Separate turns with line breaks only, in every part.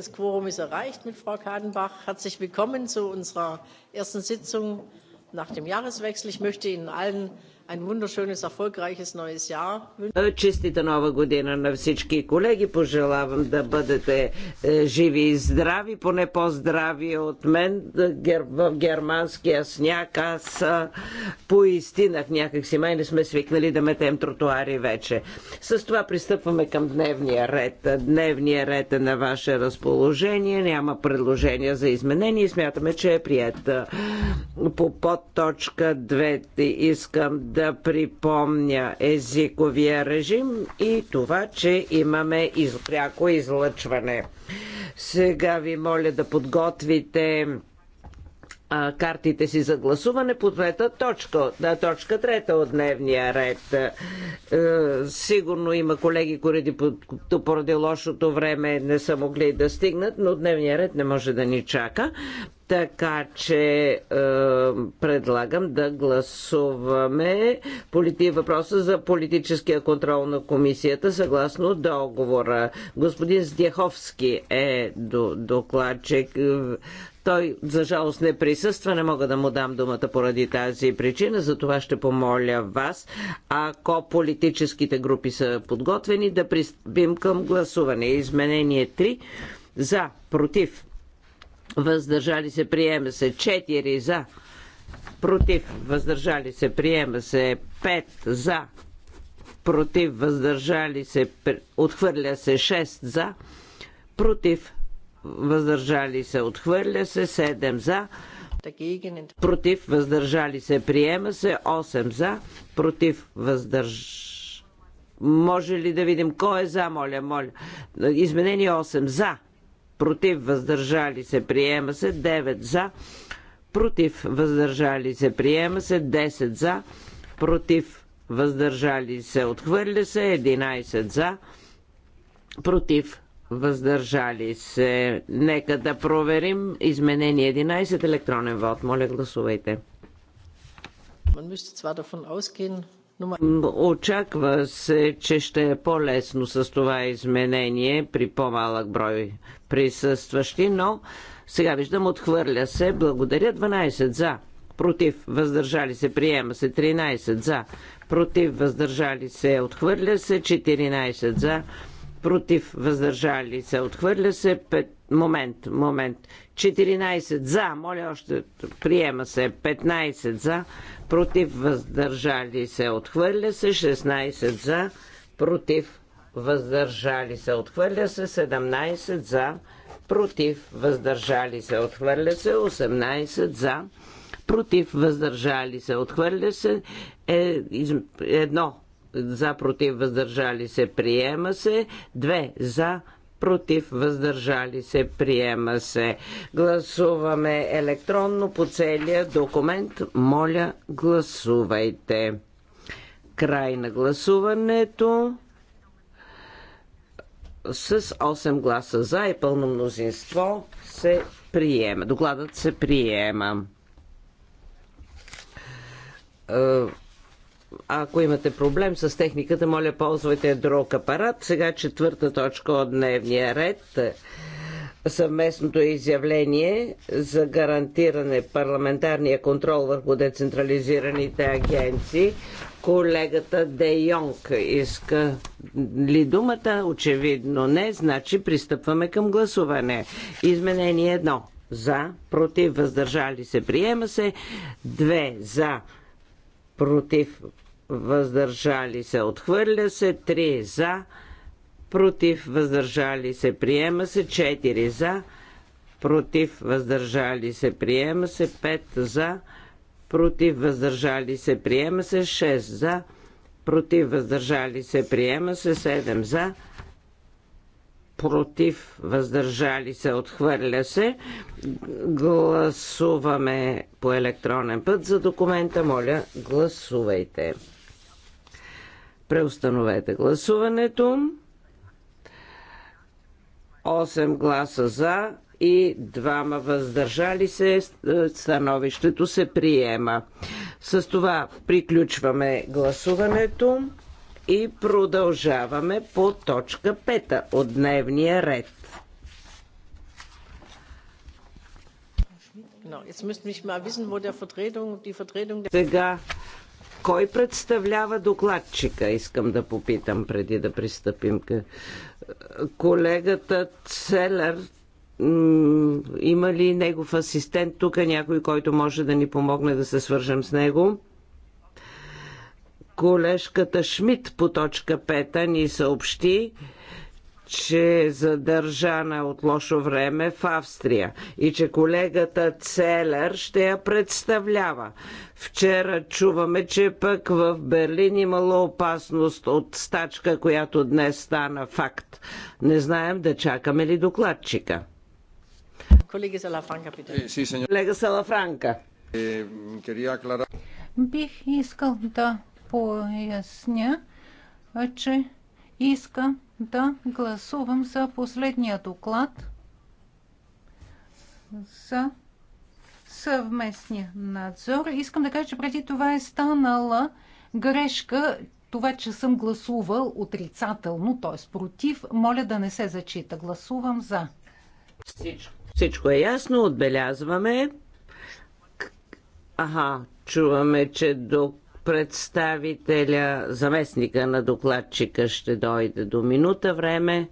Das Quorum ist erreicht mit Frau Kadenbach. Herzlich willkommen zu unserer ersten Sitzung nach dem Jahreswechsel. Ich möchte Ihnen allen ein wunderschönes, erfolgreiches neues Jahr.
Е, честита нова година на всички колеги. Пожелавам да бъдете е, живи и здрави, поне по-здрави от мен. В германския сняг аз поистинах някакси. Май не сме свикнали да метем тротуари вече. С това пристъпваме към дневния ред. Дневния ред е на ваше разположение. Няма предложения за изменение. Смятаме, че е прият. По подточка 2 искам да да припомня езиковия режим и това, че имаме пряко излъчване. Сега ви моля да подготвите а, картите си за гласуване по двета точка, да, точка трета от дневния ред. Е, сигурно има колеги, които поради лошото време не са могли да стигнат, но дневния ред не може да ни чака. Така че е, предлагам да гласуваме полити, въпроса за политическия контрол на комисията съгласно договора. Господин Здяховски е до, докладчик. Той, за жалост, не присъства, не мога да му дам думата поради тази причина, затова ще помоля вас, ако политическите групи са подготвени, да пристъпим към гласуване. Изменение 3 за, против, въздържали се, приема се 4 за, против, въздържали се, приема се 5 за, против, въздържали се, отхвърля се 6 за, против, въздържали се, отхвърля се, 7 за, против, въздържали се, приема се, 8 за, против, въздържали може ли да видим кой е за, моля, моля. Изменение 8 за, против, въздържали се, приема се, 9 за, против, въздържали се, приема се, 10 за, против, въздържали се, отхвърля се, 11 за, против, въздържали се. Нека да проверим изменение 11 електронен вод. Моля, гласувайте. Очаква се, че ще е по-лесно с това изменение при по-малък брой присъстващи, но сега виждам отхвърля се. Благодаря 12 за. Против, въздържали се, приема се 13 за. Против, въздържали се, отхвърля се 14 за против, въздържали се, отхвърля се, Пет... момент, момент, 14 за, моля още, приема се, 15 за, против, въздържали се, отхвърля се, 16 за, против, въздържали се, отхвърля се, 17 за, против, въздържали се, отхвърля се, 18 за, против, въздържали се, отхвърля се, е, едно за против въздържали се приема се. Две за против въздържали се приема се. Гласуваме електронно по целия документ. Моля, гласувайте. Край на гласуването с 8 гласа за и пълно мнозинство се приема. Докладът се приема. Е, ако имате проблем с техниката, моля ползвайте друг апарат. Сега четвърта точка от дневния ред съвместното изявление за гарантиране парламентарния контрол върху децентрализираните агенции. Колегата Де Йонг иска ли думата? Очевидно не. Значи пристъпваме към гласуване. Изменение едно. За, против, въздържали се, приема се. Две, за, против, въздържали се, отхвърля се, 3 за, против, въздържали се, приема се, 4 за, против, въздържали се, приема се, 5 за, против, въздържали се, приема се, 6 за, против, въздържали се, приема се, 7 за, против, въздържали се, отхвърля се. Гласуваме по електронен път за документа. Моля, гласувайте. Преустановете гласуването. 8 гласа за и двама въздържали се. Становището се приема. С това приключваме гласуването и продължаваме по точка 5 от дневния ред. Сега кой представлява докладчика, искам да попитам преди да пристъпим. Колегата Целер има ли негов асистент тук, някой, който може да ни помогне да се свържем с него? Колежката Шмидт по точка 5 ни съобщи, че е задържана от лошо време в Австрия и че колегата Целер ще я представлява. Вчера чуваме, че пък в Берлин имало опасност от стачка, която днес стана факт. Не знаем да чакаме ли докладчика.
Колеги Салафранка, питам. Е,
Колега Салафранка.
Е, Бих искал да поясня, че иска да гласувам за последния доклад за съвместния надзор. Искам да кажа, че преди това е станала грешка, това, че съм гласувал отрицателно, т.е. против, моля да не се зачита. Гласувам за.
Всичко, всичко е ясно, отбелязваме. Аха, чуваме, че до Представителя, заместника на докладчика ще дойде до минута време.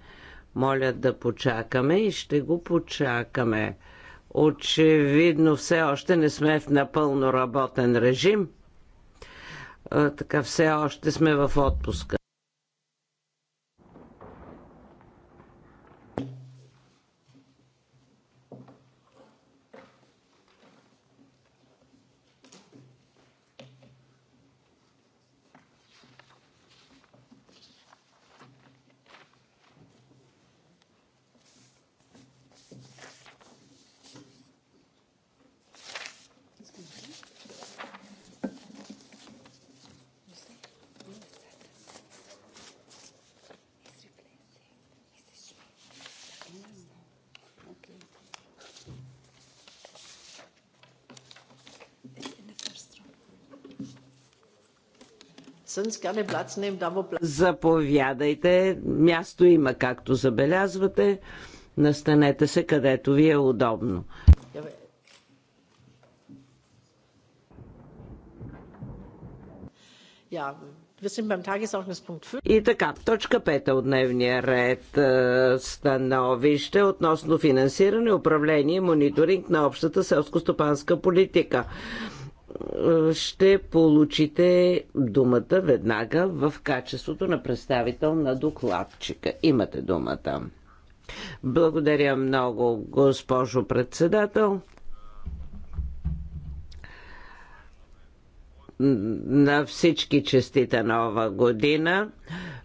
Моля да почакаме и ще го почакаме. Очевидно все още не сме в напълно работен режим. Така все още сме в отпуска. Заповядайте, място има, както забелязвате. Настанете се където ви е удобно. и така, точка 5 е от дневния ред е, становище относно финансиране, управление и мониторинг на общата селско-стопанска политика ще получите думата веднага в качеството на представител на докладчика. Имате думата. Благодаря много, госпожо председател. на всички честита нова година.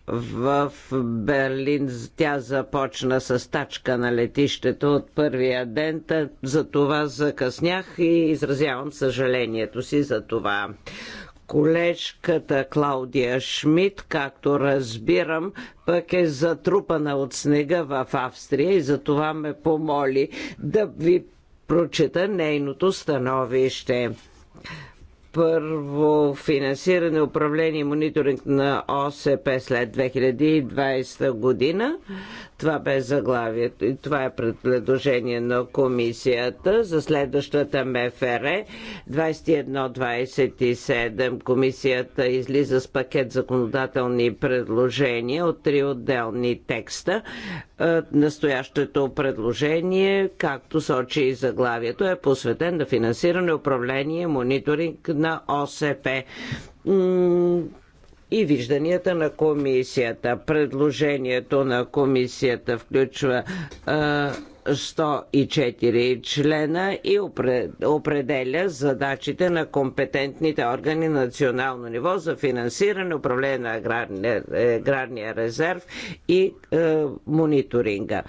В Берлин тя започна с тачка на летището от първия ден, за това закъснях и изразявам съжалението си за това колежката Клаудия Шмидт, както разбирам, пък е затрупана от снега в Австрия и затова ме помоли да ви прочета нейното становище първо финансиране, управление и мониторинг на ОСП след 2020 година. Това бе заглавието и това е предложение на комисията за следващата МФР 21-27. Комисията излиза с пакет законодателни предложения от три отделни текста. Е, настоящето предложение, както сочи и заглавието, е посветен на финансиране, управление и мониторинг на ОСП и вижданията на комисията. Предложението на комисията включва а, 104 члена и определя задачите на компетентните органи на национално ниво за финансиране, управление на аграрния, е, резерв и е, мониторинга.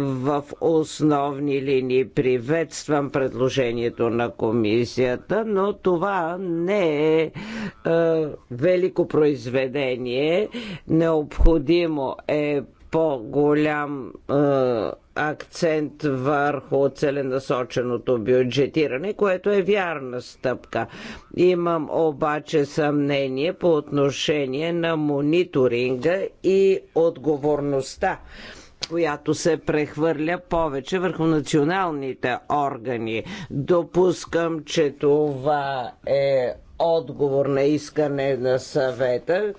В основни линии приветствам предложението на комисията, но това не е, е велико произведение. Необходимо е по-голям е, акцент върху целенасоченото бюджетиране, което е вярна стъпка. Имам обаче съмнение по отношение на мониторинга и отговорността която се прехвърля повече върху националните органи. Допускам, че това е отговор на искане на съвета.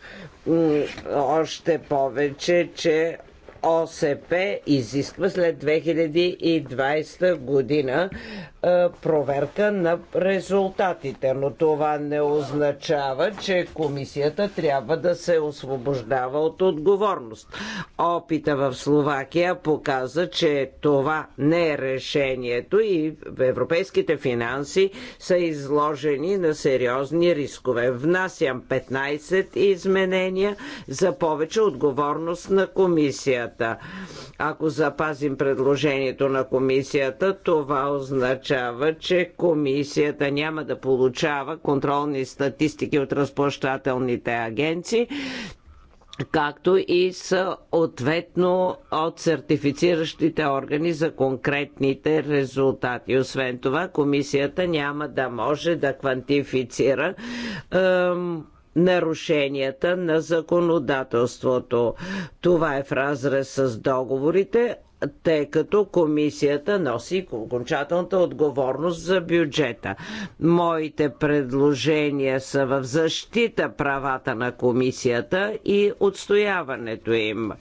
Още повече, че ОСП изисква след 2020 година е, проверка на резултатите, но това не означава, че комисията трябва да се освобождава от отговорност. Опита в Словакия показа, че това не е решението и европейските финанси са изложени на сериозни рискове. Внасям 15 изменения за повече отговорност на комисията комисията. Ако запазим предложението на комисията, това означава, че комисията няма да получава контролни статистики от разплащателните агенции както и са ответно от сертифициращите органи за конкретните резултати. Освен това, комисията няма да може да квантифицира ем, нарушенията на законодателството. Това е в разрез с договорите, тъй като комисията носи окончателната отговорност за бюджета. Моите предложения са в защита правата на комисията и отстояването им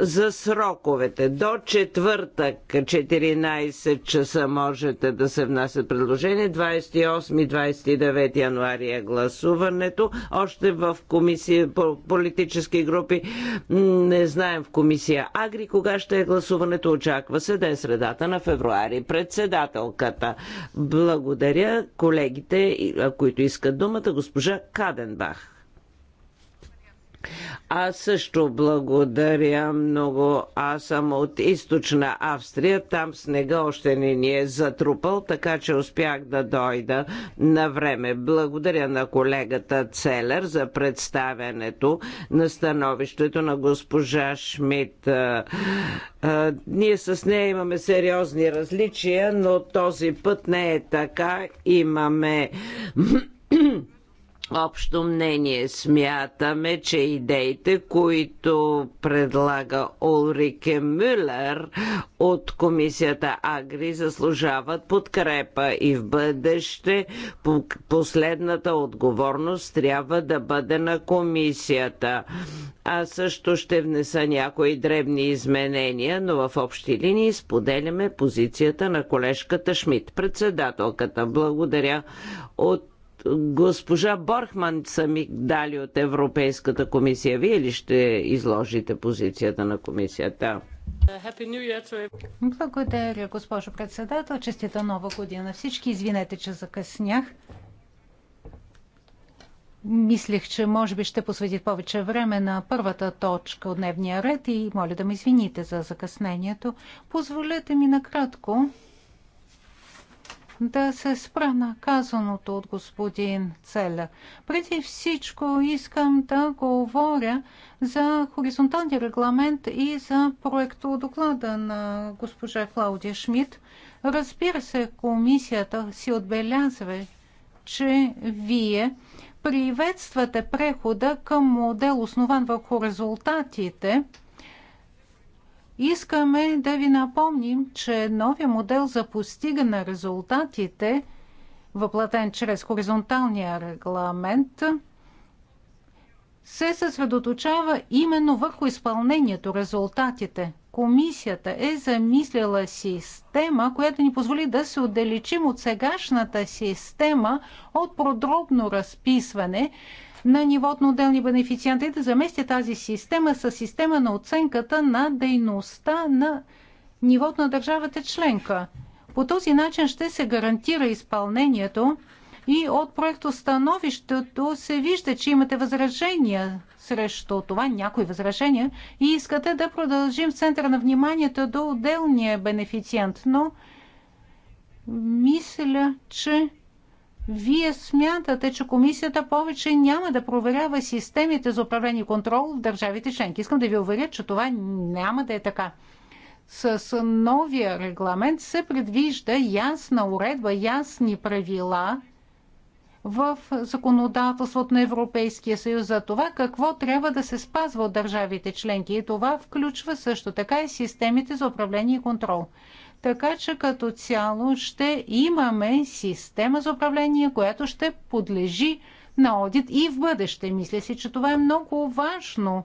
за сроковете. До четвъртък, 14 часа, можете да се внасят предложения. 28-29 и януари е гласуването. Още в комисия, по политически групи, не знаем в комисия Агри кога ще е гласуването. Очаква се да е средата на февруари. Председателката. Благодаря колегите, които искат думата, госпожа Каденбах. Аз също благодаря много. Аз съм от източна Австрия. Там снега още не ни е затрупал, така че успях да дойда на време. Благодаря на колегата Целер за представянето на становището на госпожа Шмидт. Ние с нея имаме сериозни различия, но този път не е така. Имаме общо мнение. Смятаме, че идеите, които предлага Олрике Мюлер от комисията Агри, заслужават подкрепа и в бъдеще последната отговорност трябва да бъде на комисията. Аз също ще внеса някои дребни изменения, но в общи линии споделяме позицията на колежката Шмидт, председателката. Благодаря от Госпожа Борхман са ми дали от Европейската комисия. Вие ли ще изложите позицията на комисията?
Благодаря, госпожо председател. Честита нова година всички. Извинете, че закъснях. Мислех, че може би ще посвети повече време на първата точка от дневния ред и моля да ме извините за закъснението. Позволете ми накратко да се спра на казаното от господин Целя. Преди всичко искам да говоря за хоризонталния регламент и за проекто доклада на госпожа Клаудия Шмидт. Разбира се, комисията си отбелязва, че вие приветствате прехода към модел основан върху резултатите – Искаме да ви напомним, че новия модел за постигане на резултатите, въплатен чрез хоризонталния регламент, се съсредоточава именно върху изпълнението, резултатите. Комисията е замислила система, която ни позволи да се отдалечим от сегашната система от подробно разписване, на нивото на отделни бенефициенти да замести тази система с система на оценката на дейността на нивото на държавата членка. По този начин ще се гарантира изпълнението и от проектостановището се вижда, че имате възражения срещу това, някои възражения, и искате да продължим в центъра на вниманието до отделния бенефициент. Но мисля, че вие смятате, че комисията повече няма да проверява системите за управление и контрол в държавите членки. Искам да ви уверя, че това няма да е така. С новия регламент се предвижда ясна уредба, ясни правила в законодателството на Европейския съюз за това какво трябва да се спазва от държавите членки. И това включва също така и системите за управление и контрол. Така че като цяло ще имаме система за управление, която ще подлежи на одит и в бъдеще. Мисля си, че това е много важно.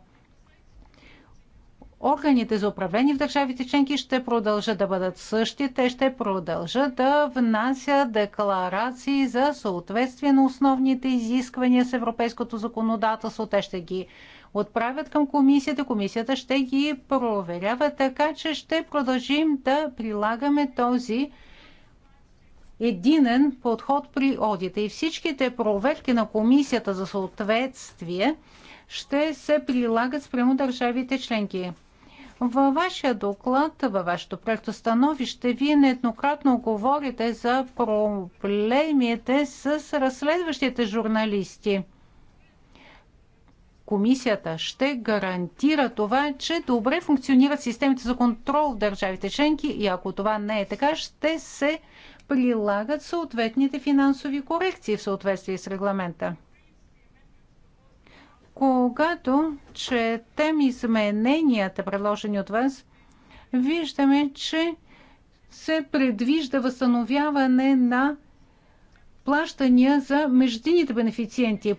Органите за управление в държавите членки ще продължат да бъдат същи. Те ще продължат да внасят декларации за съответствие на основните изисквания с европейското законодателство. Те ще ги отправят към комисията. Комисията ще ги проверява, така че ще продължим да прилагаме този единен подход при одита. И всичките проверки на комисията за съответствие ще се прилагат спрямо държавите членки. Във вашия доклад, във вашето проектостановище, вие нееднократно говорите за проблемите с разследващите журналисти – комисията ще гарантира това, че добре функционират системите за контрол в държавите членки и ако това не е така, ще се прилагат съответните финансови корекции в съответствие с регламента. Когато четем измененията, предложени от вас, виждаме, че се предвижда възстановяване на плащания за междинните бенефициенти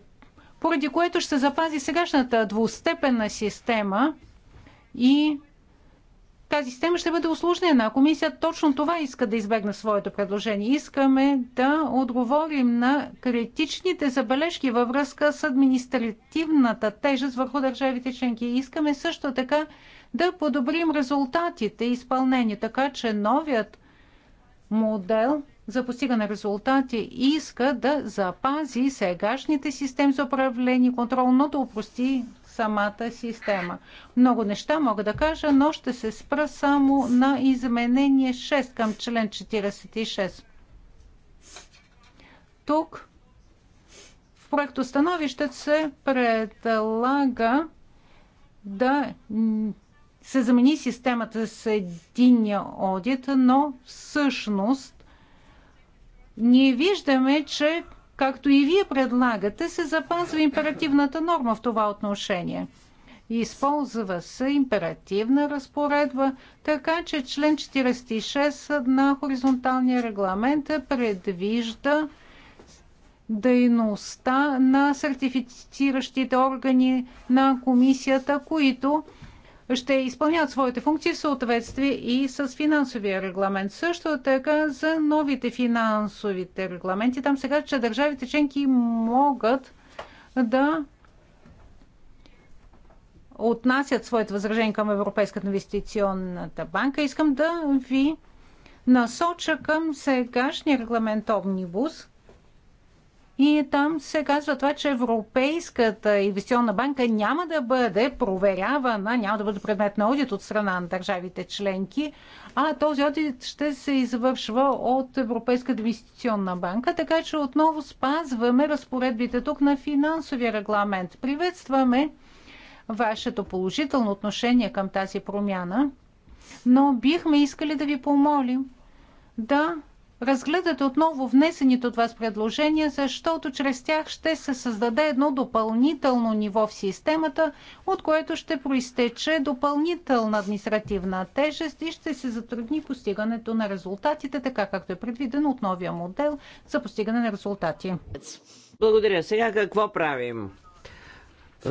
поради което ще се запази сегашната двустепенна система и тази система ще бъде осложнена. Комисията точно това иска да избегне своето предложение. Искаме да отговорим на критичните забележки във връзка с административната тежест върху държавите членки. Искаме също така да подобрим резултатите и изпълнение, така че новият модел – за постигане резултати иска да запази сегашните системи за управление и контрол, но да упрости самата система. Много неща мога да кажа, но ще се спра само на изменение 6 към член 46. Тук в проектостановището се предлага да се замени системата с единния одит, но всъщност ние виждаме, че както и вие предлагате, се запазва императивната норма в това отношение. Използва се императивна разпоредба, така че член 46 на хоризонталния регламент предвижда дейността на сертифициращите органи на комисията, които ще изпълняват своите функции в съответствие и с финансовия регламент. Също така за новите финансовите регламенти. Там сега, че държавите членки могат да отнасят своите възражения към Европейската инвестиционната банка. Искам да ви насоча към сегашния регламент Овнибус, и там се казва това, че Европейската инвестиционна банка няма да бъде проверявана, няма да бъде предмет на одит от страна на държавите членки, а този одит ще се извършва от Европейската инвестиционна банка, така че отново спазваме разпоредбите тук на финансовия регламент. Приветстваме вашето положително отношение към тази промяна, но бихме искали да ви помолим да разгледат отново внесените от вас предложения, защото чрез тях ще се създаде едно допълнително ниво в системата, от което ще проистече допълнителна административна тежест и ще се затрудни постигането на резултатите, така както е предвидено от новия модел за постигане на резултати.
Благодаря. Сега какво правим? Е,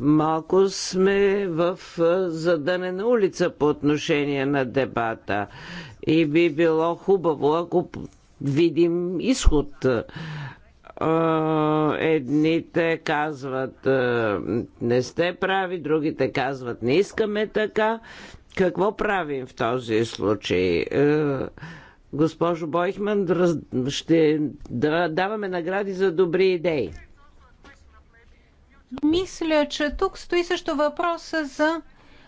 малко сме в задънена улица по отношение на дебата. И би било хубаво, ако видим изход. Едните казват не сте прави, другите казват не искаме така. Какво правим в този случай? Госпожо Бойхман, ще даваме награди за добри идеи.
Мисля, че тук стои също въпроса за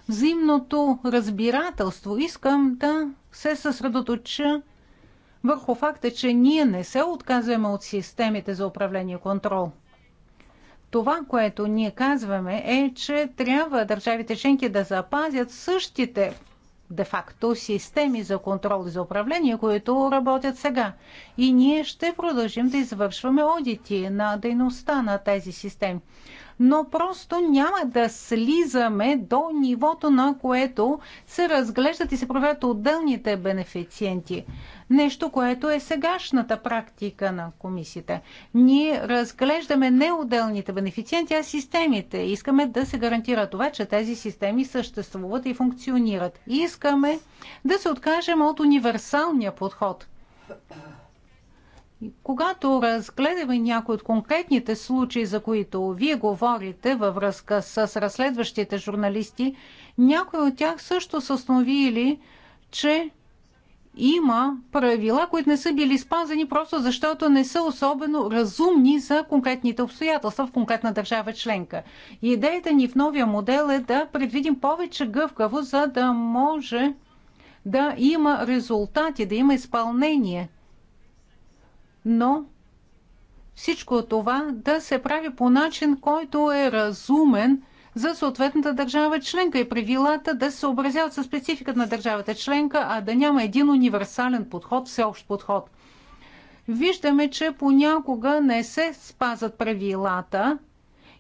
взаимното разбирателство. Искам да се съсредоточа върху факта, че ние не се отказваме от системите за управление и контрол. Това, което ние казваме е, че трябва държавите членки да запазят същите де-факто системи за контрол и за управление, които работят сега. И ние ще продължим да извършваме одити на дейността на тези системи но просто няма да слизаме до нивото, на което се разглеждат и се проверят отделните бенефициенти. Нещо, което е сегашната практика на комисията. Ние разглеждаме не отделните бенефициенти, а системите. Искаме да се гарантира това, че тези системи съществуват и функционират. Искаме да се откажем от универсалния подход. Когато разгледаме някои от конкретните случаи, за които вие говорите във връзка с разследващите журналисти, някои от тях също са установили, че има правила, които не са били спазени просто защото не са особено разумни за конкретните обстоятелства в конкретна държава членка. Идеята ни в новия модел е да предвидим повече гъвкаво, за да може да има резултати, да има изпълнение но всичко това да се прави по начин, който е разумен за съответната държава членка и правилата да се съобразяват със спецификата на държавата членка, а да няма един универсален подход, всеобщ подход. Виждаме, че понякога не се спазат правилата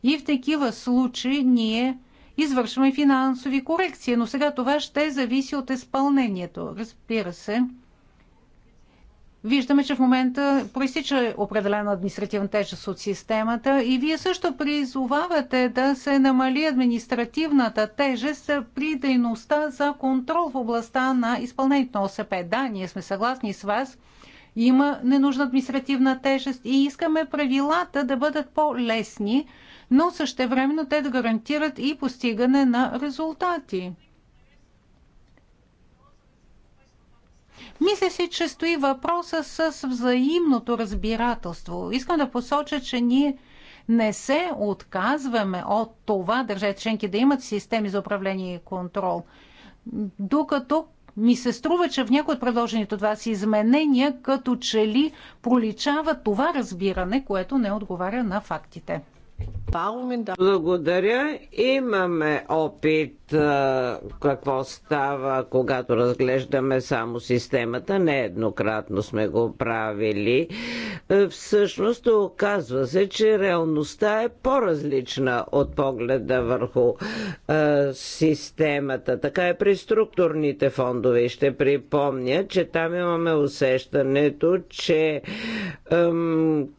и в такива случаи ние извършваме финансови корекции, но сега това ще зависи от изпълнението. Разбира се, Виждаме, че в момента проистича определена административна тежест от системата и вие също призовавате да се намали административната тежест при дейността за контрол в областта на изпълнението на ОСП. Да, ние сме съгласни с вас. Има ненужна административна тежест и искаме правилата да бъдат по-лесни, но същевременно те да гарантират и постигане на резултати. Мисля си, че стои въпроса с взаимното разбирателство. Искам да посоча, че ние не се отказваме от това държавите членки да имат системи за управление и контрол. Докато ми се струва, че в някои от предложените от вас изменения като че ли проличава това разбиране, което не отговаря на фактите.
Благодаря. Имаме опит какво става, когато разглеждаме само системата. Нееднократно сме го правили. Всъщност оказва се, че реалността е по-различна от погледа върху системата. Така е при структурните фондове. ще припомня, че там имаме усещането, че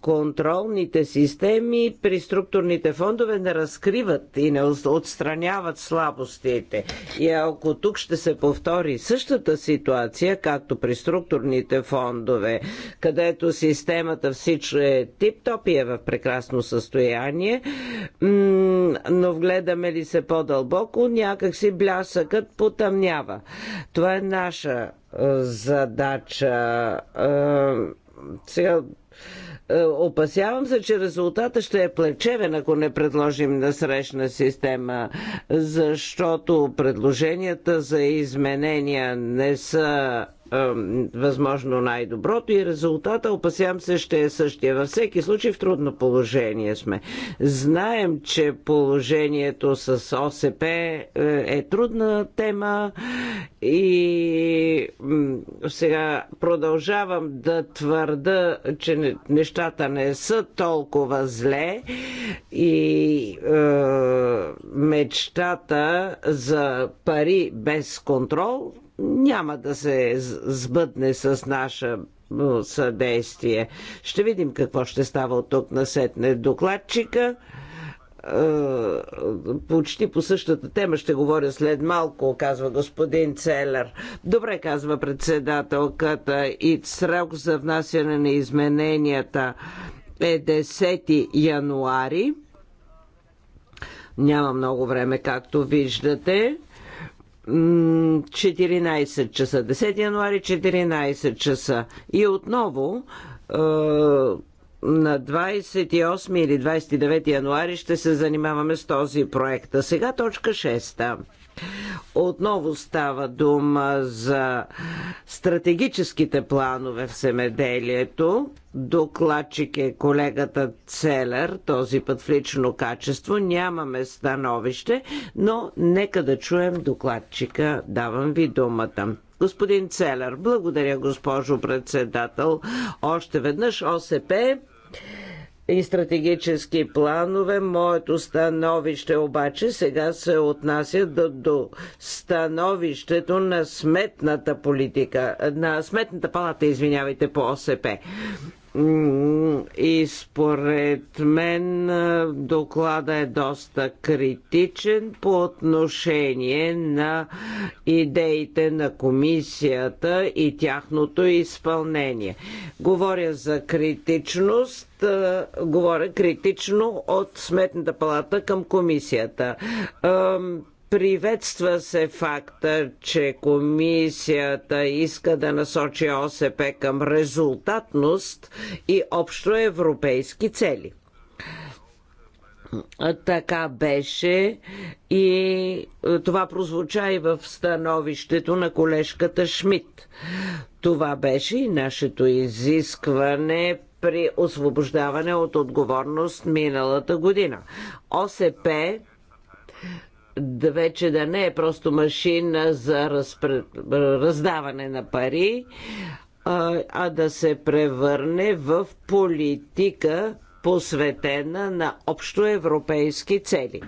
контролните системи при структурните структурните фондове не разкриват и не отстраняват слабостите. И ако тук ще се повтори същата ситуация, както при структурните фондове, където системата всичко е тип-топ и е в прекрасно състояние, но вгледаме ли се по-дълбоко, някакси блясъкът потъмнява. Това е наша е, задача. Е, сега е, опасявам се, че резултата ще е плечевен, ако не предложим насрещна система, защото предложенията за изменения не са възможно най-доброто и резултата, опасявам се, ще е същия. Във всеки случай в трудно положение сме. Знаем, че положението с ОСП е, е трудна тема и сега продължавам да твърда, че нещата не са толкова зле и е, мечтата за пари без контрол няма да се сбъдне с наша съдействие. Ще видим какво ще става от тук на сетне докладчика. Е, почти по същата тема ще говоря след малко, казва господин Целер. Добре, казва председателката и срок за внасяне на измененията е 10 януари. Няма много време, както виждате. 14 часа. 10 януари 14 часа. И отново е, на 28 или 29 януари ще се занимаваме с този проект. А сега точка 6. Отново става дума за стратегическите планове в семеделието. Докладчик е колегата Целер, този път в лично качество. Нямаме становище, но нека да чуем докладчика. Давам ви думата. Господин Целер, благодаря, госпожо председател. Още веднъж ОСП и стратегически планове. Моето становище обаче сега се отнася до, до становището на сметната политика, на сметната палата, извинявайте, по ОСП. И според мен доклада е доста критичен по отношение на идеите на комисията и тяхното изпълнение. Говоря за критичност, говоря критично от Сметната палата към комисията. Приветства се факта, че комисията иска да насочи ОСП към резултатност и общоевропейски цели. Така беше и това прозвуча и в становището на колежката Шмидт. Това беше и нашето изискване при освобождаване от отговорност миналата година. ОСП да вече да не е просто машина за разпр... раздаване на пари, а, а да се превърне в политика посветена на общоевропейски цели.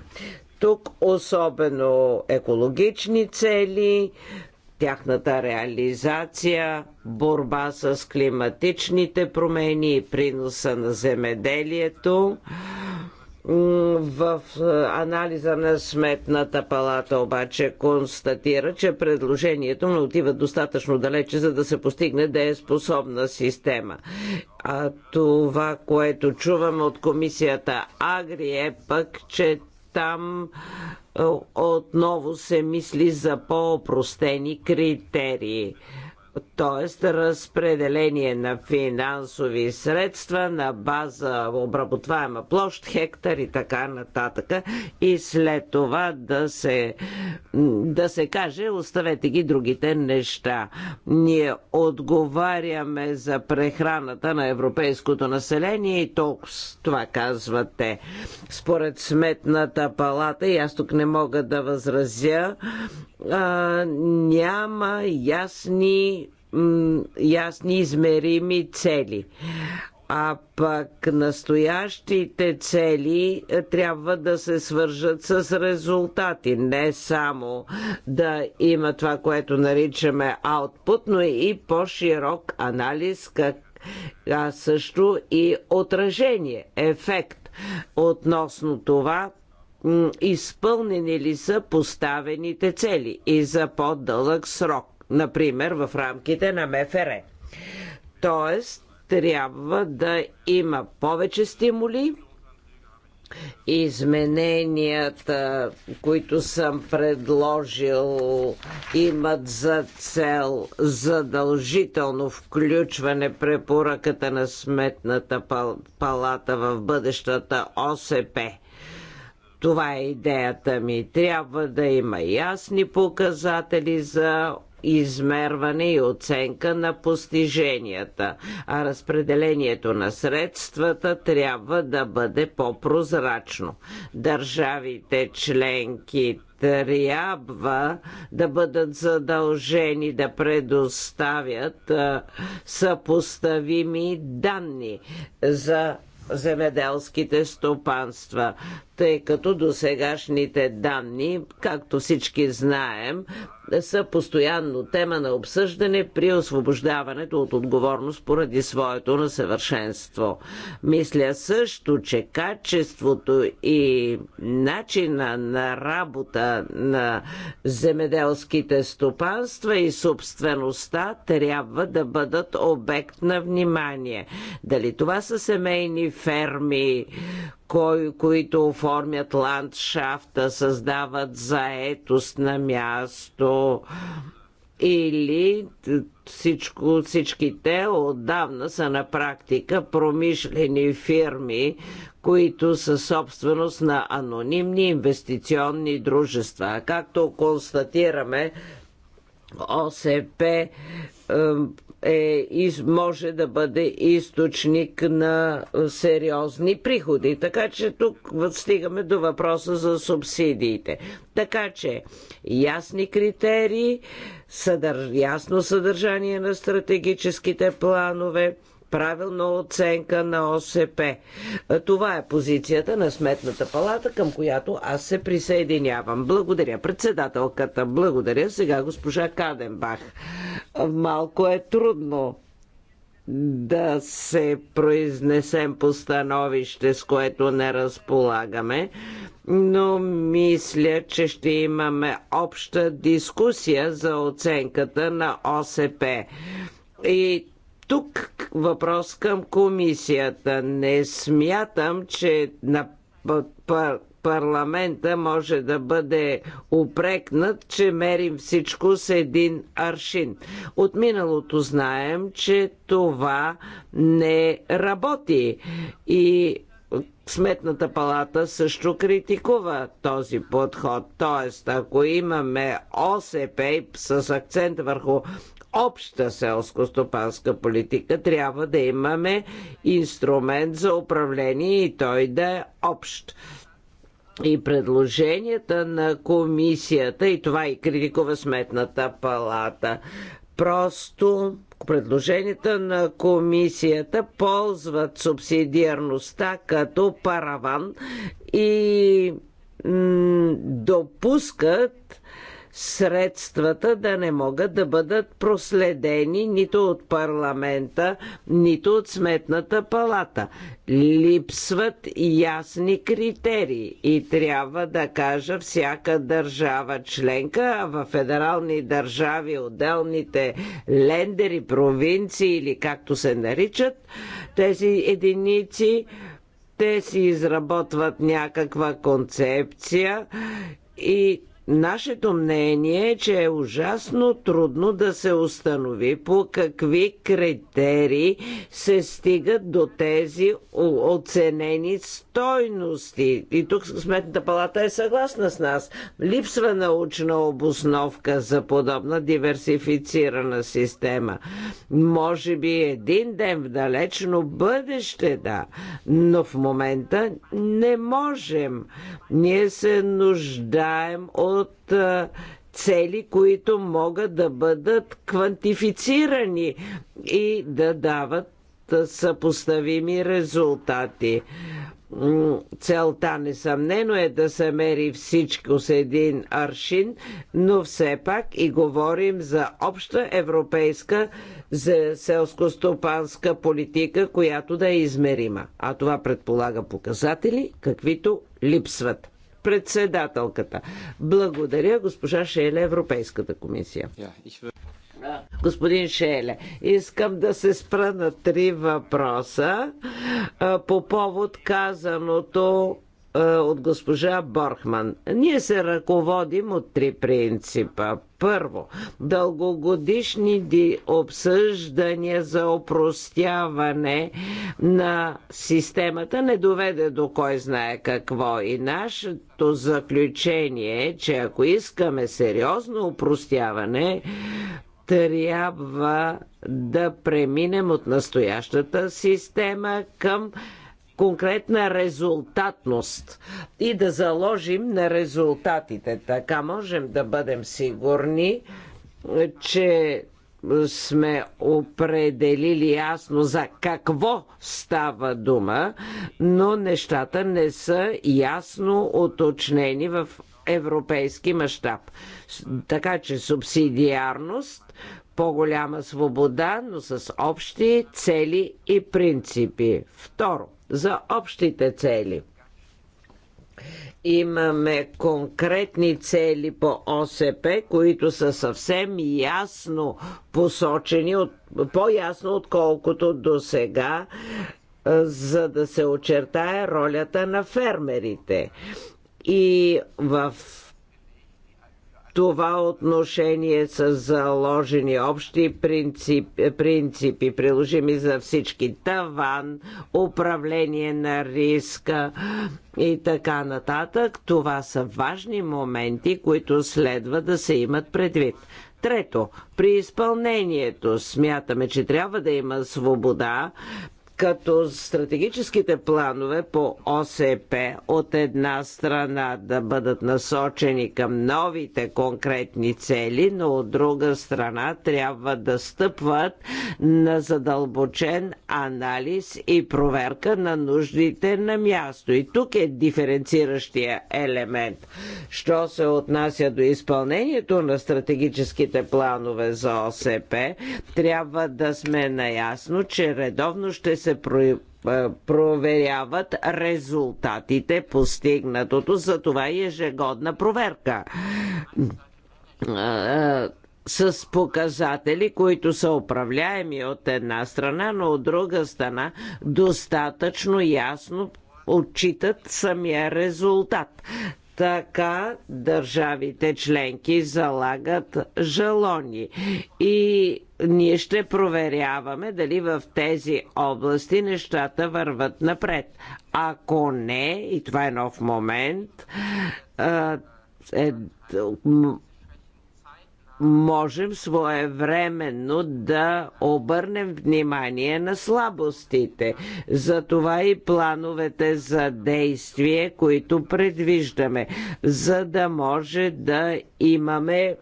Тук особено екологични цели, тяхната реализация, борба с климатичните промени и приноса на земеделието, в анализа на сметната палата обаче констатира, че предложението не отива достатъчно далече, за да се постигне е способна система. А това, което чуваме от комисията Агри е пък, че там е, отново се мисли за по-опростени критерии т.е. разпределение на финансови средства на база обработваема площ, хектар и така нататък. И след това да се, да се каже, оставете ги другите неща. Ние отговаряме за прехраната на европейското население и толкова това казвате. Според сметната палата, и аз тук не мога да възразя, а, няма ясни ясни измерими цели а пък настоящите цели е, трябва да се свържат с резултати, не само да има това, което наричаме output, но и по-широк анализ, как, а също и отражение, ефект относно това, изпълнени ли са поставените цели и за по-дълъг срок например в рамките на МФР. Тоест, трябва да има повече стимули, измененията, които съм предложил, имат за цел задължително включване препоръката на Сметната палата в бъдещата ОСП. Това е идеята ми. Трябва да има ясни показатели за измерване и оценка на постиженията, а разпределението на средствата трябва да бъде по-прозрачно. Държавите членки трябва да бъдат задължени да предоставят съпоставими данни за земеделските стопанства тъй като досегашните данни, както всички знаем, са постоянно тема на обсъждане при освобождаването от отговорност поради своето насъвършенство. Мисля също, че качеството и начина на работа на земеделските стопанства и собствеността трябва да бъдат обект на внимание. Дали това са семейни ферми, кой, които оформят ландшафта, създават заетост на място или всичко, всички те отдавна са на практика промишлени фирми, които са собственост на анонимни инвестиционни дружества. Както констатираме, ОСП е, из, може да бъде източник на сериозни приходи. Така че тук стигаме до въпроса за субсидиите. Така че ясни критерии, съдър, ясно съдържание на стратегическите планове правилна оценка на ОСП. Това е позицията на Сметната палата, към която аз се присъединявам. Благодаря председателката, благодаря сега госпожа Каденбах. Малко е трудно да се произнесем по становище, с което не разполагаме, но мисля, че ще имаме обща дискусия за оценката на ОСП. И тук въпрос към комисията. Не смятам, че на парламента може да бъде упрекнат, че мерим всичко с един аршин. От миналото знаем, че това не работи и Сметната палата също критикува този подход. Тоест, ако имаме ОСП с акцент върху обща селско-стопанска политика, трябва да имаме инструмент за управление и той да е общ и предложенията на комисията, и това и критикува сметната палата. Просто предложенията на комисията ползват субсидиарността като параван и допускат средствата да не могат да бъдат проследени нито от парламента, нито от сметната палата. Липсват ясни критерии и трябва да кажа всяка държава членка, а в федерални държави отделните лендери, провинции или както се наричат тези единици, те си изработват някаква концепция и Нашето мнение е, че е ужасно трудно да се установи по какви критерии се стигат до тези оценени стойности. И тук Сметната палата е съгласна с нас. Липсва научна обосновка за подобна диверсифицирана система. Може би един ден в далечно бъдеще, да, но в момента не можем. Ние се нуждаем от от цели, които могат да бъдат квантифицирани и да дават съпоставими резултати. Целта несъмнено е да се мери всичко с един аршин, но все пак и говорим за обща европейска за селско-стопанска политика, която да е измерима. А това предполага показатели, каквито липсват. Председателката. Благодаря, госпожа Шеле, Европейската комисия. Господин Шеле, искам да се спра на три въпроса по повод казаното е, от госпожа Борхман. Ние се ръководим от три принципа. Първо, дългогодишни обсъждания за опростяване на системата не доведе до кой знае какво. И нашето заключение е, че ако искаме сериозно опростяване, трябва да преминем от настоящата система към конкретна резултатност и да заложим на резултатите. Така можем да бъдем сигурни, че сме определили ясно за какво става дума, но нещата не са ясно уточнени в европейски мащаб. Така че субсидиарност, по-голяма свобода, но с общи цели и принципи. Второ, за общите цели. Имаме конкретни цели по ОСП, които са съвсем ясно посочени, от, по-ясно отколкото до сега, за да се очертае ролята на фермерите. И в това отношение с заложени общи принципи, принципи приложими за всички таван, управление на риска и така нататък. Това са важни моменти, които следва да се имат предвид. Трето, при изпълнението смятаме, че трябва да има свобода като стратегическите планове по ОСП от една страна да бъдат насочени към новите конкретни цели, но от друга страна трябва да стъпват на задълбочен анализ и проверка на нуждите на място. И тук е диференциращия елемент. Що се отнася до изпълнението на стратегическите планове за ОСП, трябва да сме наясно, че редовно ще се се е, проверяват резултатите, постигнатото, за това е ежегодна проверка с показатели, които са управляеми от една страна, но от друга страна достатъчно ясно отчитат самия резултат така държавите членки залагат жалони. И ние ще проверяваме дали в тези области нещата върват напред. Ако не, и това е нов момент, е, можем своевременно да обърнем внимание на слабостите. Затова и плановете за действие, които предвиждаме, за да може да имаме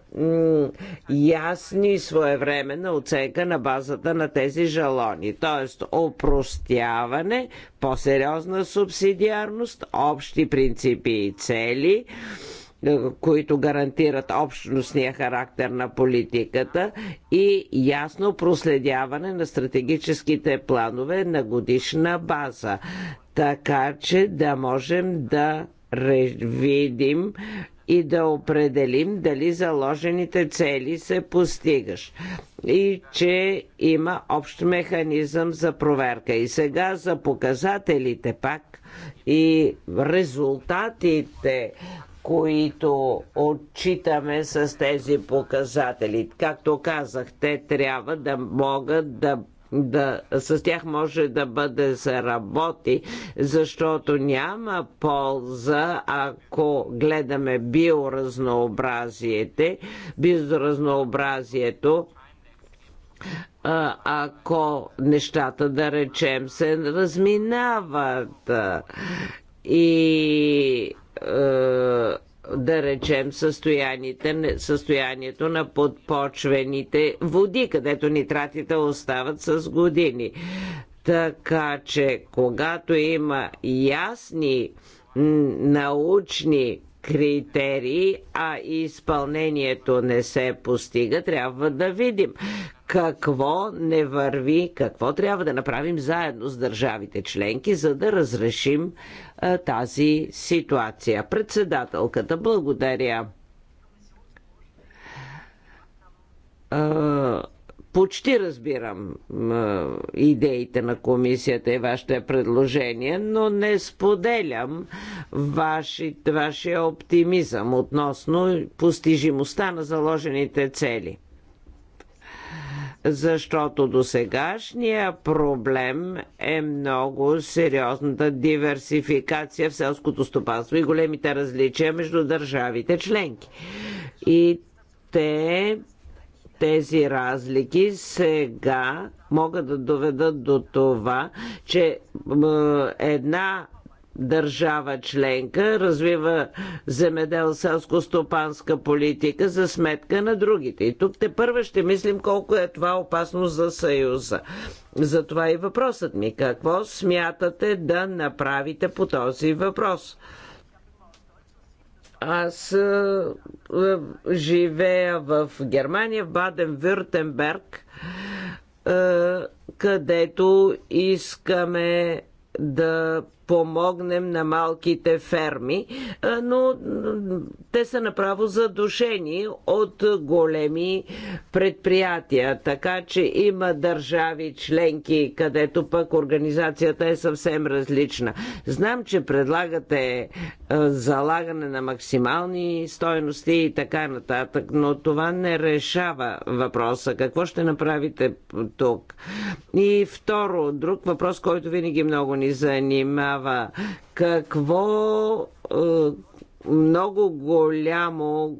ясни и своевременна оценка на базата на тези жалони. Тоест, опростяване, по-сериозна субсидиарност, общи принципи и цели – е, които гарантират общностния характер на политиката и ясно проследяване на стратегическите планове на годишна база, така че да можем да видим и да определим дали заложените цели се постигаш и че има общ механизъм за проверка. И сега за показателите пак и резултатите които отчитаме с тези показатели. Както казах, те трябва да могат да да, с тях може да бъде се работи, защото няма полза, ако гледаме биоразнообразието, биоразнообразието, ако нещата, да речем, се разминават и е, да речем, състоянието на подпочвените води, където нитратите остават с години. Така че, когато има ясни научни критерии, а изпълнението не се постига, трябва да видим какво не върви, какво трябва да направим заедно с държавите членки, за да разрешим а, тази ситуация. Председателката, благодаря. А, почти разбирам а, идеите на комисията и вашите предложение, но не споделям ваши, вашия оптимизъм относно постижимостта на заложените цели защото до сегашния проблем е много сериозната диверсификация в селското стопанство и големите различия между държавите членки. И те тези разлики сега могат да доведат до това, че една държава членка развива земеделско-стопанска политика за сметка на другите. И тук те първа ще мислим колко е това опасно за Съюза. Затова и въпросът ми. Какво смятате да направите по този въпрос? Аз а, е, а, е, живея в Германия, в Баден-Вюртенберг, е, където искаме да помогнем на малките ферми, но те са направо задушени от големи предприятия. Така че има държави членки, където пък организацията е съвсем различна. Знам, че предлагате залагане на максимални стоености и така нататък, но това не решава въпроса. Какво ще направите тук? И второ, друг въпрос, който винаги много ни занимава тогава? Какво е, много голямо,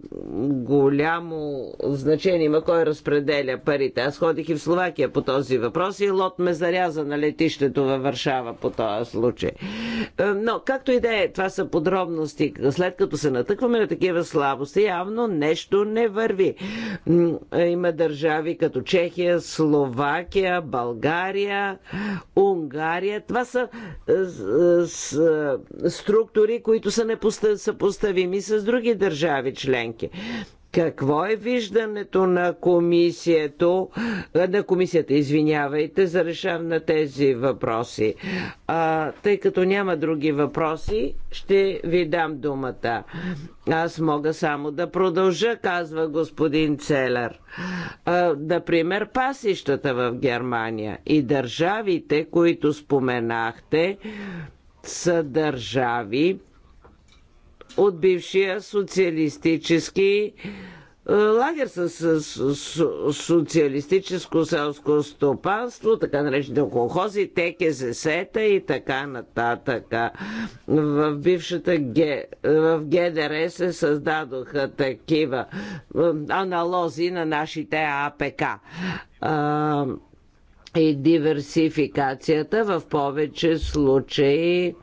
голямо значение има кой разпределя парите. Аз ходих и в Словакия по този въпрос и лот ме заряза на летището във Варшава по този случай. Е, но, както и да е, това са подробности. След като се натъкваме на такива слабости, явно нещо не върви. Е, има държави като Чехия, Словакия, България, Унгария. Това са е, с, с, структури, които са, непостъпни съпоставими с други държави членки. Какво е виждането на комисията, на комисията, извинявайте, за решав на тези въпроси? А, тъй като няма други въпроси, ще ви дам думата. Аз мога само да продължа, казва господин Целер. А, например, пасищата в Германия и държавите, които споменахте, са държави, от бившия социалистически е, лагер с, с, с социалистическо селско стопанство, така наречените колхози, ТКЗС-та и така нататък. В бившата Г, в ГДР се създадоха такива е, аналози на нашите АПК. А, е, и диверсификацията в повече случаи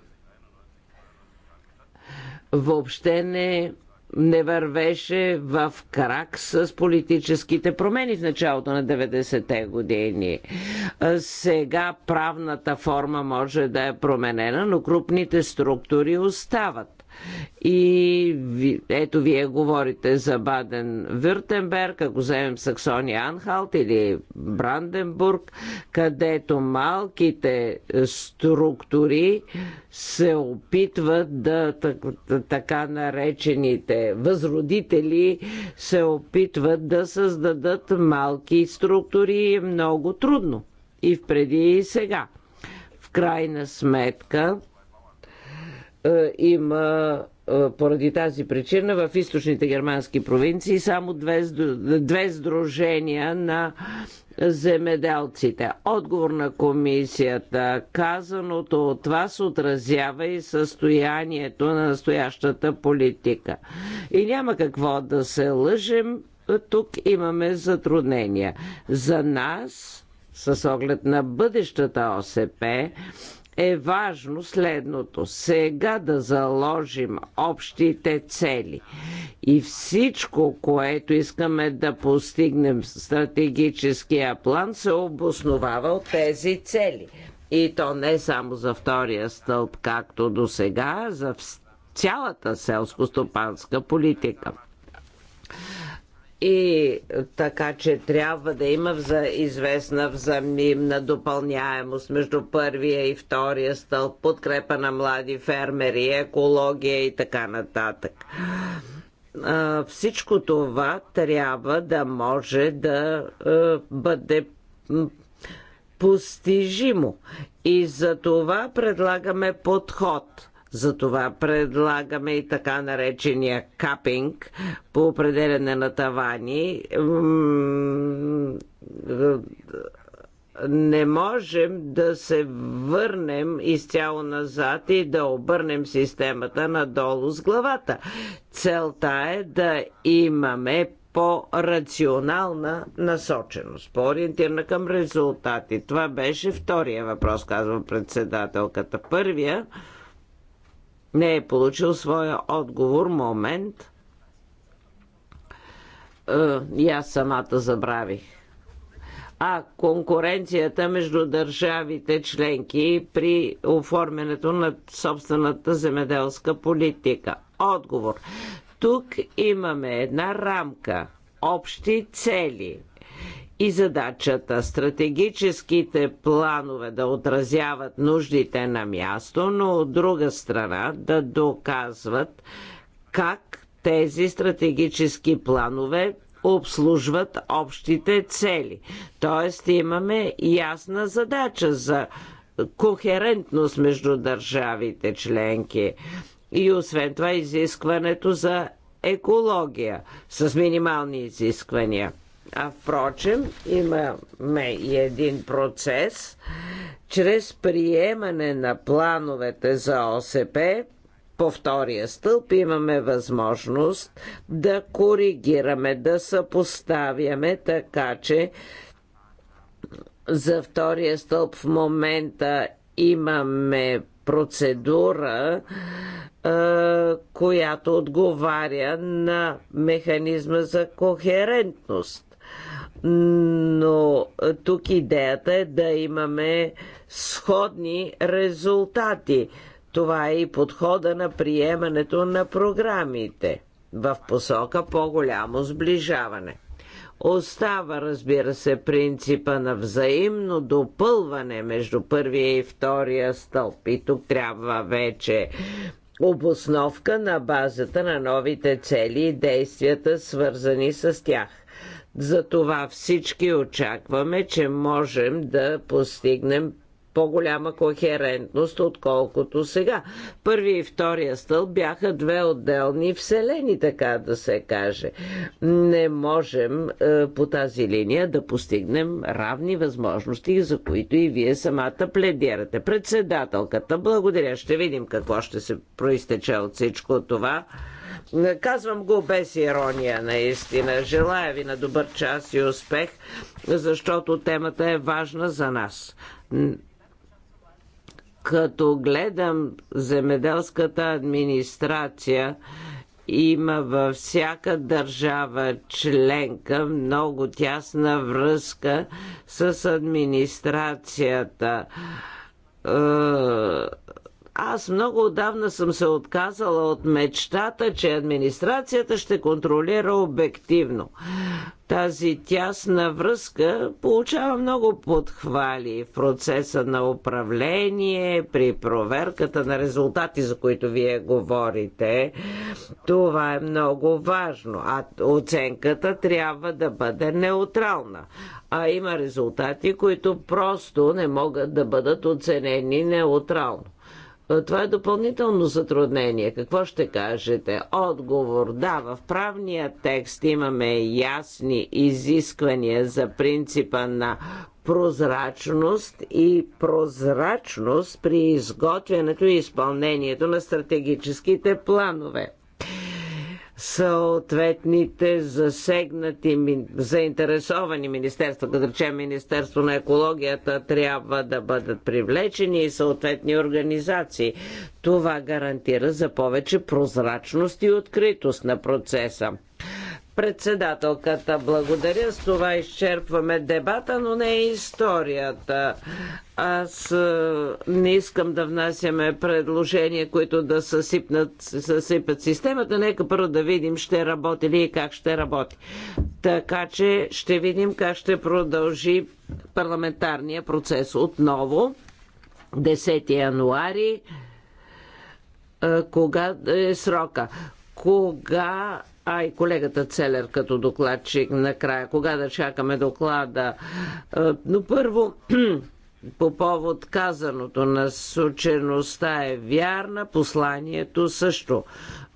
въобще не не вървеше в крак с политическите промени в началото на 90-те години. Сега правната форма може да е променена, но крупните структури остават. И ето вие говорите за Баден-Вюртенберг, ако вземем Саксония Анхалт или Бранденбург, където малките структури се опитват да така наречените възродители се опитват да създадат малки структури е много трудно. И впреди и сега. В крайна сметка е, има е, поради тази причина в източните германски провинции само две, две сдружения на земеделците. Отговор на комисията. Казаното от вас отразява и състоянието на настоящата политика. И няма какво да се лъжим. Тук имаме затруднения. За нас, с оглед на бъдещата ОСП, е важно следното. Сега да заложим общите цели и всичко, което искаме да постигнем в стратегическия план, се обосновава от тези цели. И то не само за втория стълб, както до сега, за цялата селско-стопанска политика и така, че трябва да има за известна взаимна допълняемост между първия и втория стълб, подкрепа на млади фермери, екология и така нататък всичко това трябва да може да бъде постижимо. И за това предлагаме подход затова предлагаме и така наречения капинг по определене на тавани. Не можем да се върнем изцяло назад и да обърнем системата надолу с главата. Целта е да имаме по-рационална насоченост, по-ориентирана към резултати. Това беше втория въпрос, казва председателката. Първия не е получил своя отговор момент. Е, и аз самата забравих. А конкуренцията между държавите членки при оформянето на собствената земеделска политика. Отговор. Тук имаме една рамка, общи цели – и задачата. Стратегическите планове да отразяват нуждите на място, но от друга страна да доказват как тези стратегически планове обслужват общите цели. Тоест имаме ясна задача за кохерентност между държавите членки. И освен това изискването за екология с минимални изисквания – а впрочем, имаме и един процес, чрез приемане на плановете за ОСП, по втория стълб имаме възможност да коригираме, да съпоставяме, така че за втория стълб в момента имаме процедура, която отговаря на механизма за кохерентност но е, тук идеята е да имаме сходни резултати. Това е и подхода на приемането на програмите в посока по-голямо сближаване. Остава, разбира се, принципа на взаимно допълване между първия и втория стълб. И тук трябва вече обосновка на базата на новите цели и действията, свързани с тях – затова всички очакваме, че можем да постигнем по-голяма кохерентност, отколкото сега. Първи и втория стълб бяха две отделни вселени, така да се каже. Не можем е, по тази линия да постигнем равни възможности, за които и вие самата пледирате. Председателката, благодаря. Ще видим какво ще се проистече от всичко това. Казвам го без ирония, наистина. Желая ви на добър час и успех, защото темата е важна за нас като гледам земеделската администрация, има във всяка държава членка много тясна връзка с администрацията е, аз много отдавна съм се отказала от мечтата, че администрацията ще контролира обективно. Тази тясна връзка получава много подхвали в процеса на управление, при проверката на резултати, за които вие говорите. Това е много важно. А оценката трябва да бъде неутрална. А има резултати, които просто не могат да бъдат оценени неутрално. Това е допълнително затруднение. Какво ще кажете? Отговор. Да, в правния текст имаме ясни изисквания за принципа на прозрачност и прозрачност при изготвянето и изпълнението на стратегическите планове съответните засегнати, заинтересовани министерства, като речем Министерство на екологията, трябва да бъдат привлечени и съответни организации. Това гарантира за повече прозрачност и откритост на процеса. Председателката, благодаря. С това изчерпваме дебата, но не и историята. Аз е, не искам да внасяме предложения, които да съсипнат, съсипят системата. Нека първо да видим ще работи ли и как ще работи. Така че ще видим как ще продължи парламентарния процес отново. 10 януари е, кога е срока. Кога а и колегата Целер като докладчик накрая. Кога да чакаме доклада? Е, но първо, по повод казаното, на сочеността е вярна, посланието също.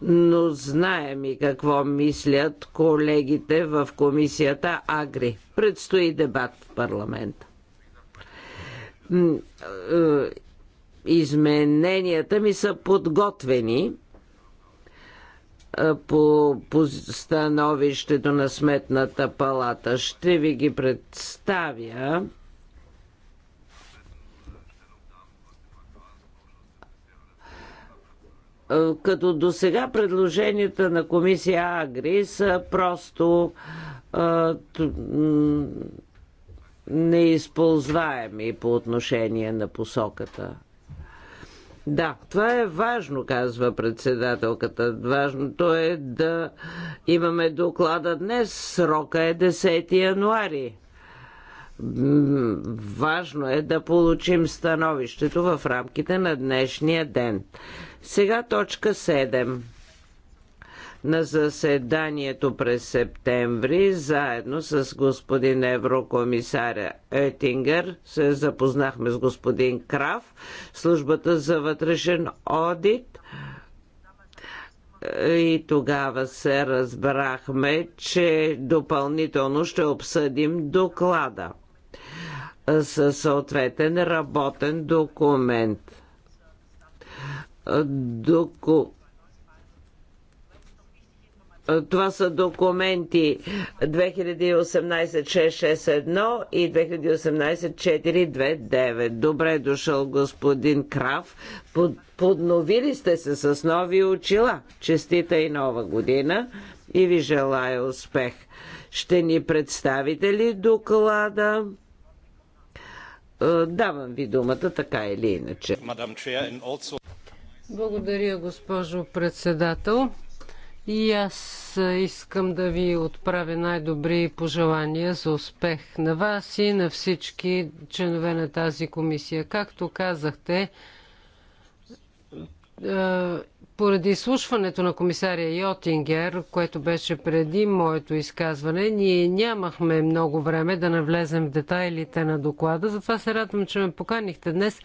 Но знаем и какво мислят колегите в комисията Агри. Предстои дебат в парламента е, е, измененията ми са подготвени по, по становището на Сметната палата. Ще ви ги представя. Като до сега предложенията на комисия Агри са просто неизползваеми по отношение на посоката да, това е важно, казва председателката. Важното е да имаме доклада днес. Срока е 10 януари. Важно е да получим становището в рамките на днешния ден. Сега точка 7 на заседанието през септември, заедно с господин еврокомисаря Етингер, се запознахме с господин Крав, службата за вътрешен одит и тогава се разбрахме, че допълнително ще обсъдим доклада със съответен работен документ. Доку... Това са документи 2018-661 и 2018-429. Добре дошъл господин Крав. Под, подновили сте се с нови очила. Честита и нова година и ви желая успех. Ще ни представите ли доклада? Е, давам ви думата така или иначе.
Благодаря, госпожо председател. И аз искам да ви отправя най-добри пожелания за успех на вас и на всички членове на тази комисия. Както казахте, поради слушването на комисаря Йотингер, което беше преди моето изказване, ние нямахме много време да навлезем в детайлите на доклада. Затова се радвам, че ме поканихте днес,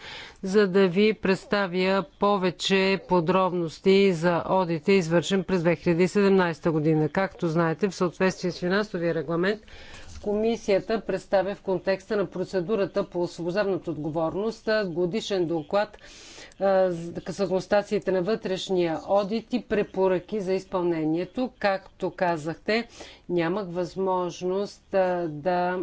за да ви представя повече подробности за одите, извършен през 2017 година. Както знаете, в съответствие с финансовия регламент, комисията представя в контекста на процедурата по освобождавната отговорност годишен доклад с на вътрешния одит и препоръки за изпълнението. Както казахте, нямах възможност да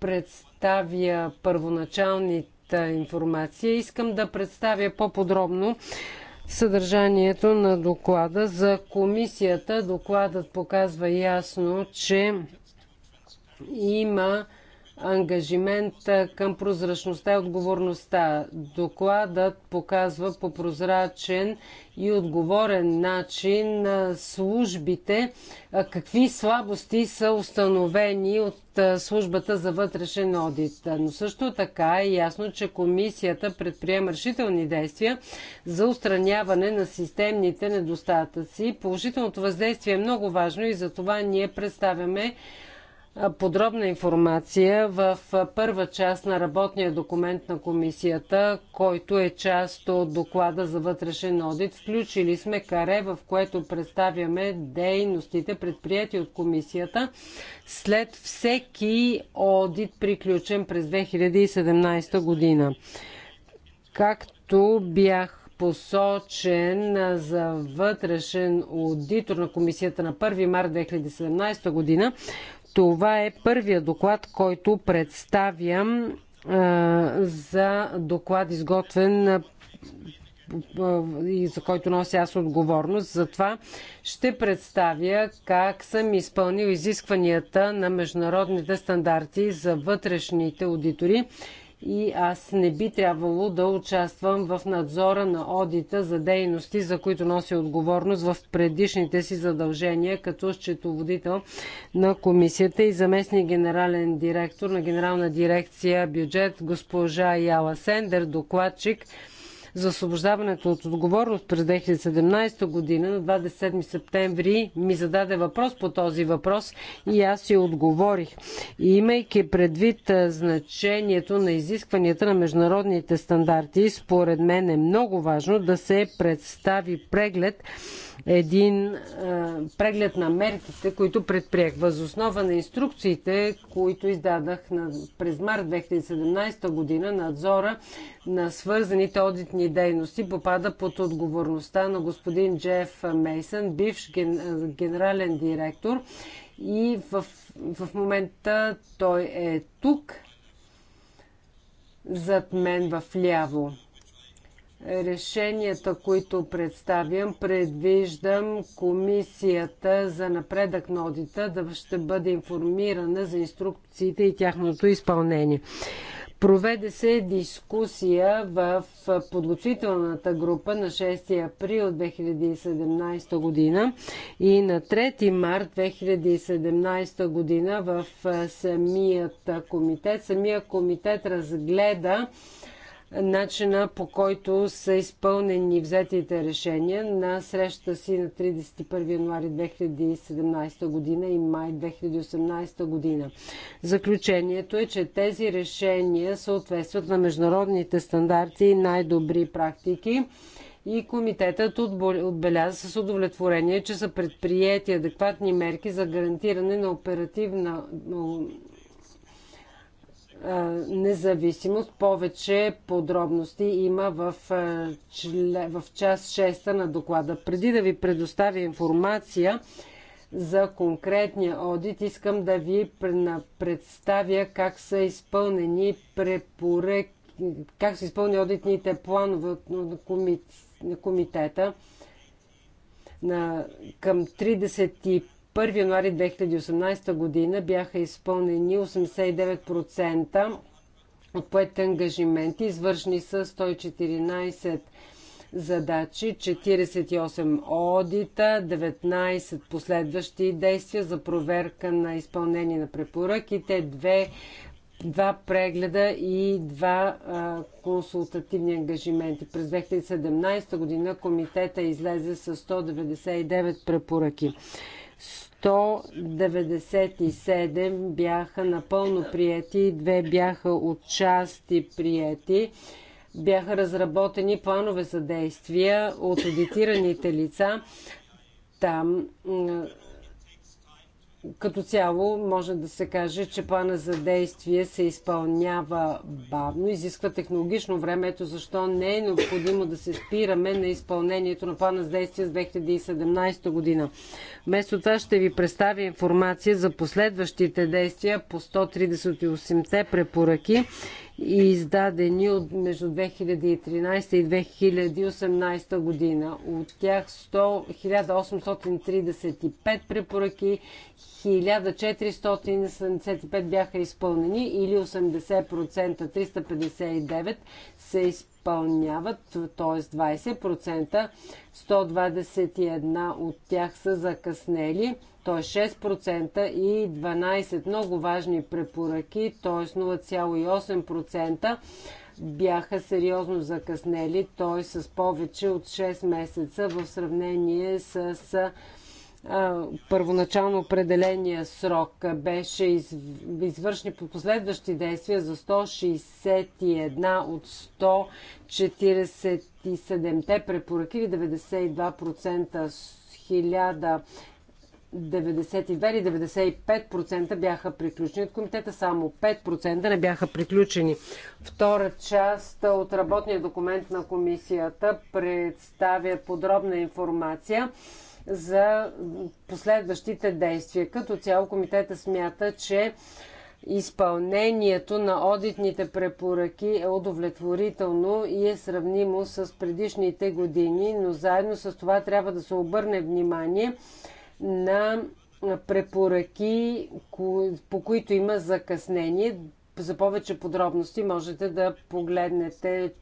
представя първоначалната информация. Искам да представя по-подробно съдържанието на доклада за комисията. Докладът показва ясно, че има ангажимент към прозрачността и отговорността. Докладът показва по прозрачен и отговорен начин службите, какви слабости са установени от службата за вътрешен одит. Но също така е ясно, че комисията предприема решителни действия за устраняване на системните недостатъци. Положителното въздействие е много важно и за това ние представяме подробна информация в първа част на работния документ на комисията, който е част от доклада за вътрешен одит. Включили сме каре, в което представяме дейностите, предприяти от комисията след всеки одит, приключен през 2017 година. Както бях посочен за вътрешен аудитор на комисията на 1 март 2017 година. Това е първия доклад, който представям за доклад изготвен и за който нося аз отговорност. Затова ще представя как съм изпълнил изискванията на международните стандарти за вътрешните аудитори и аз не би трябвало да участвам в надзора на одита за дейности, за които носи отговорност в предишните си задължения като счетоводител на комисията и заместник генерален директор на генерална дирекция бюджет госпожа Яла Сендер, докладчик за освобождаването от отговорност през 2017 година на 27 септември ми зададе въпрос по този въпрос и аз си отговорих. И имайки предвид значението на изискванията на международните стандарти, според мен е много важно да се представи преглед един а, преглед на мерките, които предприех. Възоснова на инструкциите, които издадах на, през март 2017 година, надзора на свързаните одитни дейности попада под отговорността на господин Джеф Мейсън, бивш ген, генерален директор. И в, в момента той е тук, зад мен в ляво решенията, които представям, предвиждам комисията за напредък на одита да ще бъде информирана за инструкциите и тяхното изпълнение. Проведе се дискусия в подготвителната група на 6 април 2017 година и на 3 март 2017 година в самият комитет. Самия комитет разгледа начина по който са изпълнени взетите решения на среща си на 31 януари 2017 година и май 2018 година. Заключението е, че тези решения съответстват на международните стандарти и най-добри практики и комитетът отбеляза с удовлетворение, че са предприяти адекватни мерки за гарантиране на оперативна независимост. Повече подробности има в, чле, в част 6 на доклада. Преди да ви предоставя информация за конкретния одит, искам да ви представя как са изпълнени препорек, как са изпълнени одитните планове на, комит, на комитета на, към 1 януари 2018 година бяха изпълнени 89% от поетите ангажименти, извършени са 114 задачи, 48 одита, 19 последващи действия за проверка на изпълнение на препоръките, 2 два прегледа и два а, консултативни ангажименти. През 2017 година комитета излезе с 199 препоръки. 197 бяха напълно прияти, две бяха отчасти прияти. Бяха разработени планове за действия от аудитираните лица. Там като цяло може да се каже, че плана за действие се изпълнява бавно, изисква технологично време, ето защо не е необходимо да се спираме на изпълнението на плана за действие с 2017 година. Вместо това ще ви представя информация за последващите действия по 138-те препоръки издадени от между 2013 и 2018 година. От тях 100, 1835 препоръки, 1475 бяха изпълнени или 80%, 359 се изпълняват, т.е. 20%, 121 от тях са закъснели т.е. 6% и 12 много важни препоръки, т.е. 0,8% бяха сериозно закъснели, т.е. с повече от 6 месеца в сравнение с а, първоначално определения срок. Беше изв... извършни последващи действия за 161 от 147 препоръки или 92% 1000 92 или 95% бяха приключени от комитета, само 5% не бяха приключени. Втора част от работния документ на комисията представя подробна информация за последващите действия. Като цяло комитета смята, че изпълнението на одитните препоръки е удовлетворително и е сравнимо с предишните години, но заедно с това трябва да се обърне внимание – на препоръки, по които има закъснение. За повече подробности можете да погледнете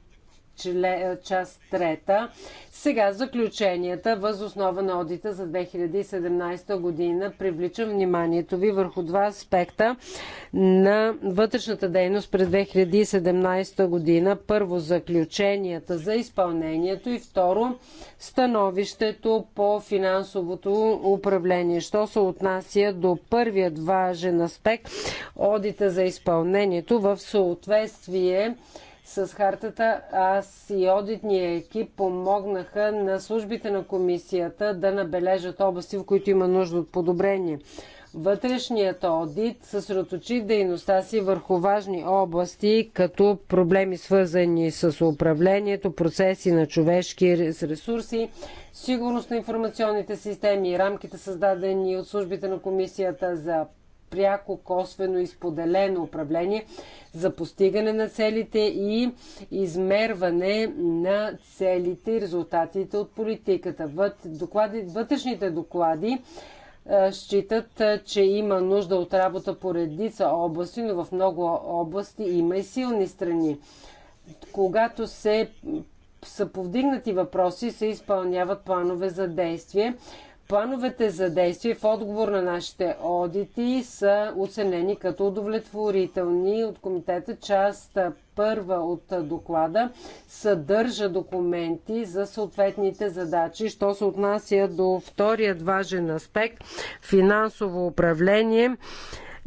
чле, е, част трета. Сега заключенията въз основа на одита за 2017 година привличам вниманието ви върху два аспекта на вътрешната дейност през 2017 година. Първо заключенията за изпълнението и второ становището по финансовото управление. Що се отнася до първият важен аспект, одита за изпълнението в съответствие с хартата. Аз и одитния екип помогнаха на службите на комисията да набележат области, в които има нужда от подобрение. Вътрешният одит съсредоточи дейността си върху важни области, като проблеми свързани с управлението, процеси на човешки ресурси, сигурност на информационните системи и рамките създадени от службите на комисията за пряко, косвено и споделено управление за постигане на целите и измерване на целите и резултатите от политиката. Доклади, вътрешните доклади считат, че има нужда от работа по редица области, но в много области има и силни страни. Когато се са повдигнати въпроси, се изпълняват планове за действие. Плановете за действие в отговор на нашите одити са оценени като удовлетворителни от комитета. Част първа от доклада съдържа документи за съответните задачи. Що се отнася до вторият важен аспект – финансово управление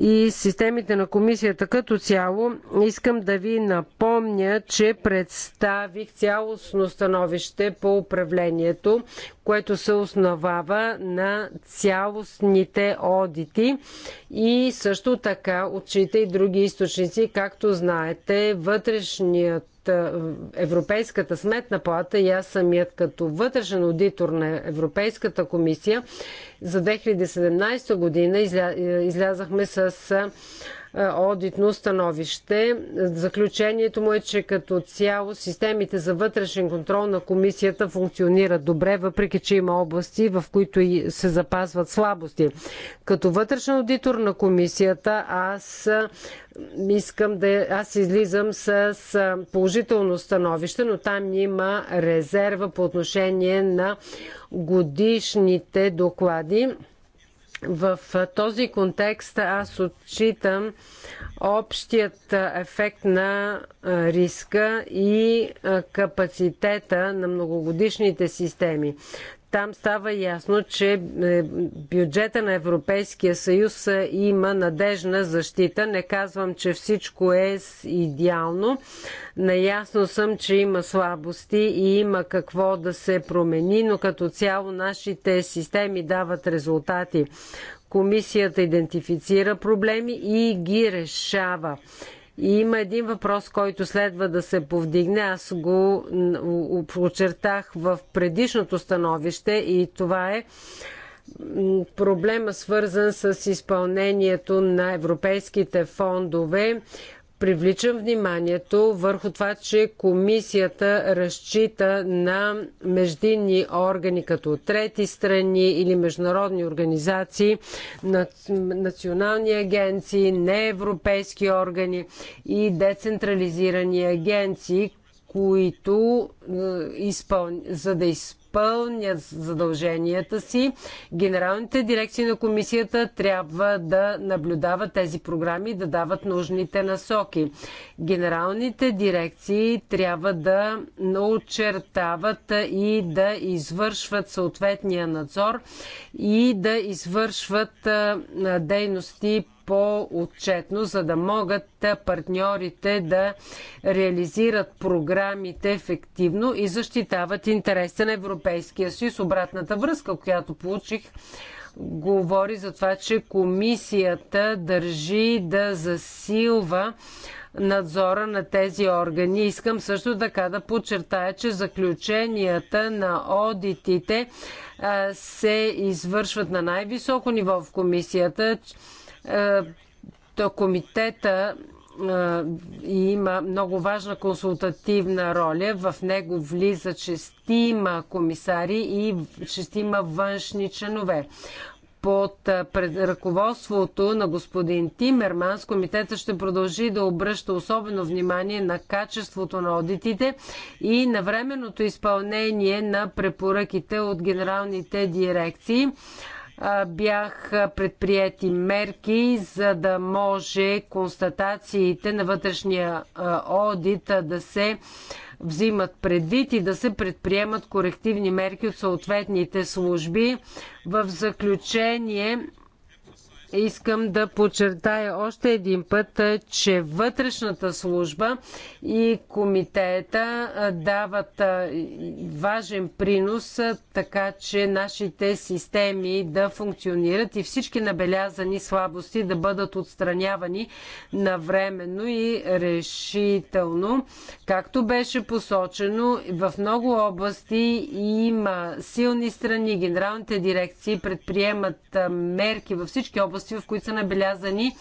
и системите на комисията като цяло, искам да ви напомня, че представих цялостно становище по управлението, което се основава на цялостните одити и също така отчита и други източници. Както знаете, вътрешният е, Европейската сметна плата и аз самият като вътрешен аудитор на Европейската комисия за 2017 година изля... Е, излязахме с е, е, одитно становище. Заключението му е, че като цяло системите за вътрешен контрол на комисията функционират добре, въпреки че има области, в които се запазват слабости. Като вътрешен аудитор на комисията аз искам да аз излизам с положително становище, но там има резерва по отношение на годишните доклади. В този контекст аз отчитам общият ефект на риска и капацитета на многогодишните системи. Там става ясно, че е, бюджета на Европейския съюз е, има надежна защита. Не казвам, че всичко е идеално. Наясно съм, че има слабости и има какво да се промени, но като цяло нашите системи дават резултати. Комисията идентифицира проблеми и ги решава. И има един въпрос, който следва да се повдигне. Аз го очертах в предишното становище и това е проблема свързан с изпълнението на европейските фондове привличам вниманието върху това, че комисията разчита на междинни органи като трети страни или международни организации, национални агенции, неевропейски органи и децентрализирани агенции, които е, за да изпълнят изпълнят задълженията си, генералните дирекции на комисията трябва да наблюдават тези програми и да дават нужните насоки. Генералните дирекции трябва да очертават и да извършват съответния надзор и да извършват дейности по-отчетно, за да могат партньорите да реализират програмите ефективно и защитават интересите на Европейския съюз. Обратната връзка, която получих, говори за това, че комисията държи да засилва надзора на тези органи. Искам също така да подчертая, че заключенията на одитите се извършват на най-високо ниво в комисията. Е, комитета е, има много важна консултативна роля. В него влиза шестима комисари и шестима външни членове. Под е, пред ръководството на господин Тимерманс комитета ще продължи да обръща особено внимание на качеството на одитите и на временното изпълнение на препоръките от генералните дирекции бяха предприяти мерки, за да може констатациите на вътрешния одит да се взимат предвид и да се предприемат корективни мерки от съответните служби. В заключение Искам да подчертая още един път, че вътрешната служба и комитета дават важен принос, така че нашите системи да функционират и всички набелязани слабости да бъдат отстранявани навременно и решително. Както беше посочено, в много области има силни страни. Генералните дирекции предприемат мерки във всички области, области, в които са набелязани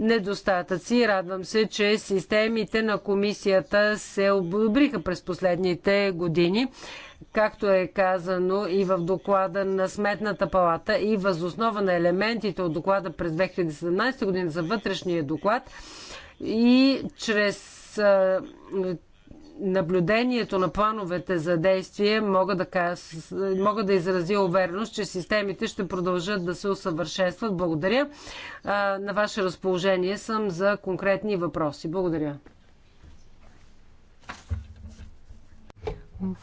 недостатъци. Радвам се, че системите на комисията се обобриха през последните години, както е казано и в доклада на Сметната палата и възоснова на елементите от доклада през 2017 година за вътрешния доклад и чрез наблюдението на плановете за действие мога да, кажа, мога да изразя увереност, че системите ще продължат да се усъвършенстват. Благодаря. На ваше разположение съм за конкретни въпроси. Благодаря.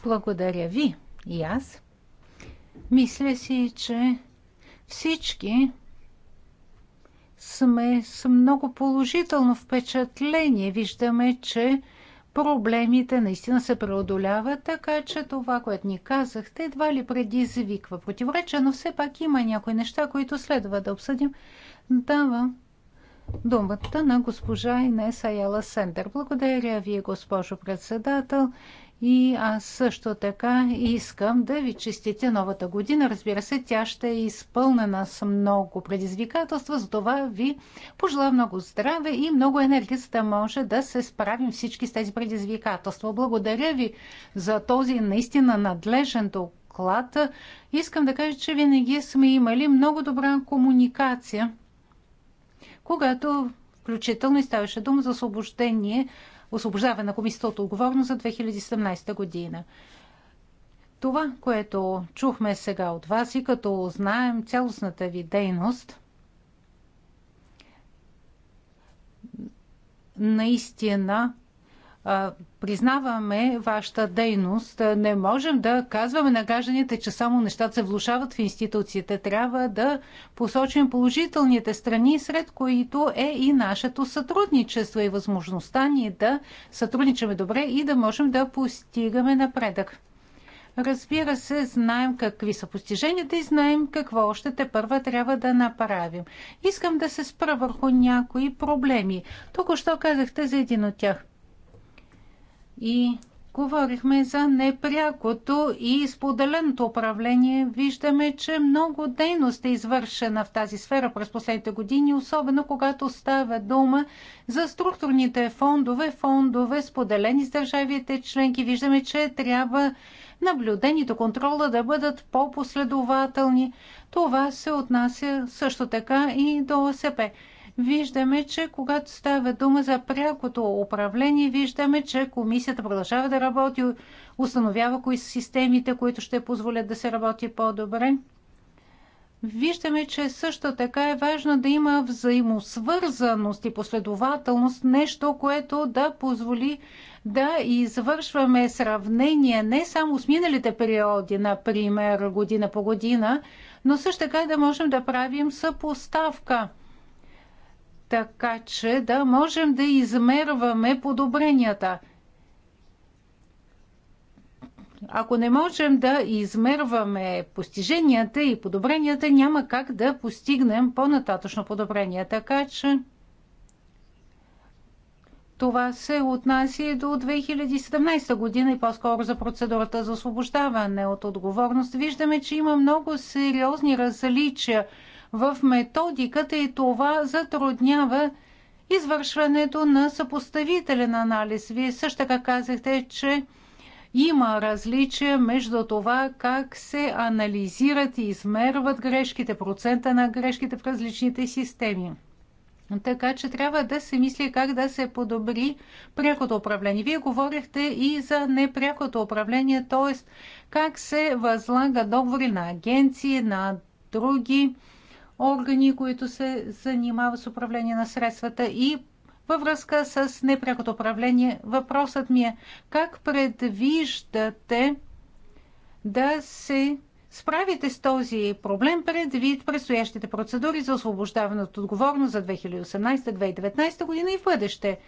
Благодаря ви и аз. Мисля си, че всички сме с много положително впечатление. Виждаме, че проблемите наистина се преодоляват, така че това, което ни казахте, едва ли предизвиква противоречие, но все пак има някои неща, които следва да обсъдим. Давам думата на госпожа Инеса Яла Сендер. Благодаря ви, госпожо председател. И аз също така искам да ви честите новата година. Разбира се, тя ще е изпълнена с много предизвикателства, това ви пожелавам много здраве и много енергия, за да може да се справим всички с тези предизвикателства. Благодаря ви за този наистина надлежен доклад. Искам да кажа, че винаги сме имали много добра комуникация, когато включително и ставаше дума за освобождение освобождаване на комисията от отговорност за 2017 година. Това, което чухме сега от вас и като знаем цялостната ви дейност, наистина признаваме вашата дейност. Не можем да казваме на гражданите, че само нещата се влушават в институциите. Трябва да посочим положителните страни, сред които е и нашето сътрудничество и възможността ни да сътрудничаме добре и да можем да постигаме напредък. Разбира се, знаем какви са постиженията и знаем какво още те първа трябва да направим. Искам да се спра върху някои проблеми. Тук що казахте за един от тях и говорихме за непрякото и споделеното управление, виждаме, че много дейност е извършена в тази сфера през последните години, особено когато става дума за структурните фондове, фондове споделени с държавите членки. Виждаме, че трябва наблюдението, контрола да бъдат по-последователни. Това се отнася също така и до ОСП виждаме, че когато става дума за прякото управление, виждаме, че комисията продължава да работи, установява кои са системите, които ще позволят да се работи по-добре. Виждаме, че също така е важно да има взаимосвързаност и последователност, нещо, което да позволи да извършваме сравнение не само с миналите периоди, например година по година, но също така да можем да правим съпоставка – така че да можем да измерваме подобренията. Ако не можем да измерваме постиженията и подобренията, няма как да постигнем по-нататъчно подобрение. Така че това се отнася и до 2017 година и по-скоро за процедурата за освобождаване от отговорност. Виждаме, че има много сериозни различия в методиката и това затруднява извършването на съпоставителен анализ. Вие също така казахте, че има различия между това как се анализират и измерват грешките, процента на грешките в различните системи. Така че трябва да се мисли как да се подобри прякото управление. Вие говорихте и за непрякото управление, т.е. как се възлага договори на агенции, на други органи, които се занимават с управление на средствата и във връзка с непрякото управление. Въпросът ми е как предвиждате да се справите с този проблем предвид предстоящите процедури за освобождаване от отговорност за 2018-2019 година и в бъдеще?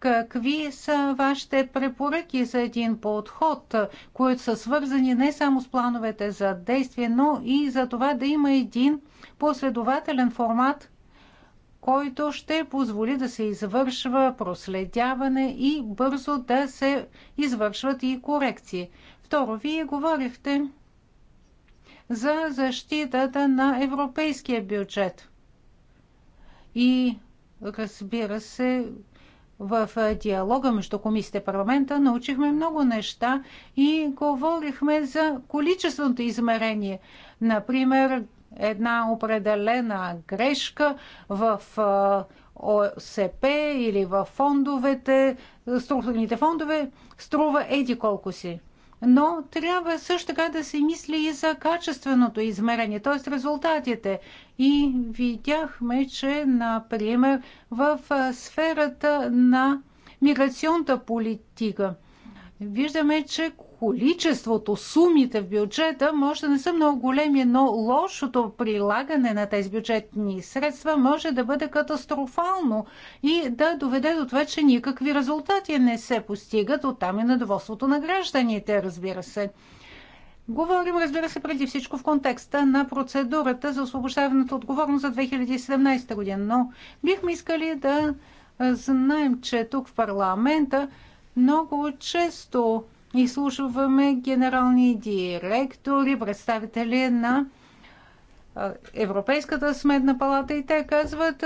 Какви са вашите препоръки за един подход, които са свързани не само с плановете за действие, но и за това да има един последователен формат, който ще позволи да се извършва проследяване и бързо да се извършват и корекции. Второ, вие говорихте за защитата на европейския бюджет. И разбира се, в диалога между комисията и парламента научихме много неща и говорихме за количественото измерение. Например, една определена грешка в ОСП или в фондовете, структурните фондове, струва еди колко си но трябва също така да се мисли и за качественото измерение, т.е. резултатите. И видяхме, че, например, в сферата на миграционната политика, виждаме, че количеството, сумите в бюджета може да не са много големи, но лошото прилагане на тези бюджетни средства може да бъде катастрофално и да доведе до това, че никакви резултати не се постигат. Оттам и е недоволството на гражданите, разбира се. Говорим, разбира се, преди всичко в контекста на процедурата за освобождаването отговорност за 2017 година, но бихме искали да знаем, че тук в парламента много често изслушваме генерални директори, представители на Европейската сметна палата и те казват,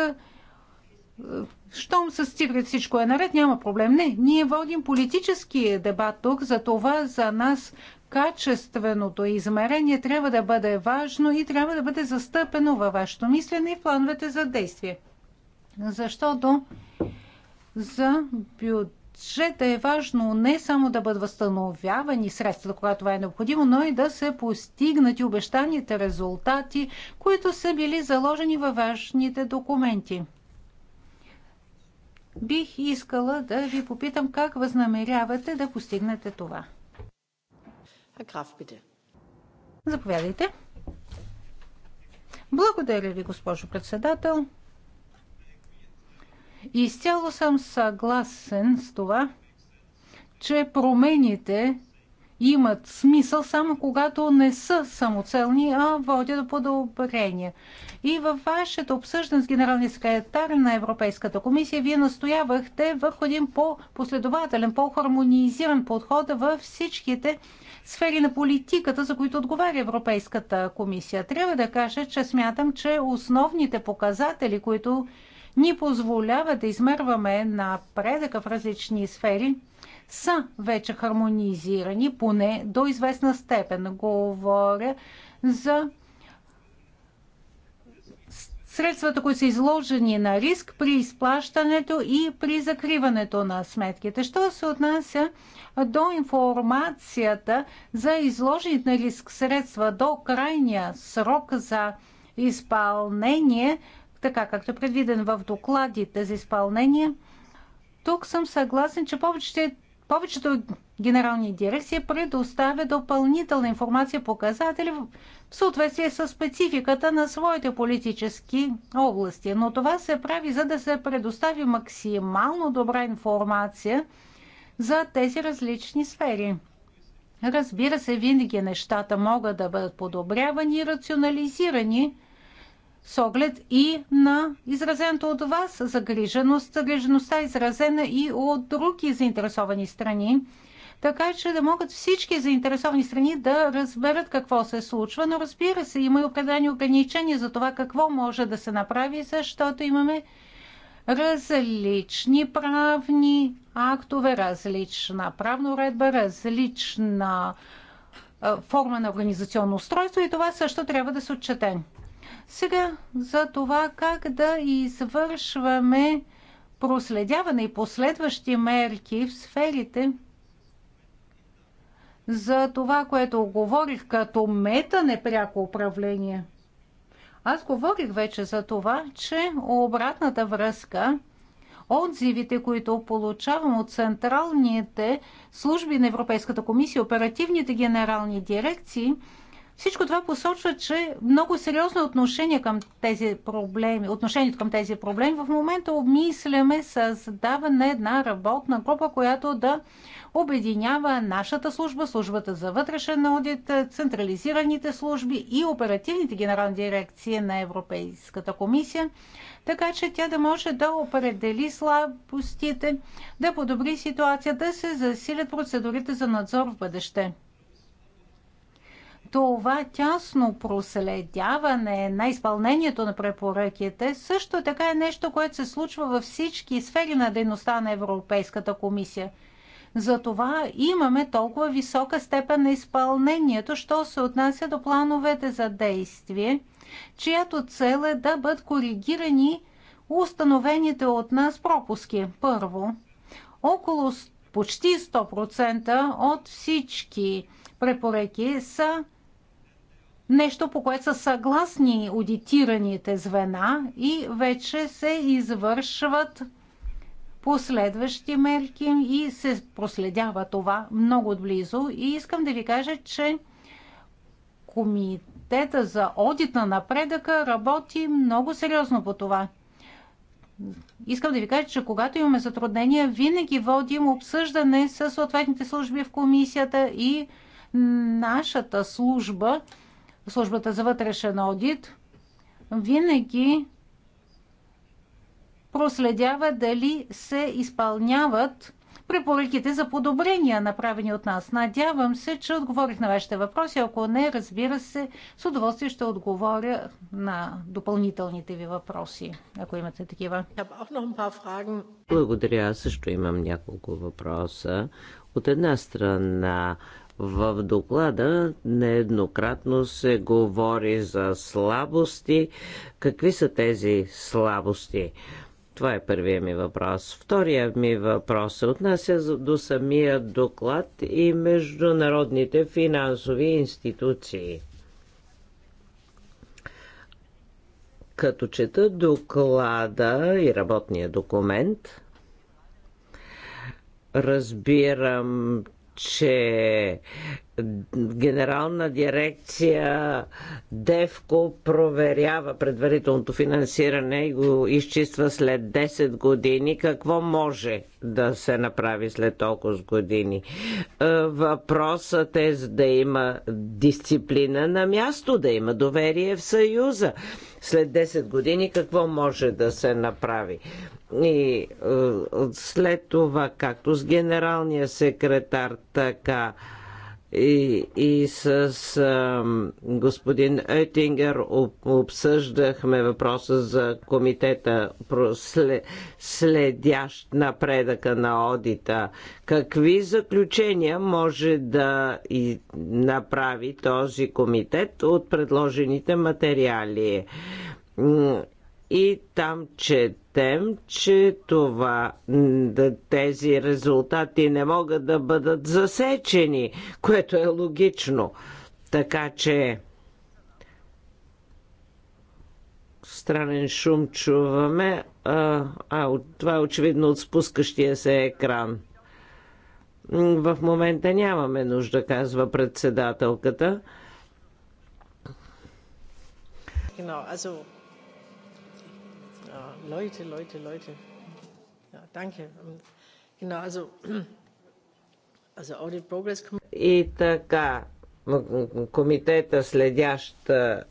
щом с цифрите всичко е наред, няма проблем. Не, ние водим политически дебат тук, за това за нас качественото измерение трябва да бъде важно и трябва да бъде застъпено във вашето мислене и плановете за действие. Защото за бюджет че да е важно не само да бъдат възстановявани средствата, когато това е необходимо, но и да се постигнат и обещаните резултати, които са били заложени във важните документи. Бих искала да ви попитам как възнамерявате да постигнете това. Граф, Заповядайте. Благодаря ви, госпожо председател. Изцяло съм съгласен с това, че промените имат смисъл само когато не са самоцелни, а водят до подобрения. И във вашето обсъждане с генералния секретар на Европейската комисия, вие настоявахте върху един по-последователен, по-хармонизиран подход във всичките сфери на политиката, за които отговаря Европейската комисия. Трябва да кажа, че смятам, че основните показатели, които ни позволява да измерваме напредъка в различни сфери, са вече хармонизирани, поне до известна степен. Говоря за средствата, които са изложени на риск при изплащането и при закриването на сметките. Що се отнася до информацията за изложените на риск средства до крайния срок за изпълнение – така както е предвиден в докладите за изпълнение. Тук съм съгласен, че повече, повечето генерални дирекции предоставят допълнителна информация показатели в съответствие с спецификата на своите политически области. Но това се прави за да се предостави максимално добра информация за тези различни сфери. Разбира се, винаги нещата могат да бъдат подобрявани и рационализирани – с оглед и на изразеното от вас загриженост. Загрижеността е изразена и от други заинтересовани страни, така че да могат всички заинтересовани страни да разберат какво се случва, но разбира се, има и определени ограничения за това какво може да се направи, защото имаме различни правни актове, различна правна уредба, различна форма на организационно устройство и това също трябва да се отчете. Сега за това как да извършваме проследяване и последващи мерки в сферите, за това, което говорих като мета непряко управление. Аз говорих вече за това, че обратната връзка, отзивите, които получавам от централните служби на Европейската комисия, оперативните генерални дирекции – всичко това посочва, че много сериозно е отношение към тези проблеми, отношението към тези проблеми в момента обмисляме създаване една работна група, която да обединява нашата служба, службата за вътрешен одит, централизираните служби и оперативните генерални дирекции на Европейската комисия, така че тя да може да определи слабостите, да подобри ситуацията, да се засилят процедурите за надзор в бъдеще това тясно проследяване на изпълнението на препоръките също така е нещо, което се случва във всички сфери на дейността на Европейската комисия. Затова имаме толкова висока степен на изпълнението, що се отнася до плановете за действие, чиято цел е да бъдат коригирани установените от нас пропуски. Първо, около почти 100% от всички препоръки са нещо, по което са съгласни аудитираните звена и вече се извършват последващи мерки и се проследява това много отблизо. И искам да ви кажа, че комитета за одит на напредъка работи много сериозно по това. Искам да ви кажа, че когато имаме затруднения, винаги водим обсъждане с съответните служби в комисията и нашата служба службата за вътрешен одит винаги проследява дали се изпълняват препоръките за подобрения, направени от нас. Надявам се, че отговорих на вашите въпроси. Ако не, разбира се, с удоволствие ще отговоря на допълнителните ви въпроси, ако имате такива.
Благодаря. Също имам няколко въпроса. От една страна, в доклада нееднократно се говори за слабости. Какви са тези слабости? Това е първия ми въпрос. Втория ми въпрос се отнася до самия доклад и международните финансови институции. Като чета доклада и работния документ, разбирам, че Генерална дирекция ДЕВКО проверява предварителното финансиране и го изчиства след 10 години. Какво може да се направи след толкова години? Е, въпросът е да има дисциплина на място, да има доверие в Съюза. След 10 години какво може да се направи? И е, след това, както с генералния секретар, така и, и с а, господин Ойтингер об, обсъждахме въпроса за комитета прослед, следящ напредъка на одита. Какви заключения може да и направи този комитет от предложените материали? И там, че четем, че това, тези резултати не могат да бъдат засечени, което е логично. Така че странен шум чуваме. А, а това е очевидно от спускащия се екран. В момента нямаме нужда, казва председателката.
also Ja, Leute, Leute, Leute. Ja, danke. Genau, also, also Audit Progress Committee.
комитета следящ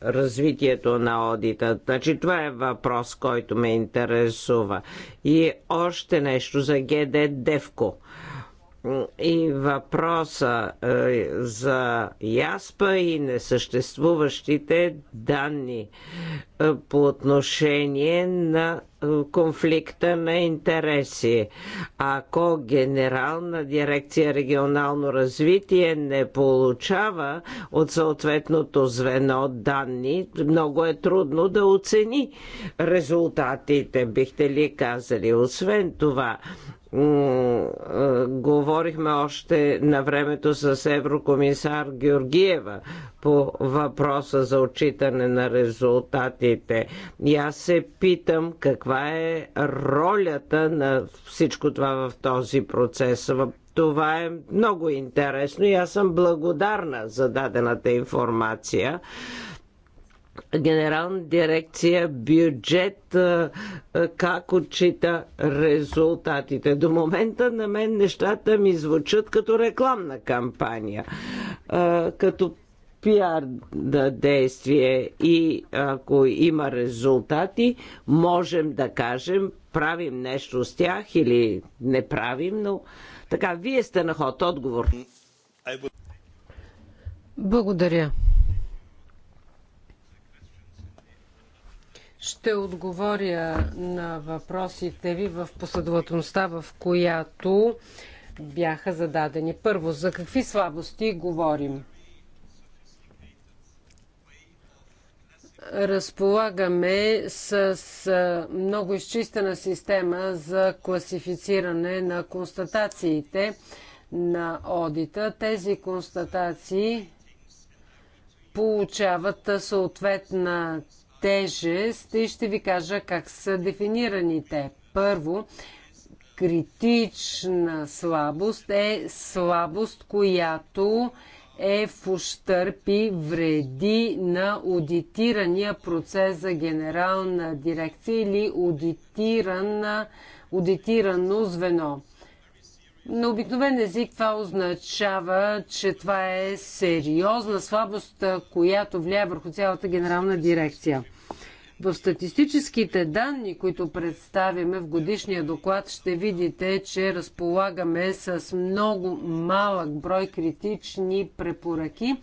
развитието на одита. Значи това е въпрос, който ме интересува. И още нещо за ГД Девко и въпроса е, за яспа и несъществуващите данни е, по отношение на е, конфликта на интереси. Ако Генерална дирекция регионално развитие не получава от съответното звено данни, много е трудно да оцени резултатите, бихте ли казали. Освен това, е, говорихме още на времето с еврокомисар Георгиева по въпроса за отчитане на резултатите. И аз се питам каква каква е ролята на всичко това в този процес. Това е много интересно и аз съм благодарна за дадената информация. Генерална дирекция бюджет как отчита резултатите. До момента на мен нещата ми звучат като рекламна кампания. Като пиар действие и ако има резултати, можем да кажем правим нещо с тях или не правим, но така, вие сте на ход. Отговор.
Благодаря. Ще отговоря на въпросите ви в последователността, в която бяха зададени. Първо, за какви слабости говорим? разполагаме с много изчистена система за класифициране на констатациите на одита. Тези констатации получават съответна тежест и ще ви кажа как са дефинирани те. Първо, критична слабост е слабост, която е в ущърп и вреди на аудитирания процес за генерална дирекция или аудитирана, аудитирано звено. На обикновен език това означава, че това е сериозна слабост, която влияе върху цялата генерална дирекция. В статистическите данни, които представяме в годишния доклад, ще видите, че разполагаме с много малък брой критични препоръки.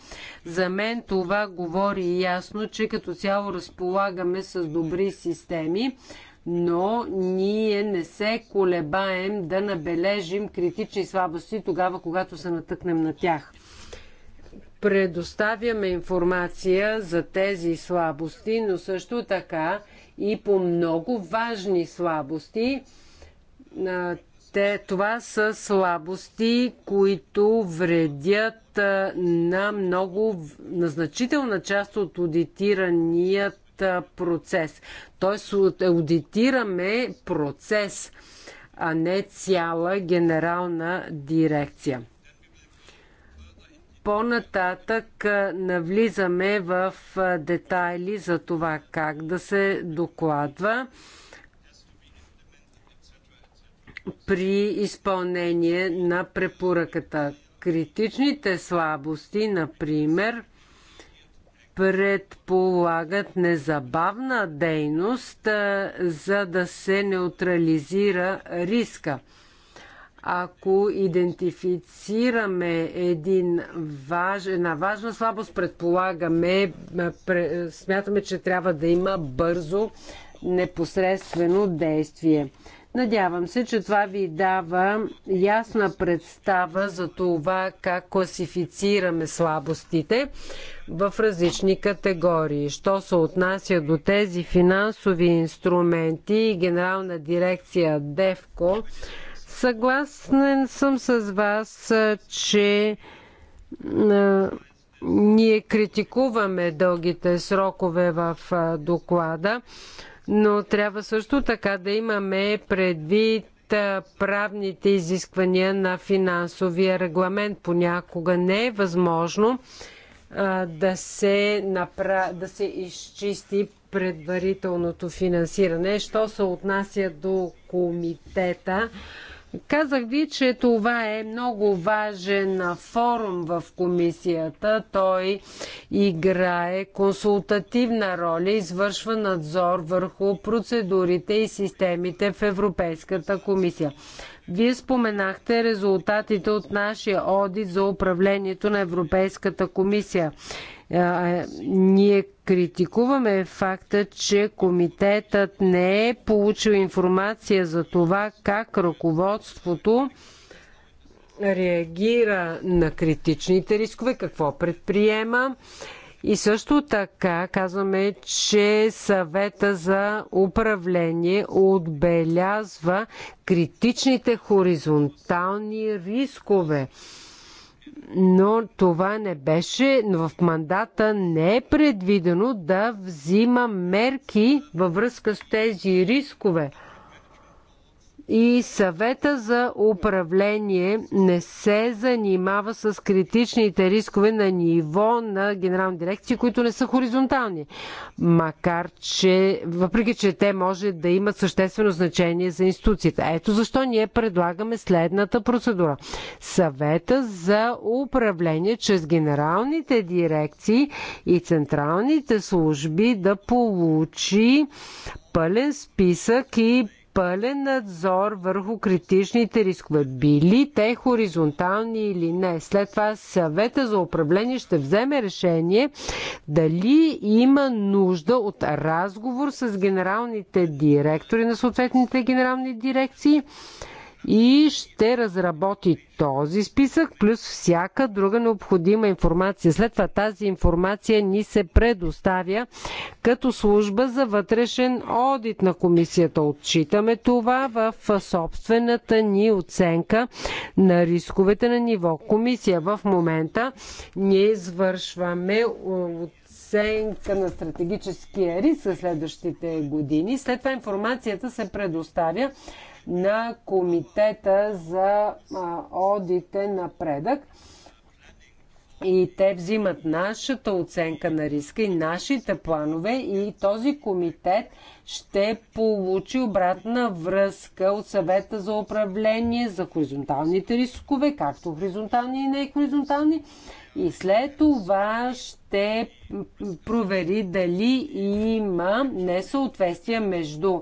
За мен това говори ясно, че като цяло разполагаме с добри системи, но ние не се колебаем да набележим критични слабости тогава, когато се натъкнем на тях предоставяме информация за тези слабости, но също така и по много важни слабости. Те, това са слабости, които вредят на много, на значителна част от аудитираният процес. Тоест, аудитираме процес, а не цяла генерална дирекция. По-нататък навлизаме в детайли за това как да се докладва при изпълнение на препоръката. Критичните слабости, например, предполагат незабавна дейност, за да се неутрализира риска. Ако идентифицираме един важ, една важна слабост, предполагаме, смятаме, че трябва да има бързо, непосредствено действие. Надявам се, че това ви дава ясна представа за това как класифицираме слабостите в различни категории. Що се отнася до тези финансови инструменти, Генерална дирекция ДЕВКО Съгласен съм с вас, че ние критикуваме дългите срокове в доклада, но трябва също така да имаме предвид правните изисквания на финансовия регламент. Понякога не е възможно а, да, се напра... да се изчисти предварителното финансиране. Що се отнася до комитета, Казах ви, че това е много важен форум в комисията. Той играе консултативна роля, извършва надзор върху процедурите и системите в Европейската комисия. Вие споменахте резултатите от нашия одит за управлението на Европейската комисия. Е, е, ние критикуваме факта, че комитетът не е получил информация за това как ръководството реагира на критичните рискове, какво предприема. И също така казваме, че съвета за управление отбелязва критичните хоризонтални рискове но това не беше, но в мандата не е предвидено да взима мерки във връзка с тези рискове и съвета за управление не се занимава с критичните рискове на ниво на генерални дирекции, които не са хоризонтални. Макар, че въпреки, че те може да имат съществено значение за институциите. Ето защо ние предлагаме следната процедура. Съвета за управление чрез генералните дирекции и централните служби да получи пълен списък и пълен надзор върху критичните рискове, били те хоризонтални или не. След това съвета за управление ще вземе решение дали има нужда от разговор с генералните директори на съответните генерални дирекции и ще разработи този списък, плюс всяка друга необходима информация. След това тази информация ни се предоставя като служба за вътрешен одит на комисията. Отчитаме това в собствената ни оценка на рисковете на ниво комисия. В момента ние извършваме от оценка на стратегическия риск за следващите години. След това информацията се предоставя на Комитета за одите напредък и те взимат нашата оценка на риска и нашите планове и този комитет ще получи обратна връзка от съвета за управление за хоризонталните рискове, както хоризонтални и не хоризонтални. И след това ще провери дали има несъответствие между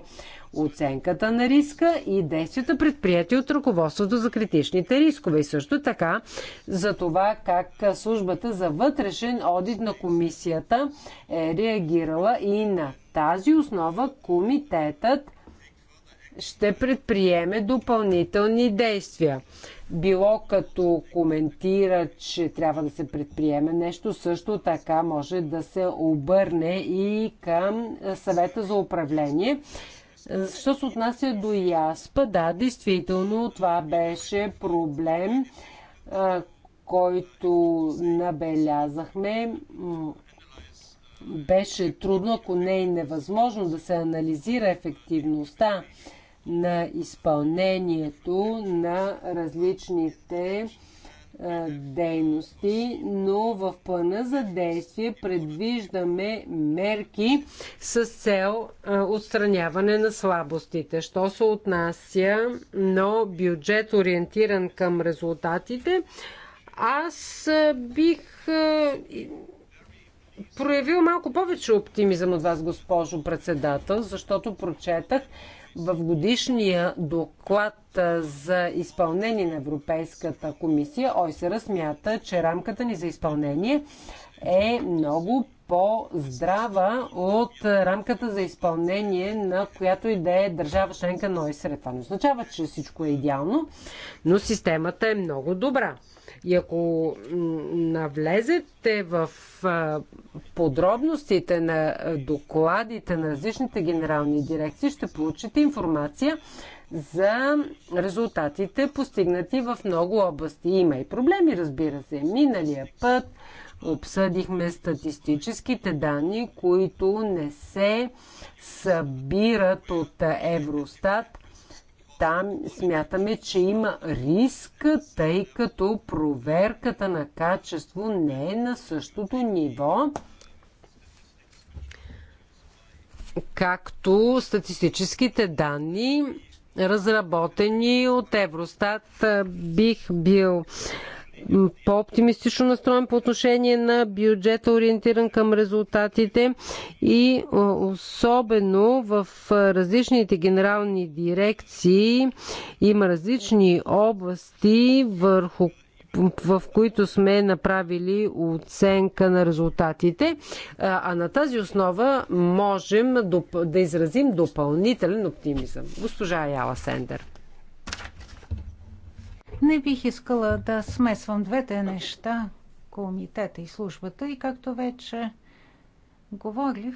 оценката на риска и действията предприяти от ръководството за критичните рискове. И също така за това как службата за вътрешен одит на комисията е реагирала и на тази основа комитетът ще предприеме допълнителни действия. Било като коментира, че трябва да се предприеме нещо, също така може да се обърне и към съвета за управление Що се отнася до Яспа, да, действително това беше проблем, който набелязахме. Беше трудно, ако не е невъзможно да се анализира ефективността на изпълнението на различните дейности, но в плана за действие предвиждаме мерки с цел отстраняване на слабостите. Що се отнася но бюджет ориентиран към резултатите, аз бих проявил малко повече оптимизъм от вас, госпожо председател, защото прочетах в годишния доклад за изпълнение на Европейската комисия, ОСР смята, че рамката ни за изпълнение е много по-здрава от рамката за изпълнение на която и да е държава членка на ОСР. Това не означава, че всичко е идеално, но системата е много добра. И ако навлезете в подробностите на докладите на различните генерални дирекции, ще получите информация за резултатите, постигнати в много области. Има и проблеми, разбира се. Миналия път обсъдихме статистическите данни, които не се събират от Евростат – там смятаме, че има риск, тъй като проверката на качество не е на същото ниво, както статистическите данни разработени от Евростат. Бих бил по-оптимистично настроен по отношение на бюджета, ориентиран към резултатите и особено в различните генерални дирекции има различни области, върху в които сме направили оценка на резултатите. А на тази основа можем да изразим допълнителен оптимизъм. Госпожа Яла Сендер.
Не бих искала да смесвам двете неща, комитета и службата, и както вече говорих,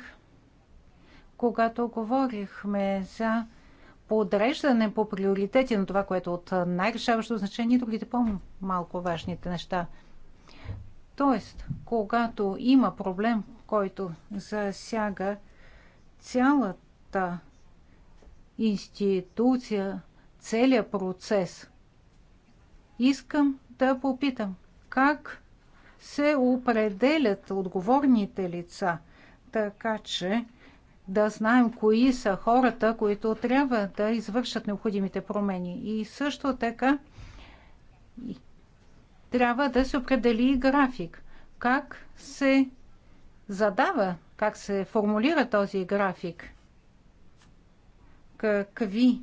когато говорихме за подреждане по приоритети на това, което е от най-решаващо значение и другите по-малко важните неща. Тоест, когато има проблем, който засяга цялата институция, целият процес Искам да попитам, как се определят отговорните лица, така че да знаем кои са хората, които трябва да извършат необходимите промени. И също така трябва да се определи график. Как се задава, как се формулира този график? Какви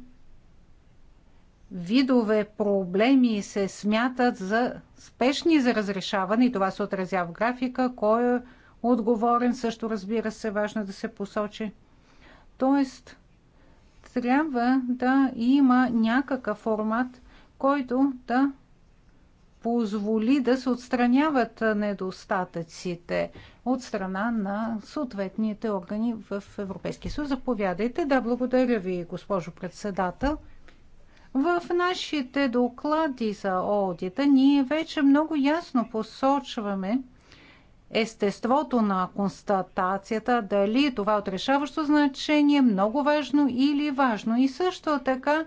видове проблеми се смятат за спешни за разрешаване и това се отразява в графика. Кой е отговорен също, разбира се, важно да се посочи. Тоест, трябва да има някакъв формат, който да позволи да се отстраняват недостатъците от страна на съответните органи в Европейския съюз. Заповядайте. Да, благодаря ви, госпожо председател. В нашите доклади за одита ние вече много ясно посочваме естеството на констатацията, дали това е от решаващо значение, много важно или важно. И също така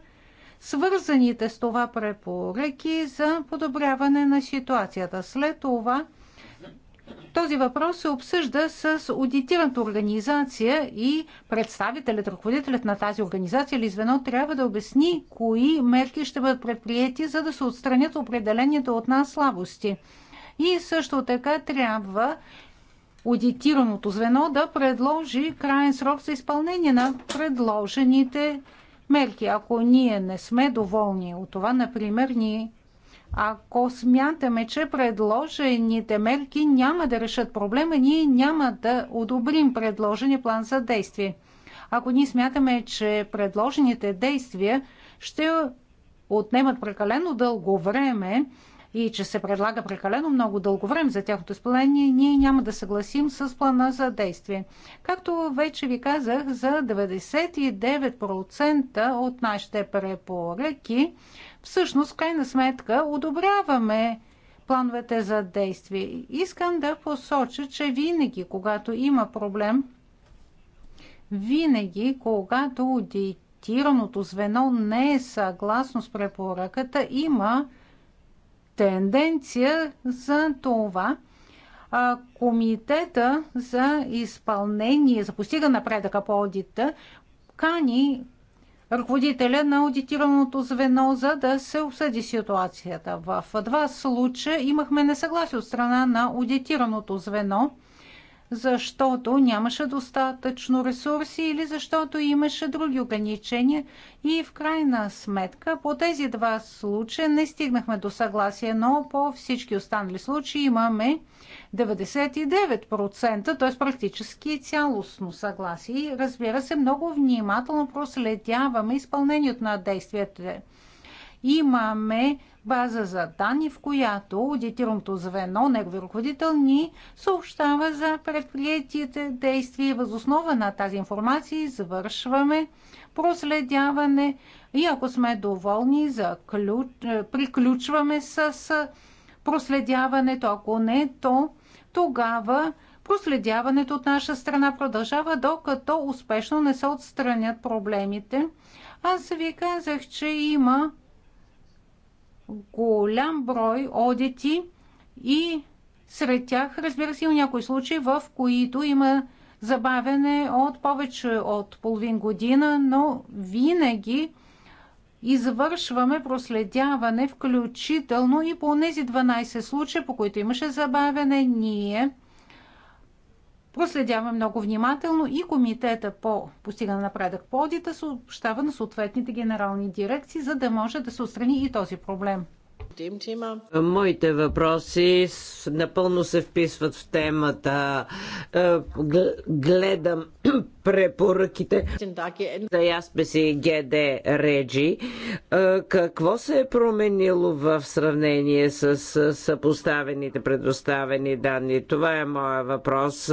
свързаните с това препоръки за подобряване на ситуацията. След това – този въпрос се обсъжда с аудитираната организация и представителят, ръководителят на тази организация или звено трябва да обясни кои мерки ще бъдат предприяти, за да се отстранят определените от нас слабости. И също така трябва аудитираното звено да предложи крайен срок за изпълнение на предложените мерки. Ако ние не сме доволни от това, например, ние ако смятаме, че предложените мерки няма да решат проблема, ние няма да одобрим предложения план за действие. Ако ние смятаме, че предложените действия ще отнемат прекалено дълго време и че се предлага прекалено много дълго време за тяхното изпълнение, ние няма да съгласим с плана за действие. Както вече ви казах, за 99% от нашите препоръки всъщност, в крайна сметка, одобряваме плановете за действие. Искам да посоча, че винаги, когато има проблем, винаги, когато аудитираното звено не е съгласно с препоръката, има тенденция за това а, комитета за изпълнение, за постига напредъка по аудита, кани ръководителя на аудитираното звено, за да се обсъди ситуацията. В два случая имахме несъгласие от страна на аудитираното звено, защото нямаше достатъчно ресурси или защото имаше други ограничения. И в крайна сметка по тези два случая не стигнахме до съгласие, но по всички останали случаи имаме 99%, т.е. практически цялостно съгласие. И разбира се, много внимателно проследяваме изпълнението на действията. Имаме база за данни, в която аудитираното звено, негови руководител ни съобщава за предприятите действия. Възоснова на тази информация извършваме проследяване и ако сме доволни, заключ... приключваме с проследяването. Ако не, то тогава проследяването от наша страна продължава, докато успешно не се отстранят проблемите. Аз ви казах, че има голям брой одити и сред тях, разбира се, има някои случаи, в които има забавене от повече от половин година, но винаги извършваме проследяване, включително и по тези 12 случая, по които имаше забавяне, ние проследяваме много внимателно и комитета по постигане напредък по одита съобщава на съответните генерални дирекции, за да може да се отстрани и този проблем.
Моите въпроси напълно се вписват в темата. Е, гледам препоръките за Яспеси ГД Реджи. Е, какво се е променило в сравнение с съпоставените, предоставени данни? Това е моя въпрос,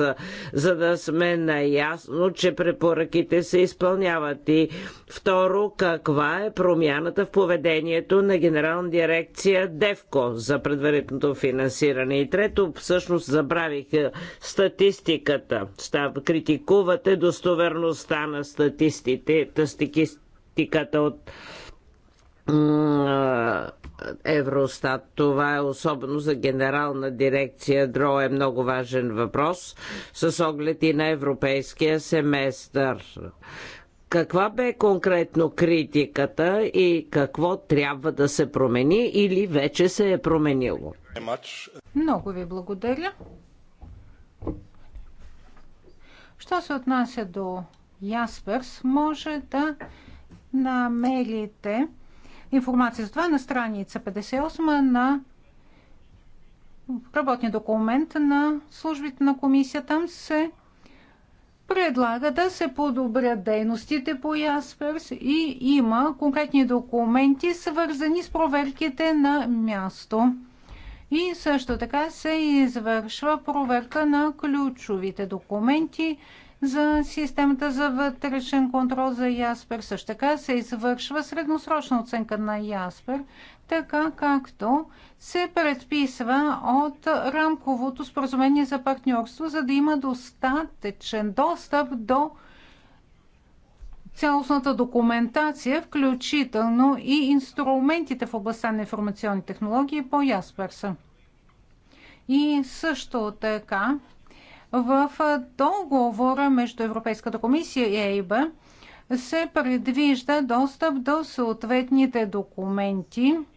за да сме наясно, че препоръките се изпълняват. И второ, каква е промяната в поведението на генерална дирекция комисия ДЕВКО за предварителното финансиране. И трето, всъщност забравих е, статистиката. Став, критикувате достоверността на статистите, статистиката от Евростат. Това е особено за генерална дирекция ДРО е много важен въпрос с оглед и на европейския семестър. Каква бе конкретно критиката и какво трябва да се промени или вече се е променило?
Много ви благодаря. Що се отнася до Ясперс, може да намерите информация за това на страница 58 на работния документ на службите на комисия. Там се предлага да се подобрят дейностите по Ясперс и има конкретни документи, свързани с проверките на място. И също така се извършва проверка на ключовите документи за системата за вътрешен контрол за Яспер. Също така се извършва средносрочна оценка на Яспер, така както се предписва от рамковото споразумение за партньорство, за да има достатъчен достъп до цялостната документация, включително и инструментите в областта на информационни технологии по Ясперса. И също така в договора между Европейската комисия и ЕИБ се предвижда достъп до съответните документи –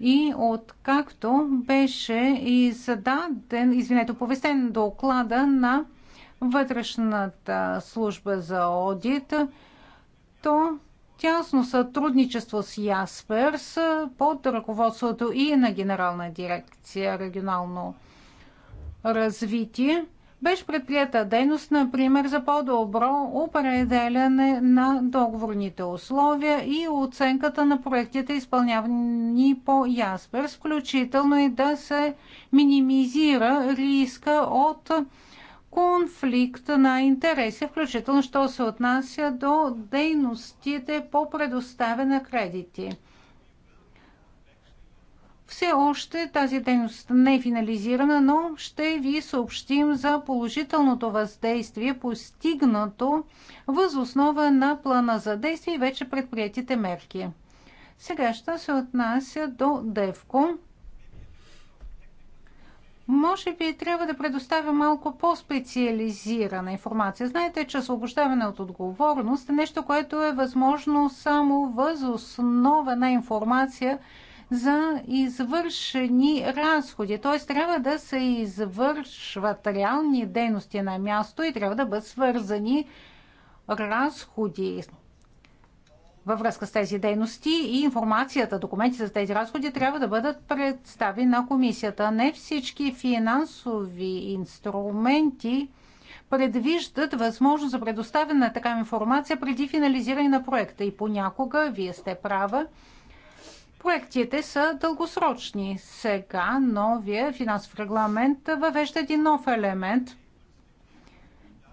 И откакто беше и зададен, извинете, повестен доклада на вътрешната служба за одит, то тясно сътрудничество с Ясперс под ръководството и на Генерална дирекция регионално развитие беше предприята дейност, например, за по-добро определяне на договорните условия и оценката на проектите, изпълнявани по Яспер, включително и да се минимизира риска от конфликт на интереси, включително що се отнася до дейностите по предоставяне кредити. Все още тази дейност не е финализирана, но ще ви съобщим за положителното въздействие, постигнато възоснова на плана за действие и вече предприятите мерки. Сега ще се отнася до ДЕВКО. Може би трябва да предоставя малко по-специализирана информация. Знаете, че освобождаване от отговорност е нещо, което е възможно само възоснова на информация, за извършени разходи. Т.е. трябва да се извършват реални дейности на място и трябва да бъдат свързани разходи във връзка с тези дейности и информацията, документите за тези разходи трябва да бъдат представени на комисията. Не всички финансови инструменти предвиждат възможност за предоставяне на такава информация преди финализиране на проекта. И понякога, вие сте права, Проектите са дългосрочни. Сега новия финансов регламент въвежда един нов елемент.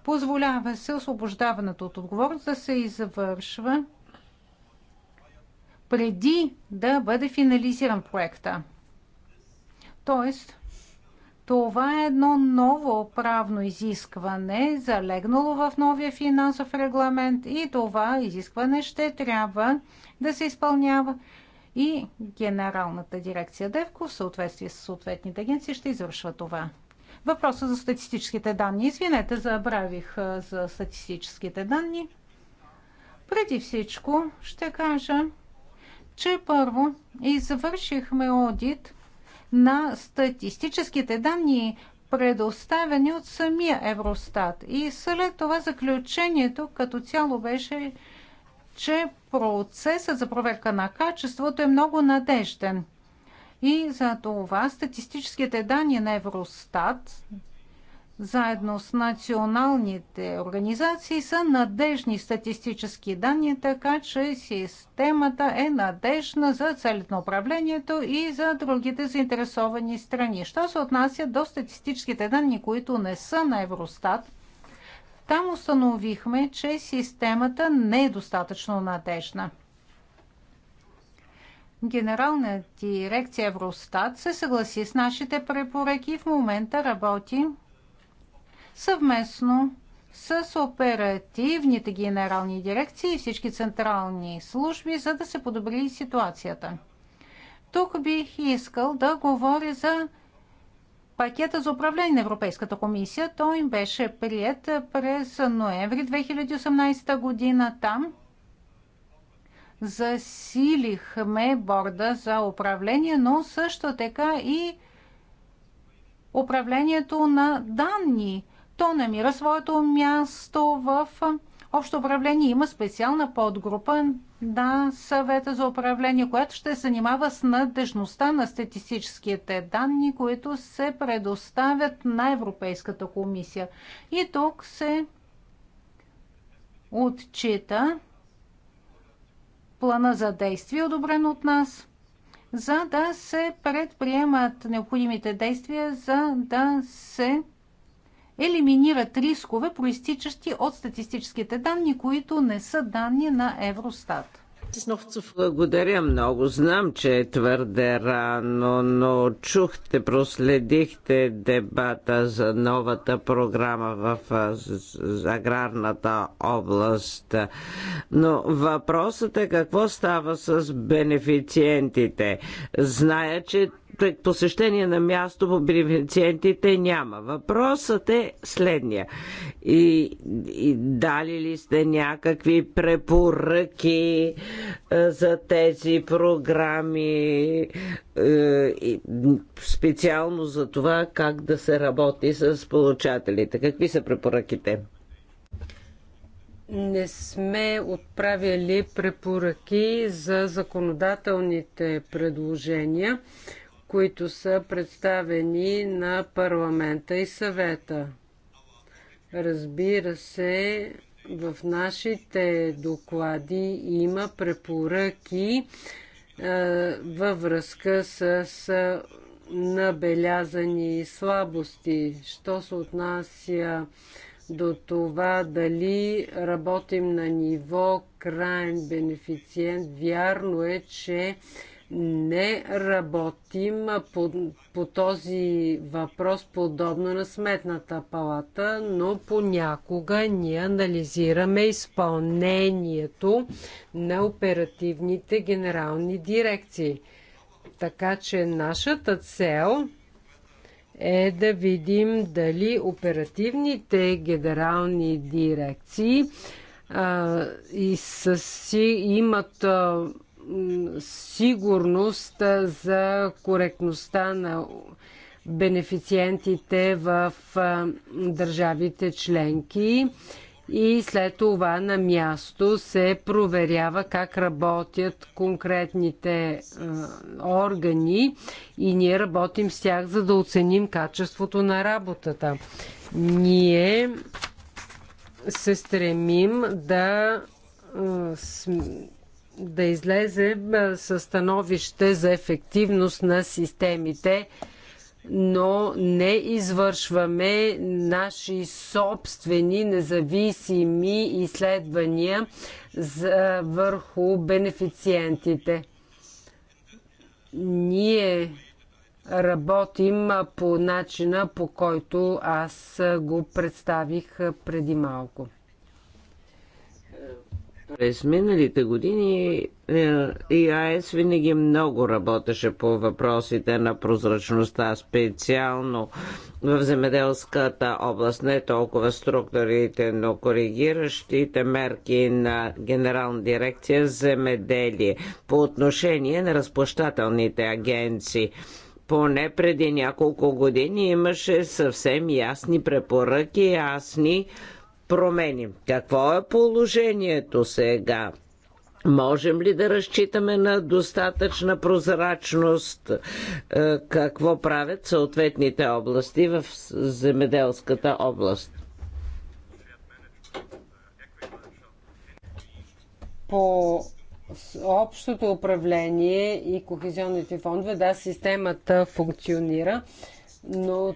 Позволява се освобождаването от отговорност да се извършва преди да бъде финализиран проекта. Тоест, това е едно ново правно изискване, залегнало в новия финансов регламент и това изискване ще трябва да се изпълнява и Генералната дирекция ДЕВКО в съответствие с съответните агенции ще извършва това. Въпроса за статистическите данни. Извинете, забравих за статистическите данни. Преди всичко ще кажа, че първо извършихме одит на статистическите данни, предоставени от самия Евростат. И след това заключението като цяло беше, че процесът за проверка на качеството е много надежден. И за това статистическите данни на Евростат заедно с националните организации са надежни статистически данни, така че системата е надежна за целите на управлението и за другите заинтересовани страни. Що се отнася до статистическите данни, които не са на Евростат, там установихме, че системата не е достатъчно надежна. Генерална дирекция Евростат се съгласи с нашите препоръки и в момента работи съвместно с оперативните генерални дирекции и всички централни служби, за да се подобри ситуацията. Тук бих искал да говоря за Пакета за управление на Европейската комисия, той им беше прият през ноември 2018 година. Там засилихме борда за управление, но също така и управлението на данни. То намира своето място в общо управление. Има специална подгрупа на съвета за управление, която ще се занимава с надежността на статистическите данни, които се предоставят на Европейската комисия. И тук се отчита плана за действие, одобрен от нас, за да се предприемат необходимите действия, за да се елиминират рискове, проистичащи от статистическите данни, които не са данни на Евростат.
Благодаря много. Знам, че е твърде рано, но чухте, проследихте дебата за новата програма в аграрната област. Но въпросът е какво става с бенефициентите. Зная, че посещение на място по бенефициентите няма. Въпросът е следния. И, и дали ли сте някакви препоръки е, за тези програми, е, специално за това как да се работи с получателите? Какви са препоръките?
не сме отправили препоръки за законодателните предложения които са представени на парламента и съвета. Разбира се, в нашите доклади има препоръки е, във връзка с, с набелязани слабости. Що се отнася до това дали работим на ниво крайен бенефициент, вярно е, че не работим по, по този въпрос подобно на сметната палата, но понякога ние анализираме изпълнението на оперативните генерални дирекции. Така че нашата цел е да видим дали оперативните генерални дирекции а, и с, си имат а, сигурност за коректността на бенефициентите в държавите членки и след това на място се проверява как работят конкретните органи и ние работим с тях, за да оценим качеството на работата. Ние се стремим да да излезе със становище за ефективност на системите, но не извършваме наши собствени независими изследвания за, върху бенефициентите. Ние работим по начина, по който аз го представих преди малко.
През миналите години е, ИАС винаги много работеше по въпросите на прозрачността, специално в земеделската област, не толкова структурите, но коригиращите мерки на Генерална дирекция земеделие по отношение на разплащателните агенции поне преди няколко години имаше съвсем ясни препоръки, ясни променим. Какво е положението сега? Можем ли да разчитаме на достатъчна прозрачност? Е, какво правят съответните области в земеделската област?
По общото управление и кохезионните фондове, да, системата функционира но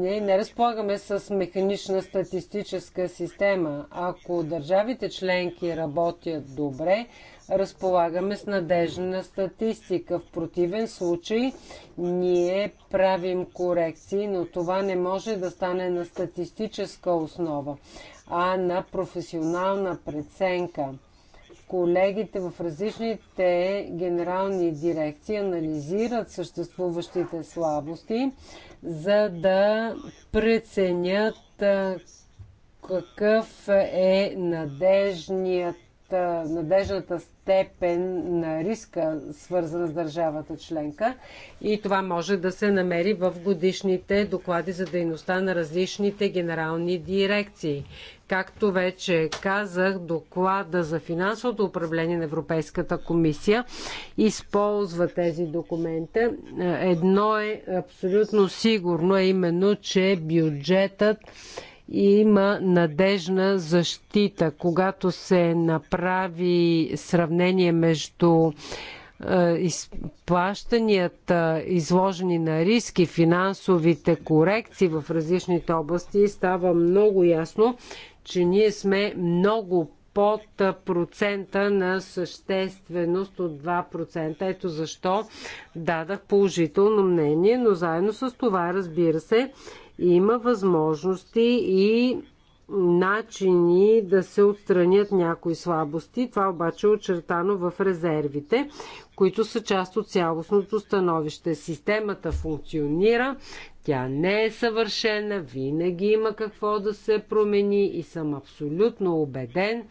ние не разполагаме с механична статистическа система. Ако държавите членки работят добре, разполагаме с надежна статистика. В противен случай ние правим корекции, но това не може да стане на статистическа основа, а на професионална преценка. Колегите в различните генерални дирекции анализират съществуващите слабости за да преценят какъв е надежният надежната степен на риска, свързана с държавата членка. И това може да се намери в годишните доклади за дейността на различните генерални дирекции. Както вече казах, доклада за финансовото управление на Европейската комисия използва тези документи. Едно е абсолютно сигурно, е именно, че бюджетът има надежна защита. Когато се направи сравнение между е, изплащанията, изложени на риски, финансовите корекции в различните области, става много ясно, че ние сме много под процента на същественост от 2%. Ето защо дадах положително мнение, но заедно с това, разбира се, има възможности и начини да се отстранят някои слабости. Това обаче е очертано в резервите, които са част от цялостното становище. Системата функционира, тя не е съвършена, винаги има какво да се промени и съм абсолютно убеден,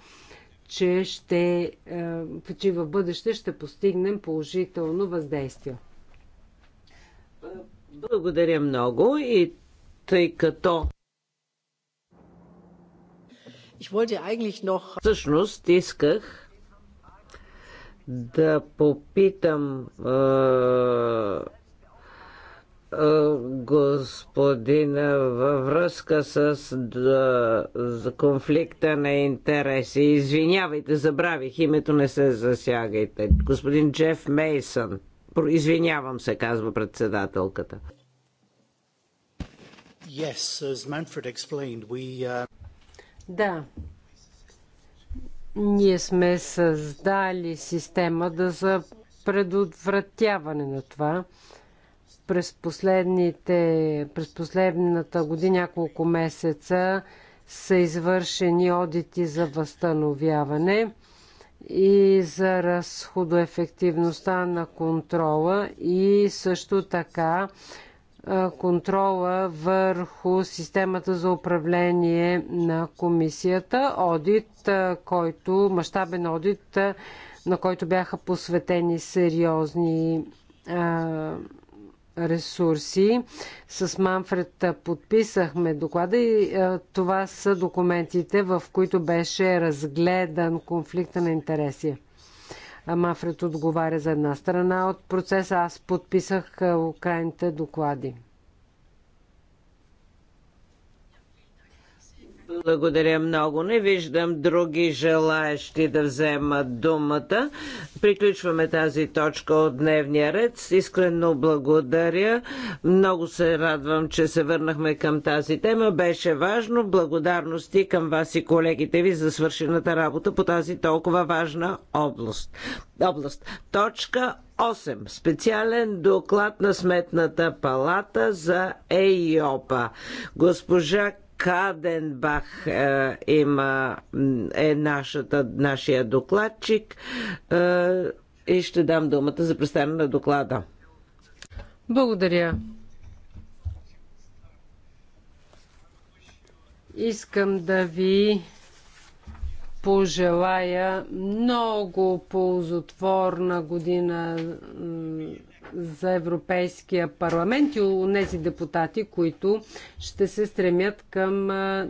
че, ще, е, че в бъдеще ще постигнем положително въздействие.
Благодаря много и тъй като Всъщност исках да попитам е, е, господина във връзка с да, конфликта на интереси. Извинявайте, забравих името, не се засягайте. Господин Джеф Мейсън. Извинявам се, казва председателката.
Yes, as Manfred explained, we... Uh... Да. Ние сме създали система да за предотвратяване на това. През, последните, през последната година няколко месеца са извършени одити за възстановяване и за разходоефективността на контрола и също така контрола върху системата за управление на комисията. Одит, който, мащабен одит, на който бяха посветени сериозни ресурси. С Манфред подписахме доклада и това са документите, в които беше разгледан конфликта на интереси. Мафред отговаря за една страна от процеса. Аз подписах крайните доклади.
Благодаря много. Не виждам други желаящи да вземат думата. Приключваме тази точка от дневния ред. Искрено благодаря. Много се радвам, че се върнахме към тази тема. Беше важно. Благодарности към вас и колегите ви за свършената работа по тази толкова важна област. област. Точка 8. Специален доклад на Сметната палата за ЕИОПА. Госпожа Каденбах е, има, е нашата, нашия докладчик е, и ще дам думата за представяне на доклада.
Благодаря. Искам да ви пожелая много ползотворна година за Европейския парламент и у нези депутати, които ще се стремят към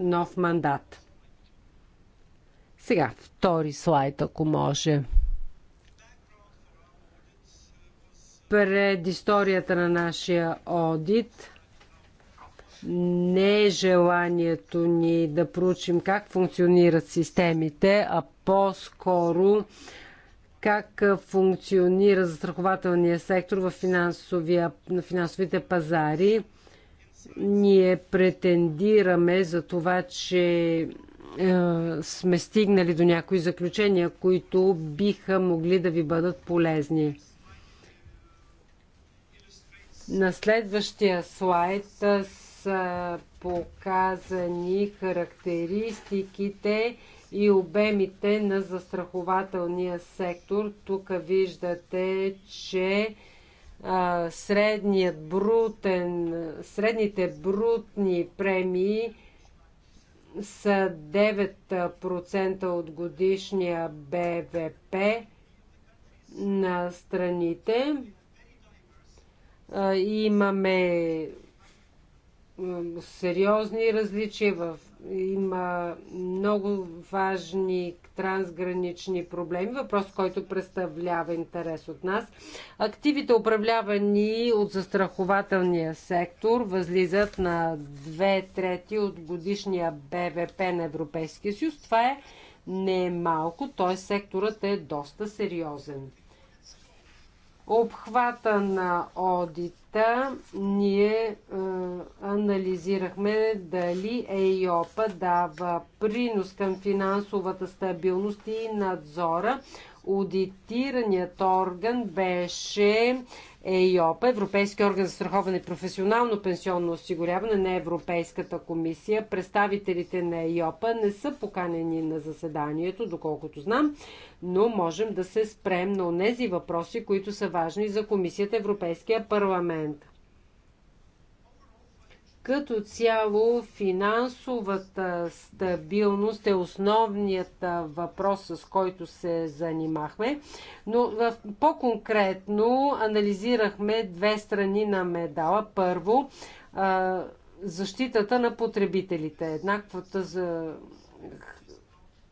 нов мандат. Сега, втори слайд, ако може. Пред историята на нашия одит не е желанието ни да проучим как функционират системите, а по-скоро как функционира застрахователния сектор в, финансовия, на финансовите пазари. Ние претендираме за това, че сме стигнали до някои заключения, които биха могли да ви бъдат полезни. На следващия слайд са показани характеристиките и обемите на застрахователния сектор. Тук виждате, че а, средният брутен, средните брутни премии са 9% от годишния БВП на страните. Имаме сериозни различия в има много важни трансгранични проблеми, въпрос, който представлява интерес от нас. Активите, управлявани от застрахователния сектор, възлизат на две трети от годишния БВП на Европейския съюз. Това е не е малко, т.е. секторът е доста сериозен обхвата на одита ние е, анализирахме дали ЕИОПА дава принос към финансовата стабилност и надзора Аудитираният орган беше ЕИОП, Европейски орган за страховане и професионално пенсионно осигуряване на Европейската комисия. Представителите на ЕИОПа не са поканени на заседанието, доколкото знам, но можем да се спрем на тези въпроси, които са важни за Комисията Европейския парламент. Като цяло финансовата стабилност е основният въпрос, с който се занимахме, но по-конкретно анализирахме две страни на медала. Първо, защитата на потребителите, еднаквата за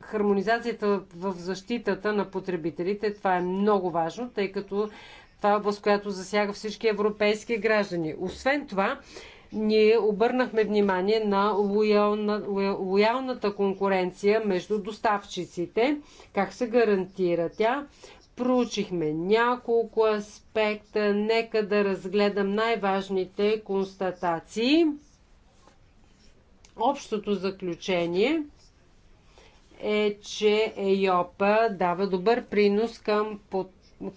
хармонизацията в защитата на потребителите. Това е много важно, тъй като това е област, която засяга всички европейски граждани. Освен това, ние обърнахме внимание на лоялна, лоялната конкуренция между доставчиците, как се гарантира тя. Проучихме няколко аспекта, нека да разгледам най-важните констатации. Общото заключение е, че ЕЙОПА дава добър принос към под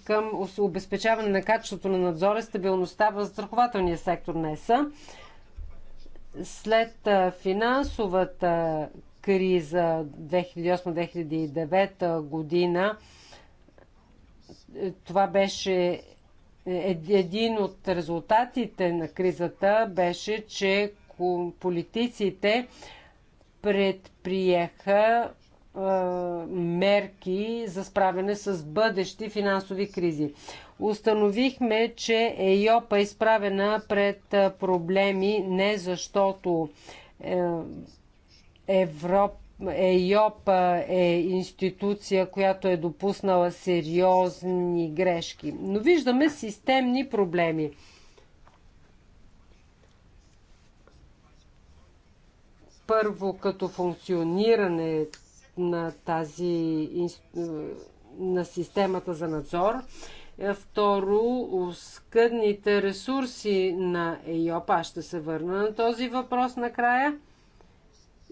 към обезпечаване на качеството на надзора и стабилността в страхователния сектор на ЕСА. След финансовата криза 2008-2009 година, е, това беше е, е, един от резултатите на кризата беше, че политиците предприеха мерки за справяне с бъдещи финансови кризи. Установихме, че ЕЙОПА е изправена пред проблеми не защото е, Европа ЕЙОП е институция, която е допуснала сериозни грешки. Но виждаме системни проблеми. Първо, като функциониране на тази на системата за надзор Второ, скъдните ресурси на ЕЙОП. Аз ще се върна на този въпрос накрая.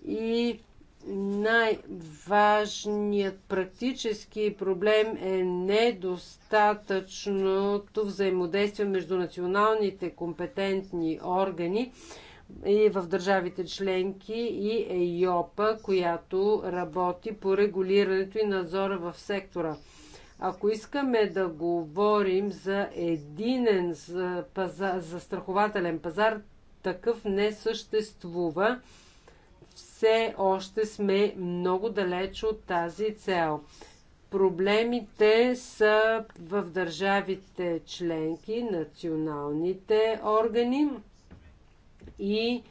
И най-важният практически проблем е недостатъчното взаимодействие между националните компетентни органи и в държавите членки и ЕЙОПа, която работи по регулирането и надзора в сектора. Ако искаме да говорим за единен за за застрахователен пазар, такъв не съществува. Все още сме много далеч от тази цел. Проблемите са в държавите членки, националните органи и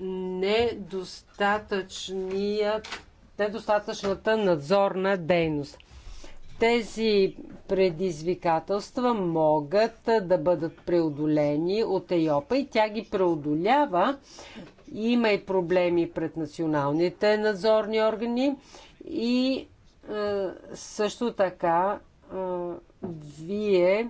недостатъчният недостатъчната надзорна дейност. Тези предизвикателства могат да бъдат преодолени от ЕОПА и тя ги преодолява. Има и проблеми пред националните надзорни органи и е, също така е, вие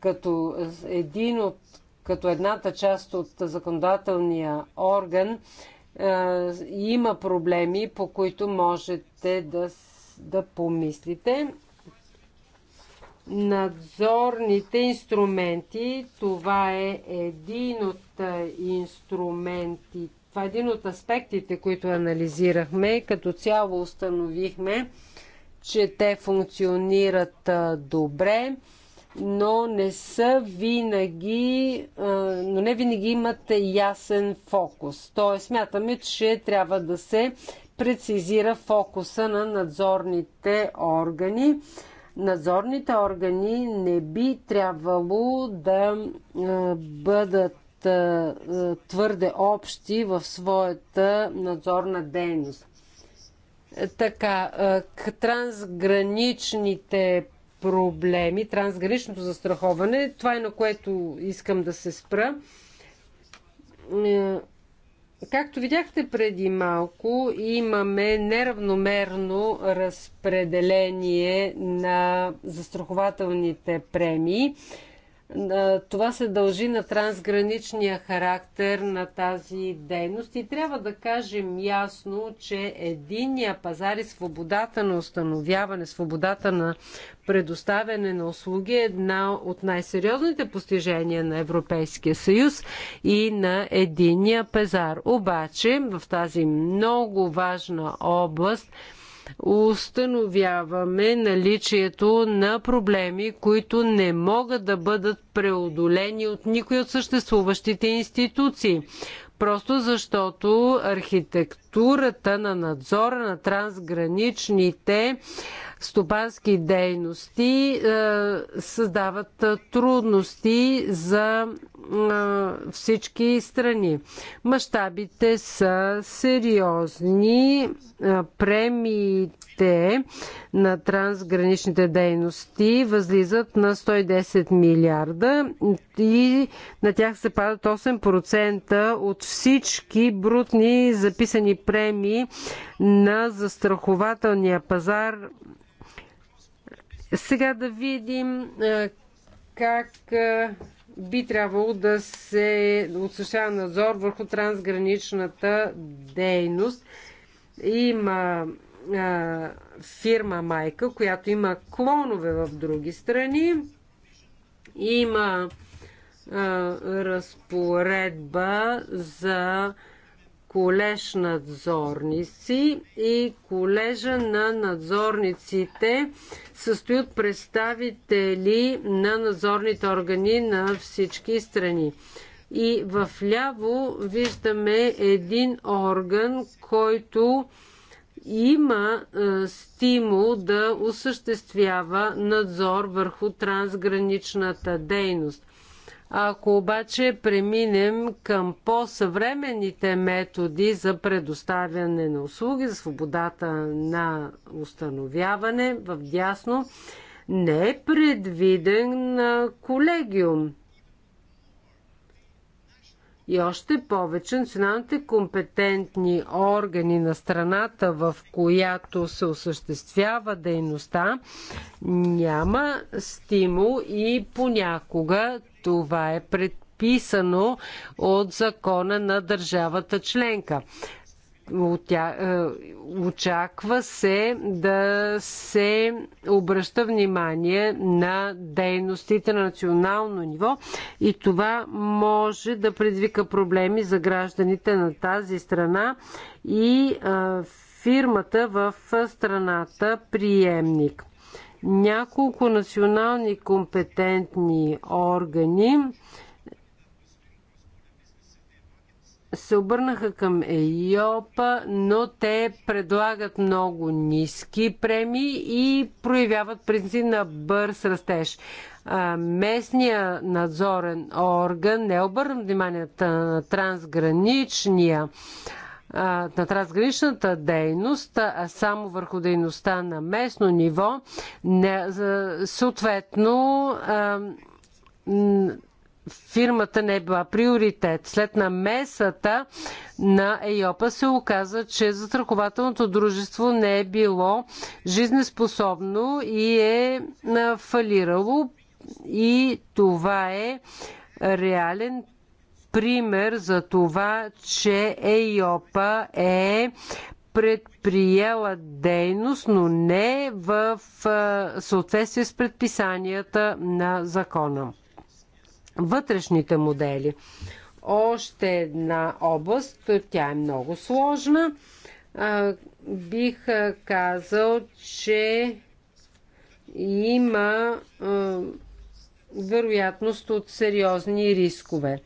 като един от като едната част от законодателния орган е, има проблеми, по които можете да, да помислите. Надзорните инструменти, това е един от е, инструментите, това е един от аспектите, които анализирахме. Като цяло установихме, че те функционират е, добре но не са винаги, но не винаги имат ясен фокус. Тоест, смятаме, че трябва да се прецизира фокуса на надзорните органи. Надзорните органи не би трябвало да бъдат твърде общи в своята надзорна дейност. Така, трансграничните проблеми, трансграничното застраховане, това е на което искам да се спра. Е, както видяхте преди малко, имаме неравномерно разпределение на застрахователните премии. Това се дължи на трансграничния характер на тази дейност и трябва да кажем ясно, че единия пазар и свободата на установяване, свободата на предоставяне на услуги е една от най-сериозните постижения на Европейския съюз и на единия пазар. Обаче в тази много важна област – установяваме наличието на проблеми, които не могат да бъдат преодолени от никой от съществуващите институции. Просто защото архитект структурата на надзора на трансграничните стопански дейности е, създават е, трудности за е, всички страни. Мащабите са сериозни. Премиите на трансграничните дейности възлизат на 110 милиарда и на тях се падат 8% от всички брутни записани премии на застрахователния пазар. Сега да видим как би трябвало да се осъществява надзор върху трансграничната дейност. Има фирма майка, която има клонове в други страни. Има а, разпоредба за колеж надзорници и колежа на надзорниците състоят представители на надзорните органи на всички страни. И в ляво виждаме един орган, който има е, стимул да осъществява надзор върху трансграничната дейност. Ако обаче преминем към по-съвременните методи за предоставяне на услуги, за свободата на установяване в дясно, не е предвиден колегиум. И още повече националните компетентни органи на страната, в която се осъществява дейността, няма стимул и понякога това е предписано от закона на държавата членка. Е, очаква се да се обръща внимание на дейностите на национално ниво и това може да предвика проблеми за гражданите на тази страна и е, фирмата в страната приемник. Няколко национални компетентни органи се обърнаха към ЕИОПа, но те предлагат много ниски премии и проявяват признаци на бърз растеж. Местния надзорен орган не обърна внимание на трансграничния на трансграничната дейност, а само върху дейността на местно ниво, не, съответно фирмата не е била приоритет. След намесата на ЕЙОПА се оказа, че застрахователното дружество не е било жизнеспособно и е фалирало. И това е реален пример за това, че ЕЙОПА е предприела дейност, но не в съответствие с предписанията на закона вътрешните модели. Още една област, тя е много сложна. Бих казал, че има вероятност от сериозни рискове.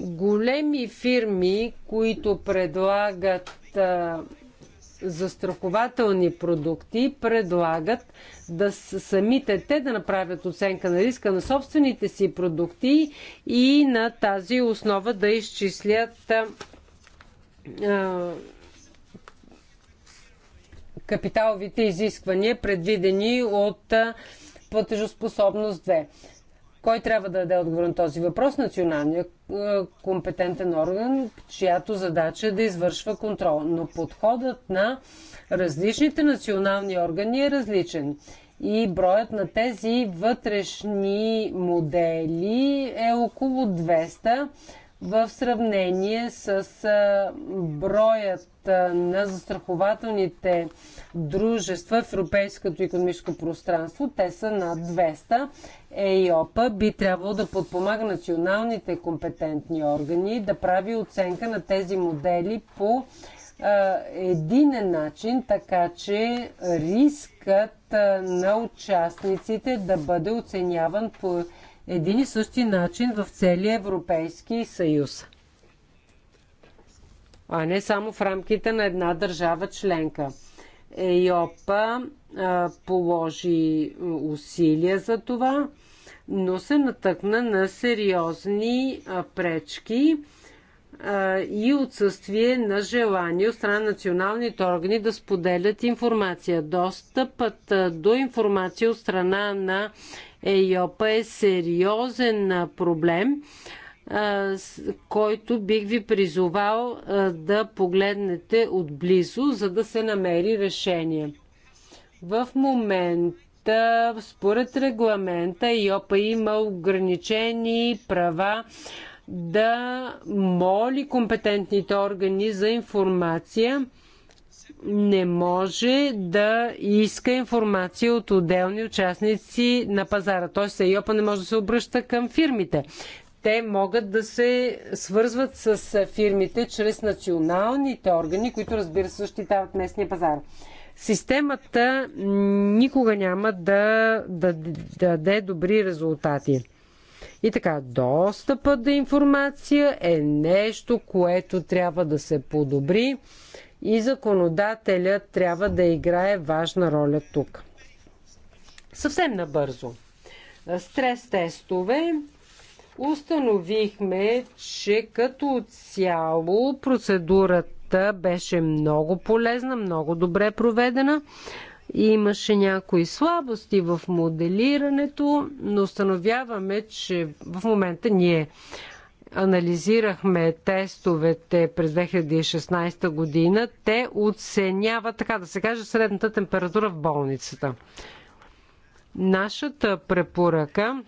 Големи фирми, които предлагат застрахователни продукти предлагат да самите те да направят оценка на риска на собствените си продукти и на тази основа да изчислят капиталовите изисквания, предвидени от платежоспособност 2. Кой трябва да даде отговор на този въпрос? Националният е, компетентен орган, чиято задача е да извършва контрол. Но подходът на различните национални органи е различен. И броят на тези вътрешни модели е около 200 в сравнение с е, броят е, на застрахователните дружества в Европейското економическо пространство. Те са над 200 ЕИОПА би трябвало да подпомага националните компетентни органи да прави оценка на тези модели по а, единен начин, така че рискът а, на участниците да бъде оценяван по един и същи начин в целия Европейски съюз, а не само в рамките на една държава членка. ЕЙОПА положи усилия за това, но се натъкна на сериозни пречки и отсъствие на желание от страна на националните органи да споделят информация. Достъпът до информация от страна на ЕИОПА е сериозен проблем който бих ви призовал да погледнете отблизо, за да се намери решение. В момента, според регламента, ИОПА има ограничени права да моли компетентните органи за информация. Не може да иска информация от отделни участници на пазара. Т.е. ИОПа не може да се обръща към фирмите те могат да се свързват с фирмите чрез националните органи, които разбира се защитават местния пазар. Системата никога няма да, да, да даде добри резултати. И така, достъпът до информация е нещо, което трябва да се подобри и законодателят трябва да играе важна роля тук. Съвсем набързо. Стрес тестове установихме, че като цяло процедурата беше много полезна, много добре проведена. Имаше някои слабости в моделирането, но установяваме, че в момента ние анализирахме тестовете през 2016 година. Те оценяват, така да се каже, средната температура в болницата. Нашата препоръка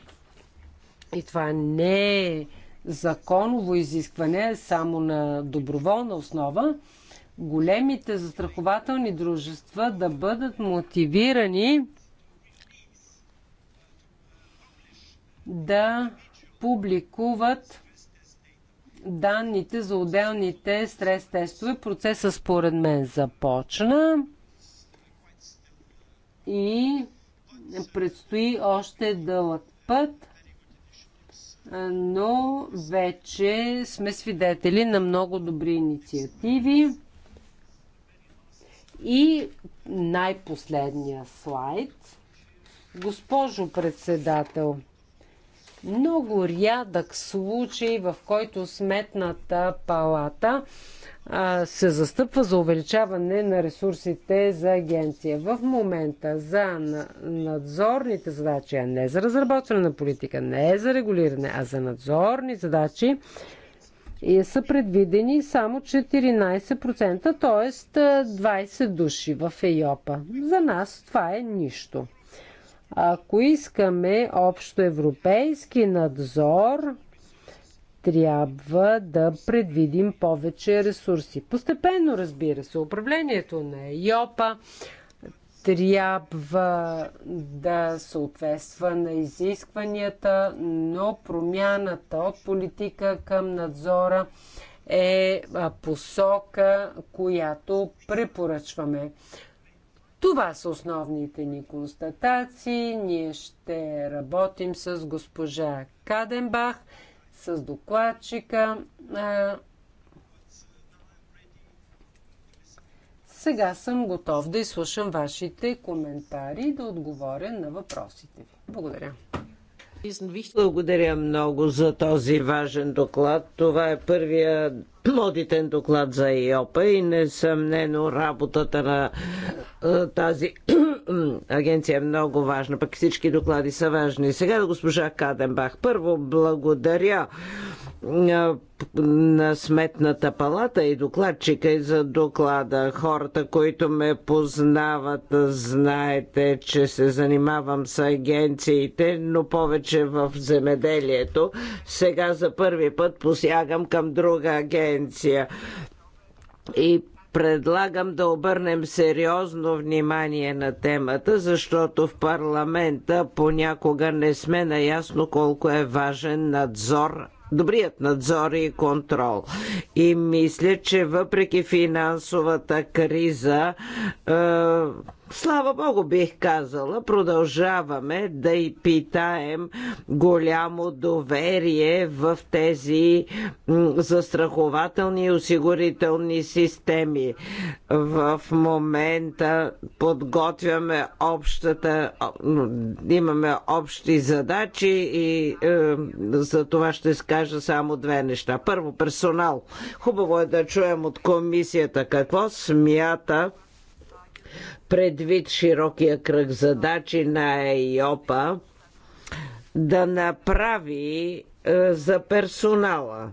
и това не е законово изискване, само на доброволна основа, големите застрахователни дружества да бъдат мотивирани да публикуват данните за отделните стрес тестове. Процесът според мен започна и предстои още дълъг път но вече сме свидетели на много добри инициативи. И най-последния слайд. Госпожо председател, много рядък случай, в който сметната палата се застъпва за увеличаване на ресурсите за агенция. В момента за надзорните задачи, а не за разработване на политика, не за регулиране, а за надзорни задачи, и са предвидени само 14%, т.е. 20 души в ЕЙОПА. За нас това е нищо. Ако искаме общо европейски надзор, трябва да предвидим повече ресурси. Постепенно, разбира се, управлението на ЙОПА трябва да съответства на изискванията, но промяната от политика към надзора е посока, която препоръчваме. Това са основните ни констатации. Ние ще работим с госпожа Каденбах, с докладчика. Сега съм готов да изслушам вашите коментари и да отговоря на въпросите ви. Благодаря.
Благодаря много за този важен доклад. Това е първия модитен доклад за ИОПА и несъмнено работата на е, тази агенция е много важна. Пък всички доклади са важни. Сега госпожа Каденбах. Първо благодаря на Сметната палата и докладчика и за доклада. Хората, които ме познават, знаете, че се занимавам с агенциите, но повече в земеделието. Сега за първи път посягам към друга агенция. И предлагам да обърнем сериозно внимание на темата, защото в парламента понякога не сме наясно колко е важен надзор добрият надзор и контрол. И мисля, че въпреки финансовата криза, е, Слава Богу, бих казала, продължаваме да и питаем голямо доверие в тези застрахователни и осигурителни системи. В момента подготвяме общата, имаме общи задачи и е, за това ще скажа само две неща. Първо, персонал. Хубаво е да чуем от комисията какво смята предвид широкия кръг задачи на ЕИОПА, да направи е, за персонала.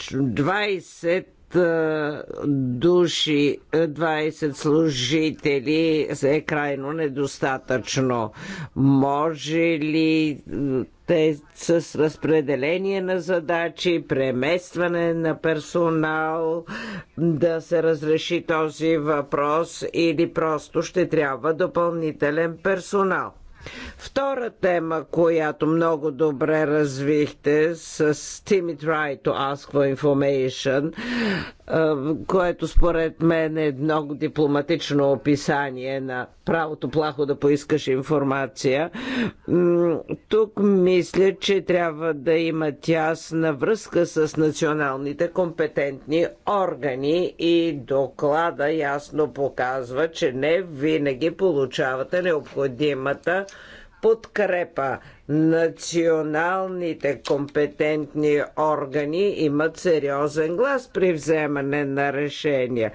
20 е, души, 20 е, служители е крайно недостатъчно. Може ли е, те с разпределение на задачи, преместване на персонал, да се разреши този въпрос или просто ще трябва допълнителен персонал? Втора тема, която много добре развихте с Timid Try to Ask for Information, което според мен е много дипломатично описание на правото плахо да поискаш информация. Тук мисля, че трябва да има тясна връзка с националните компетентни органи и доклада ясно показва, че не винаги получавате необходимата подкрепа. Националните компетентни органи имат сериозен глас при вземане на решения.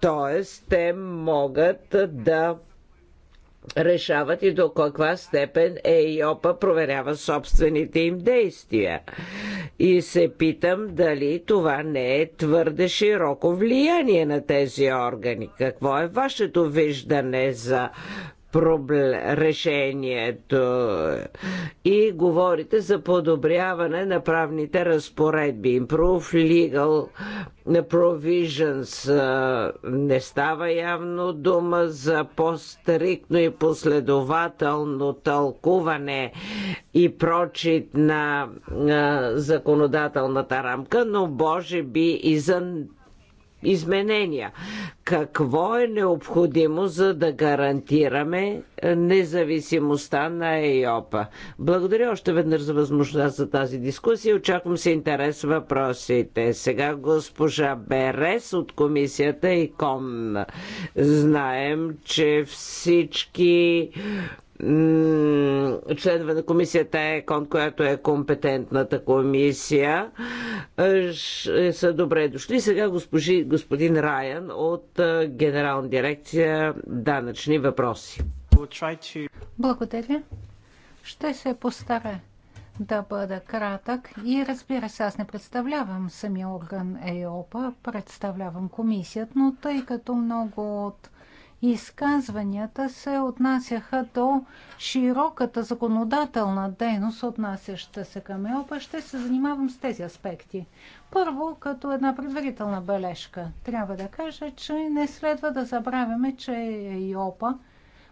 Тоест, те могат да решават и до каква степен ЕИОПА проверява собствените им действия. И се питам дали това не е твърде широко влияние на тези органи. Какво е вашето виждане за решението и говорите за подобряване на правните разпоредби. Improve legal provisions. Не става явно дума за по-стриктно и последователно тълкуване и прочит на законодателната рамка, но Боже би и за изменения. Какво е необходимо, за да гарантираме е, независимостта на ЕОПА? Благодаря още веднъж за възможността за тази дискусия. Очаквам се интерес въпросите. Сега госпожа Берес от комисията ИКОН. Знаем, че всички членове на комисията ЕКОН, която е компетентната комисия, е, са добре дошли. Сега госпожи, господин Райан от е, Генерална дирекция Данъчни въпроси.
Благодаря. Ще се постара да бъда кратък и разбира се, аз не представлявам самия орган ЕОПА, представлявам комисията, но тъй като много от изказванията се отнасяха до широката законодателна дейност, отнасяща се към ЕОПА. Ще се занимавам с тези аспекти. Първо, като една предварителна бележка, трябва да кажа, че не следва да забравяме, че ЕОПА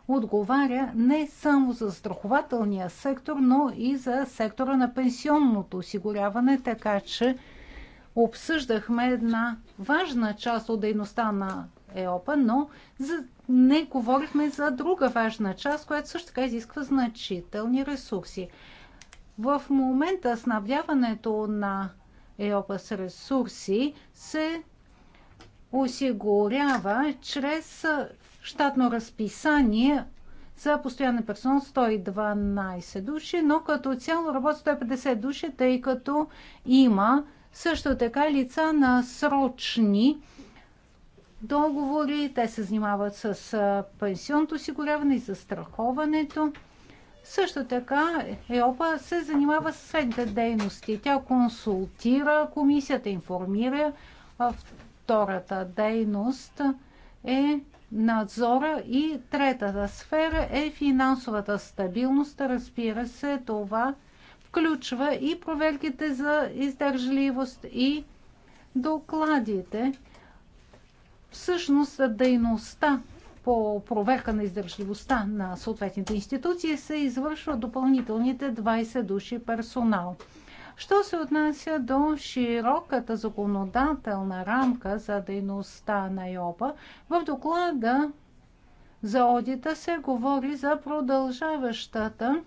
отговаря не само за страхователния сектор, но и за сектора на пенсионното осигуряване, така че обсъждахме една важна част от дейността на ЕОПА, но за... не говорихме за друга важна част, която също така изисква значителни ресурси. В момента снабдяването на ЕОПА с ресурси се осигурява чрез щатно разписание за постоянен персонал 112 души, но като цяло работят 150 души, тъй като има също така лица на срочни договори, те се занимават с пенсионното осигуряване и застраховането. Също така ЕОПА се занимава с следните дейности. Тя консултира, комисията информира. Втората дейност е надзора и третата сфера е финансовата стабилност. Разбира се, това включва и проверките за издържливост и докладите. Всъщност дейността по проверка на издържливостта на съответните институции се извършва допълнителните 20 души персонал. Що се отнася до широката законодателна рамка за дейността на ЙОПА, в доклада за одита се говори за продължаващата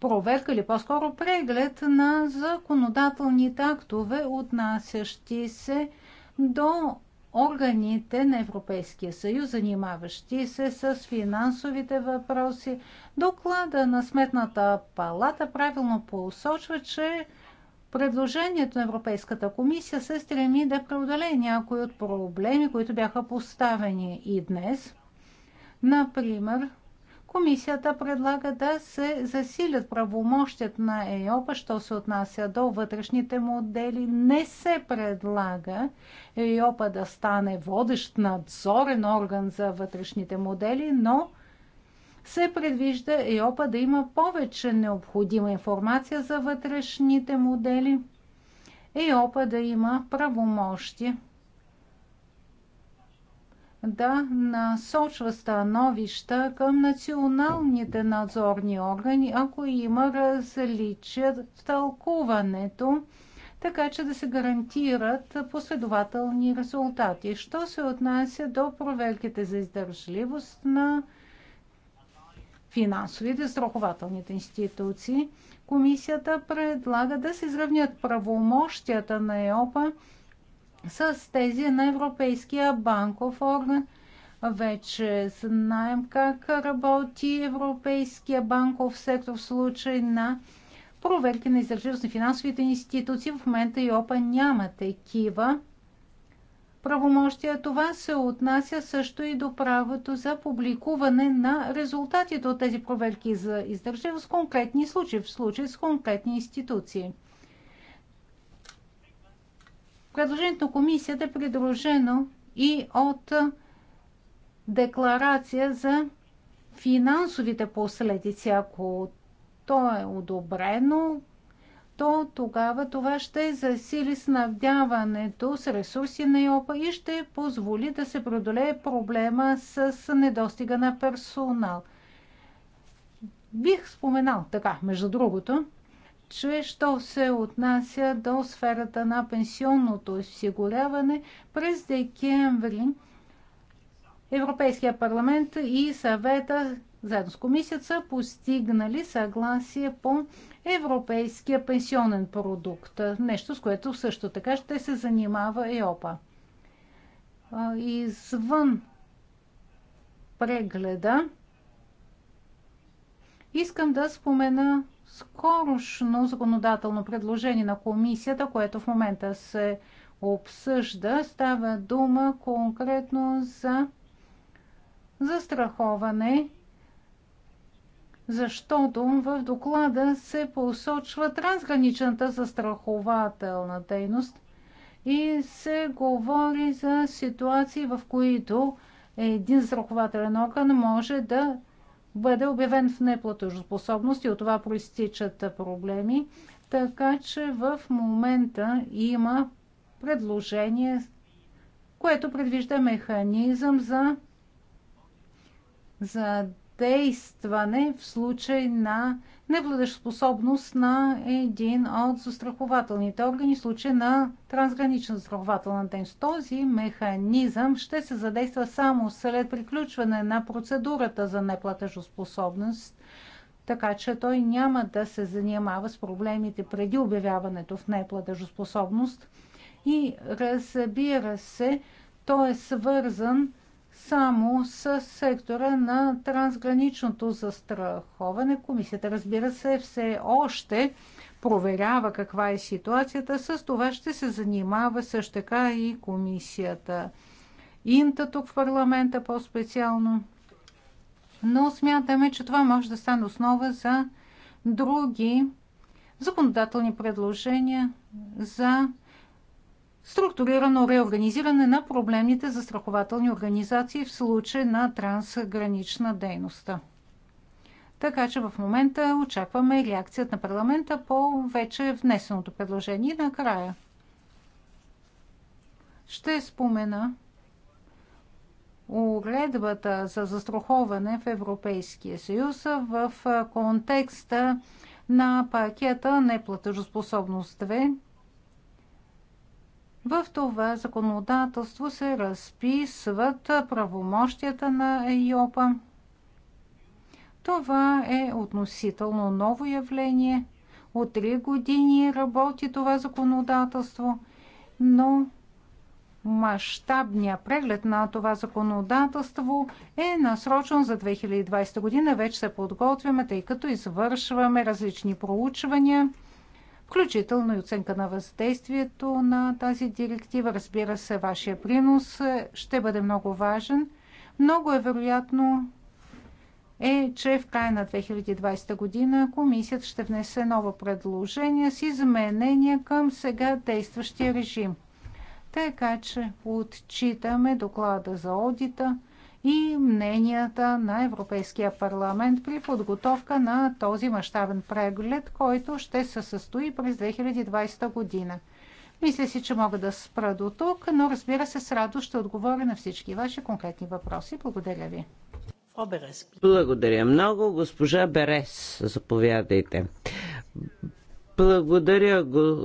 проверка или по-скоро преглед на законодателните актове, отнасящи се до органите на Европейския съюз, занимаващи се с финансовите въпроси. Доклада на Сметната палата правилно посочва, че предложението на Европейската комисия се стреми да преодолее някои от проблеми, които бяха поставени и днес. Например, Комисията предлага да се засилят правомощят на ЕОПА, що се отнася до вътрешните модели. Не се предлага ЕОПА да стане водещ надзорен орган за вътрешните модели, но се предвижда ЕОПА да има повече необходима информация за вътрешните модели. ЕОПА да има правомощи да насочва становища към националните надзорни органи, ако има различия в тълкуването, така че да се гарантират последователни резултати. Що се отнася до проверките за издържливост на финансовите страхователните институции, комисията предлага да се изравнят правомощията на ЕОПА с тези на Европейския банков орган. Вече знаем как работи Европейския банков сектор в случай на проверки на издържливост на финансовите институции. В момента и ОПА няма такива правомощия. Това се отнася също и до правото за публикуване на резултатите от тези проверки за издържливост в конкретни случаи, в случай с конкретни институции. Предложението на комисията е придружено и от декларация за финансовите последици. Ако то е одобрено, то тогава това ще засили снабдяването с ресурси на ЙОПА и ще позволи да се продолее проблема с недостига на персонал. Бих споменал така, между другото, че що се отнася до сферата на пенсионното осигуряване през декември Европейския парламент и съвета заедно с комисията са постигнали съгласие по европейския пенсионен продукт. Нещо, с което също така ще се занимава ЕОПА. Извън прегледа искам да спомена скорошно законодателно предложение на комисията, което в момента се обсъжда. Става дума конкретно за застраховане, защото в доклада се посочва трансграничната застрахователна дейност и се говори за ситуации, в които един застрахователен орган може да бъде обявен в неплатежоспособност и от това проистичат проблеми. Така че в момента има предложение, което предвижда механизъм за, за действане в случай на неплатежоспособност на един от застрахователните органи в случай на трансгранична застрахователна дейност. Този механизъм ще се задейства само след приключване на процедурата за неплатежоспособност, така че той няма да се занимава с проблемите преди обявяването в неплатежоспособност. И разбира се, той е свързан само с сектора на трансграничното застраховане. Комисията, разбира се, все още проверява каква е ситуацията. С това ще се занимава също така и комисията. Инта тук в парламента по-специално. Но смятаме, че това може да стане основа за други законодателни предложения за структурирано реорганизиране на проблемните застрахователни организации в случай на трансгранична дейност. Така че в момента очакваме реакцията на парламента по вече внесеното предложение. И накрая ще спомена уредбата за застраховане в Европейския съюз в контекста на пакета неплатежоспособност в това законодателство се разписват правомощията на Йопа. Това е относително ново явление. От три години работи това законодателство, но мащабният преглед на това законодателство е насрочен за 2020 година. Вече се подготвяме, тъй като извършваме различни проучвания включително и оценка на въздействието на тази директива. Разбира се, вашия принос ще бъде много важен. Много е вероятно е, че в края на 2020 година комисията ще внесе ново предложение с изменения към сега действащия режим. Така че отчитаме доклада за одита – и мненията на Европейския парламент при подготовка на този мащабен преглед, който ще се състои през 2020 година. Мисля си, че мога да спра до тук, но разбира се, с радост ще отговоря на всички ваши конкретни въпроси. Благодаря ви.
Благодаря много. Госпожа Берес, заповядайте. Благодаря,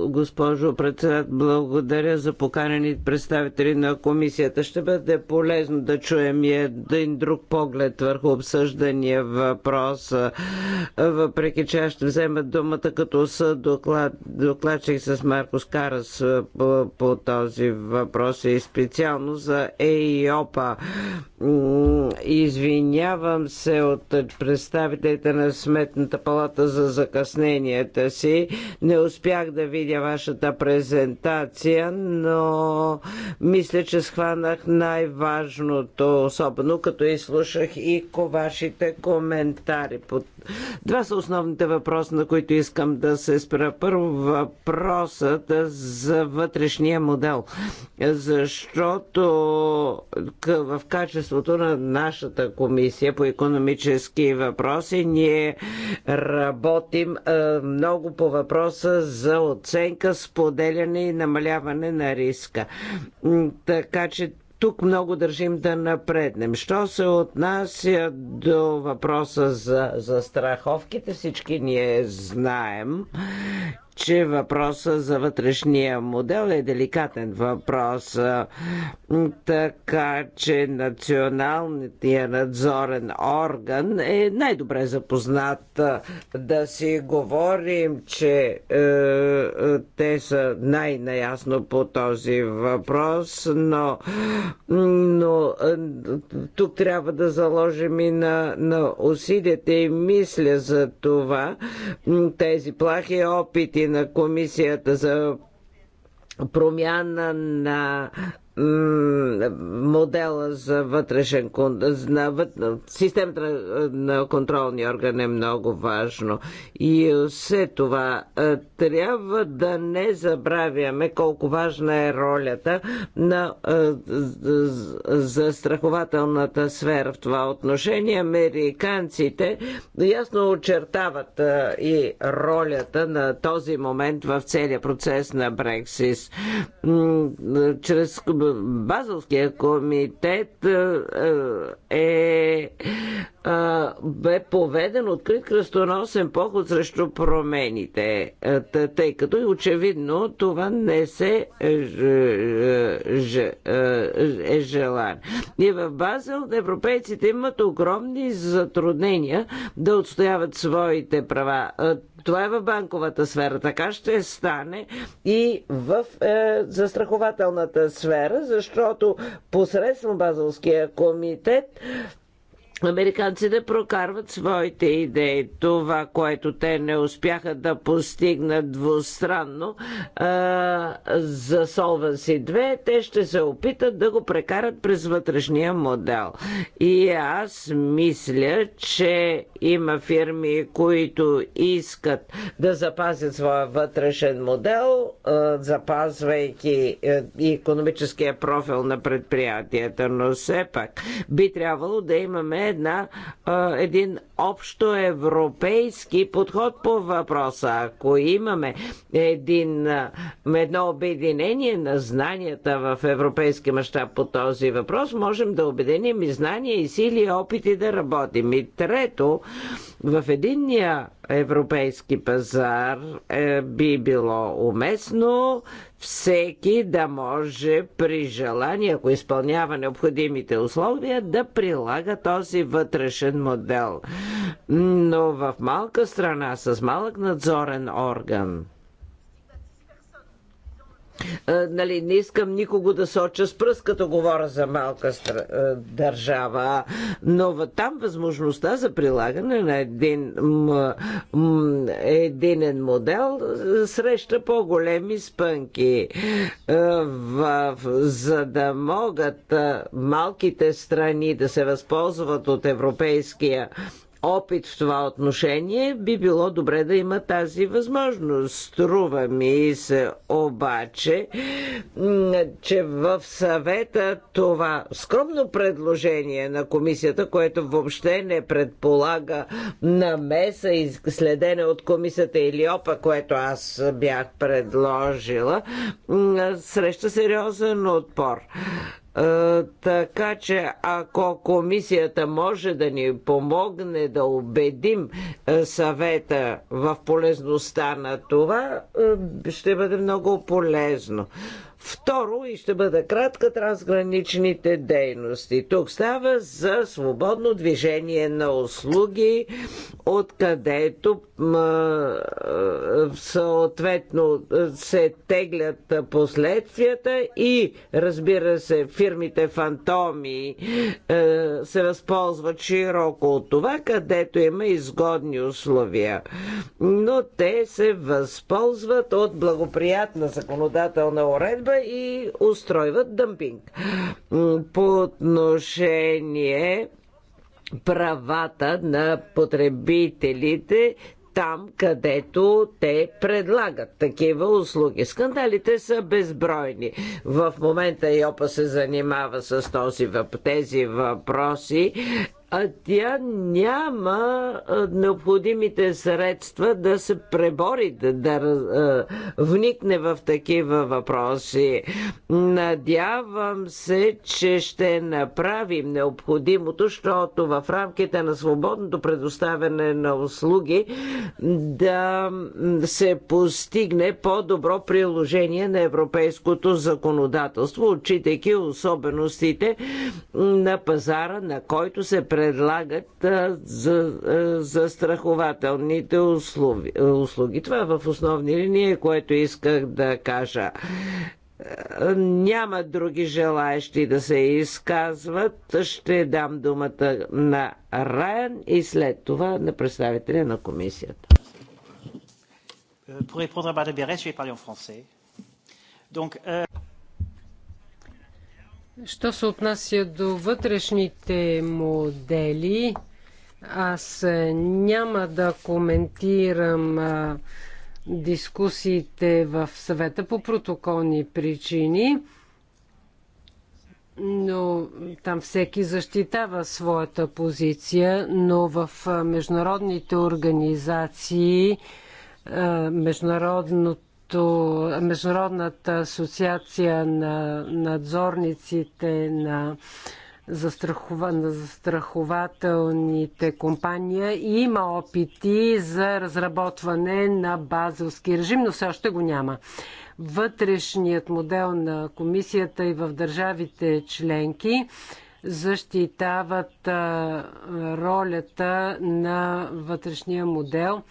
госпожо председател. Благодаря за поканени представители на комисията. Ще бъде полезно да чуем и един друг поглед върху обсъждания въпрос. Въпреки че аз ще взема думата като съдоклад, докладчик с Маркос Карас по, по този въпрос и специално за ЕИОПА. Извинявам се от представителите на Сметната палата за закъсненията си не успях да видя вашата презентация, но мисля, че схванах най-важното, особено като изслушах и вашите коментари. Два са основните въпроси, на които искам да се спра. Първо въпросът за вътрешния модел, защото в качеството на нашата комисия по економически въпроси ние работим много по въпроси въпроса за оценка, споделяне и намаляване на риска. Така че тук много държим да напреднем. Що се отнася до въпроса за, за страховките, всички ние знаем че въпроса за вътрешния модел е деликатен въпрос. Така че националният надзорен орган е най-добре запознат да си говорим, че е, те са най-наясно по този въпрос, но, но е, тук трябва да заложим и на, на усилията и мисля за това тези плахи опити на Комисията за промяна на модела за вътрешен на, системата на контролни орган е много важно. И все това трябва да не забравяме колко важна е ролята на застрахователната сфера в това отношение. Американците ясно очертават и ролята на този момент в целия процес на Брексис. Чрез Базовския комитет е, е, е, бе поведен открит кръстоносен поход срещу промените, е, тъй като и очевидно това не се е желан. И в Базел европейците имат огромни затруднения да отстояват своите права. Това е в банковата сфера. Така ще стане и в е, застрахователната сфера, защото посредством Базовския комитет Американците прокарват своите идеи. Това, което те не успяха да постигнат двустранно а, за си 2, те ще се опитат да го прекарат през вътрешния модел. И аз мисля, че има фирми, които искат да запазят своя вътрешен модел, а, запазвайки а, економическия профил на предприятията, но все пак би трябвало да имаме една, един общо европейски подход по въпроса. Ако имаме един, едно обединение на знанията в европейски мащаб по този въпрос, можем да обединим и знания, и сили, и опити да работим. И трето, в единния европейски пазар е, би било уместно всеки да може при желание, ако изпълнява необходимите условия, да прилага този вътрешен модел. Но в малка страна с малък надзорен орган нали, не искам никого да соча с пръст, като говоря за малка стра, държава, но там възможността за прилагане на един м, м, единен модел среща по-големи спънки, в, за да могат малките страни да се възползват от европейския опит в това отношение, би било добре да има тази възможност. Струва ми се обаче, че в съвета това скромно предложение на комисията, което въобще не предполага намеса и следене от комисията или опа, което аз бях предложила, среща сериозен отпор. Така че ако комисията може да ни помогне да убедим съвета в полезността на това, ще бъде много полезно. Второ, и ще бъда кратка, трансграничните дейности. Тук става за свободно движение на услуги, откъдето съответно се теглят последствията и разбира се, фирмите фантоми е, се възползват широко от това, където има изгодни условия. Но те се възползват от благоприятна законодателна уредба, уредба и устройват дъмпинг. По отношение правата на потребителите там, където те предлагат такива услуги. Скандалите са безбройни. В момента ЙОПА се занимава с този, тези въпроси а тя няма необходимите средства да се пребори, да, да вникне в такива въпроси. Надявам се, че ще направим необходимото, защото в рамките на свободното предоставяне на услуги да се постигне по-добро приложение на европейското законодателство, отчитайки особеностите на пазара, на който се предоставя предлагат а, за, а, за страхователните услуги. услуги. Това е в основни линии, което исках да кажа. Няма други желаящи да се изказват. Ще дам думата на Райан и след това на представителя на комисията.
Euh, pour répondre à Madame je vais parler en français. Donc, euh...
Що се отнася до вътрешните модели, аз няма да коментирам дискусиите в съвета по протоколни причини, но там всеки защитава своята позиция, но в международните организации международното като Международната асоциация на надзорниците на, застрахователните компания и има опити за разработване на базовски режим, но все още го няма. Вътрешният модел на комисията и в държавите членки защитават ролята на вътрешния модел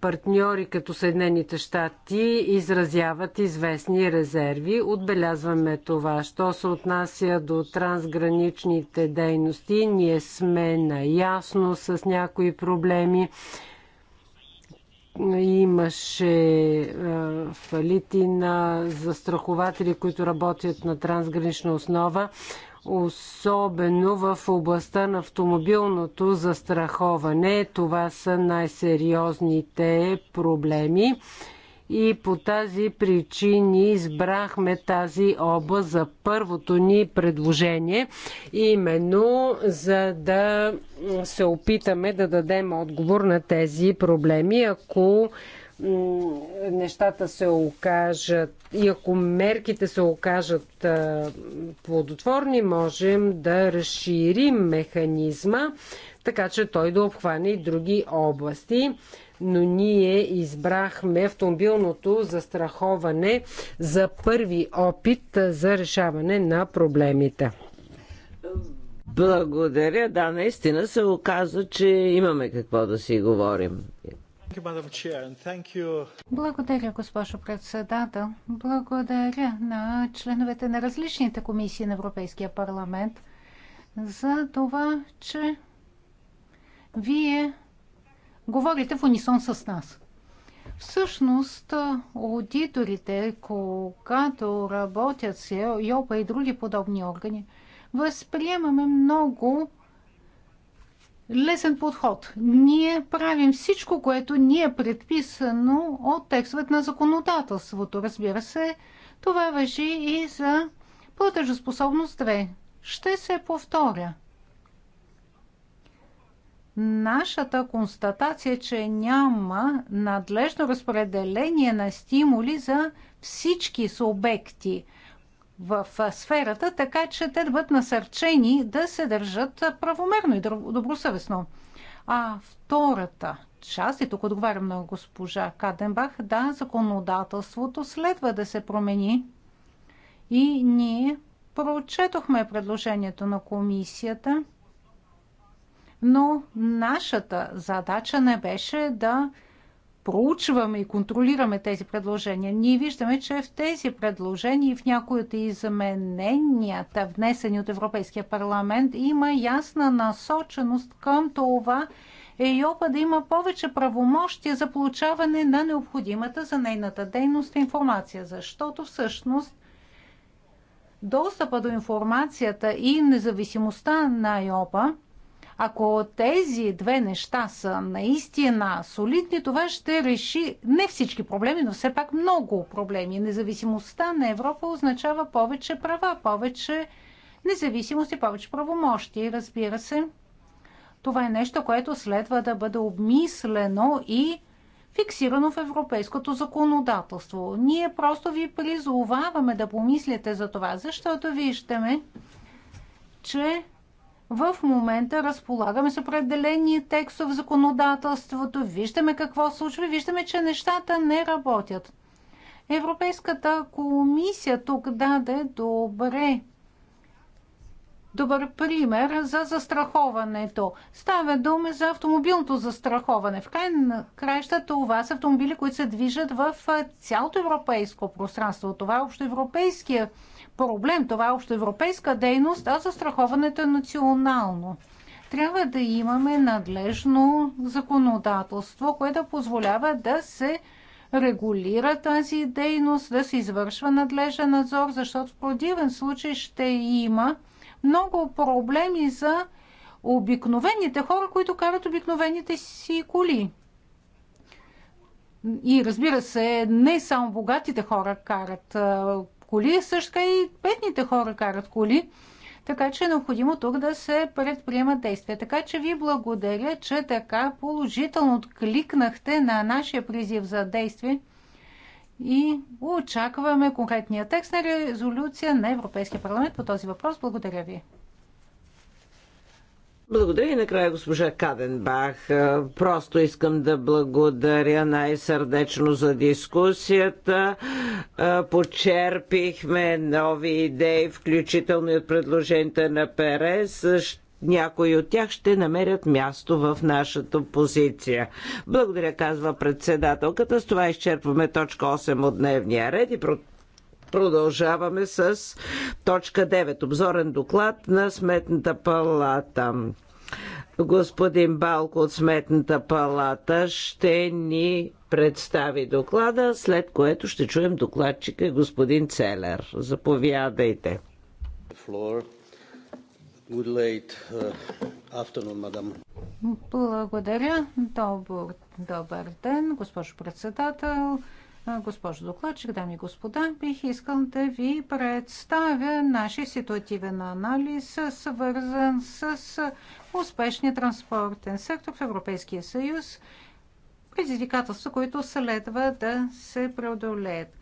партньори като Съединените щати изразяват известни резерви. Отбелязваме това. Що се отнася до трансграничните дейности, ние сме наясно с някои проблеми. Имаше фалити на застрахователи, които работят на трансгранична основа особено в областта на автомобилното застраховане. Това са най-сериозните проблеми и по тази причини избрахме тази област за първото ни предложение, именно за да се опитаме да дадем отговор на тези проблеми. Ако нещата се окажат и ако мерките се окажат плодотворни, можем да разширим механизма, така че той да обхване и други области. Но ние избрахме автомобилното застраховане за първи опит за решаване на проблемите.
Благодаря. Да, наистина се оказа, че имаме какво да си говорим.
Благодаря, госпожо председател. Благодаря на членовете на различните комисии на Европейския парламент за това, че вие говорите в унисон с нас. Всъщност, аудиторите, когато работят с ЕОПА и други подобни органи, възприемаме много лесен подход. Ние правим всичко, което ни е предписано от текстовете на законодателството. Разбира се, това въжи и за платежоспособност 2. Ще се повторя. Нашата констатация е, че няма надлежно разпределение на стимули за всички субекти – в сферата, така че те да бъдат насърчени да се държат правомерно и добросъвестно. А втората част, и тук отговарям на госпожа Каденбах, да, законодателството следва да се промени и ние прочетохме предложението на комисията, но нашата задача не беше да проучваме и контролираме тези предложения, ние виждаме, че в тези предложения и в някои от измененията, внесени от Европейския парламент, има ясна насоченост към това, ЕИОПА да има повече правомощия за получаване на необходимата за нейната дейност информация, защото всъщност достъпа до информацията и независимостта на ЕОПА – ако тези две неща са наистина солидни, това ще реши не всички проблеми, но все пак много проблеми. Независимостта на Европа означава повече права, повече независимост и повече правомощи, разбира се. Това е нещо, което следва да бъде обмислено и фиксирано в европейското законодателство. Ние просто ви призоваваме да помислите за това, защото виждаме, че в момента разполагаме с определени текстове в законодателството, виждаме какво случва, виждаме, че нещата не работят. Европейската комисия тук даде добре добър пример за застраховането. Става дума за автомобилното застраховане. В край на краища това са автомобили, които се движат в цялото европейско пространство. Това е общоевропейския европейския проблем. Това е общоевропейска дейност, а застраховането е национално. Трябва да имаме надлежно законодателство, което позволява да се регулира тази дейност, да се извършва надлежен надзор, защото в противен случай ще има много проблеми за обикновените хора, които карат обикновените си коли. И разбира се, не само богатите хора карат коли, също и бедните хора карат коли. Така че е необходимо тук да се предприемат действия. Така че ви благодаря, че така положително откликнахте на нашия призив за действие и очакваме конкретния текст на резолюция на Европейския парламент по този въпрос. Благодаря ви.
Благодаря и накрая госпожа Каденбах. Е, просто искам да благодаря най-сърдечно за дискусията. Е, почерпихме нови идеи, включително и от предложенията на Перес. Някои от тях ще намерят място в нашата позиция. Благодаря, казва председателката. С това изчерпваме точка 8 от дневния ред и Продължаваме с точка 9. Обзорен доклад на Сметната палата. Господин Балко от Сметната палата ще ни представи доклада, след което ще чуем докладчика и господин Целер. Заповядайте.
Uh,
Благодаря. Добър, добър ден, госпожо председател, Госпожо докладчик, дами и господа, бих искал да ви представя нашия ситуативен анализ, свързан с успешния транспортен сектор в Европейския съюз, предизвикателства, които следва да се преодолеят.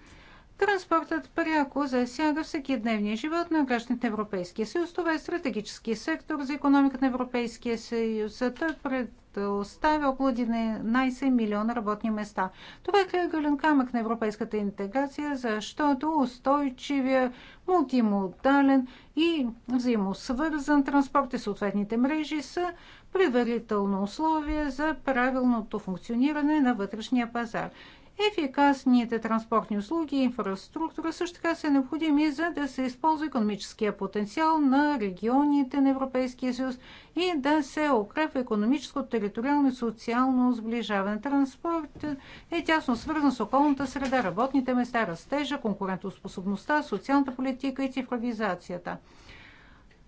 Транспортът пряко засяга всеки дневния живот на гражданите на Европейския съюз. Това е стратегически сектор за економиката на Европейския съюз. Той пред оставя около 11 милиона работни места. Това е кръгълен камък на европейската интеграция, защото устойчивия, мултимодален и взаимосвързан транспорт и съответните мрежи са предварително условие за правилното функциониране на вътрешния пазар. Ефикасните транспортни услуги и инфраструктура също така са необходими за да се използва економическия потенциал на регионите на Европейския съюз и да се укрепва економическо, териториално и социално сближаване. Транспорт е тясно свързан с околната среда, работните места, растежа, конкурентоспособността, социалната политика и цифровизацията.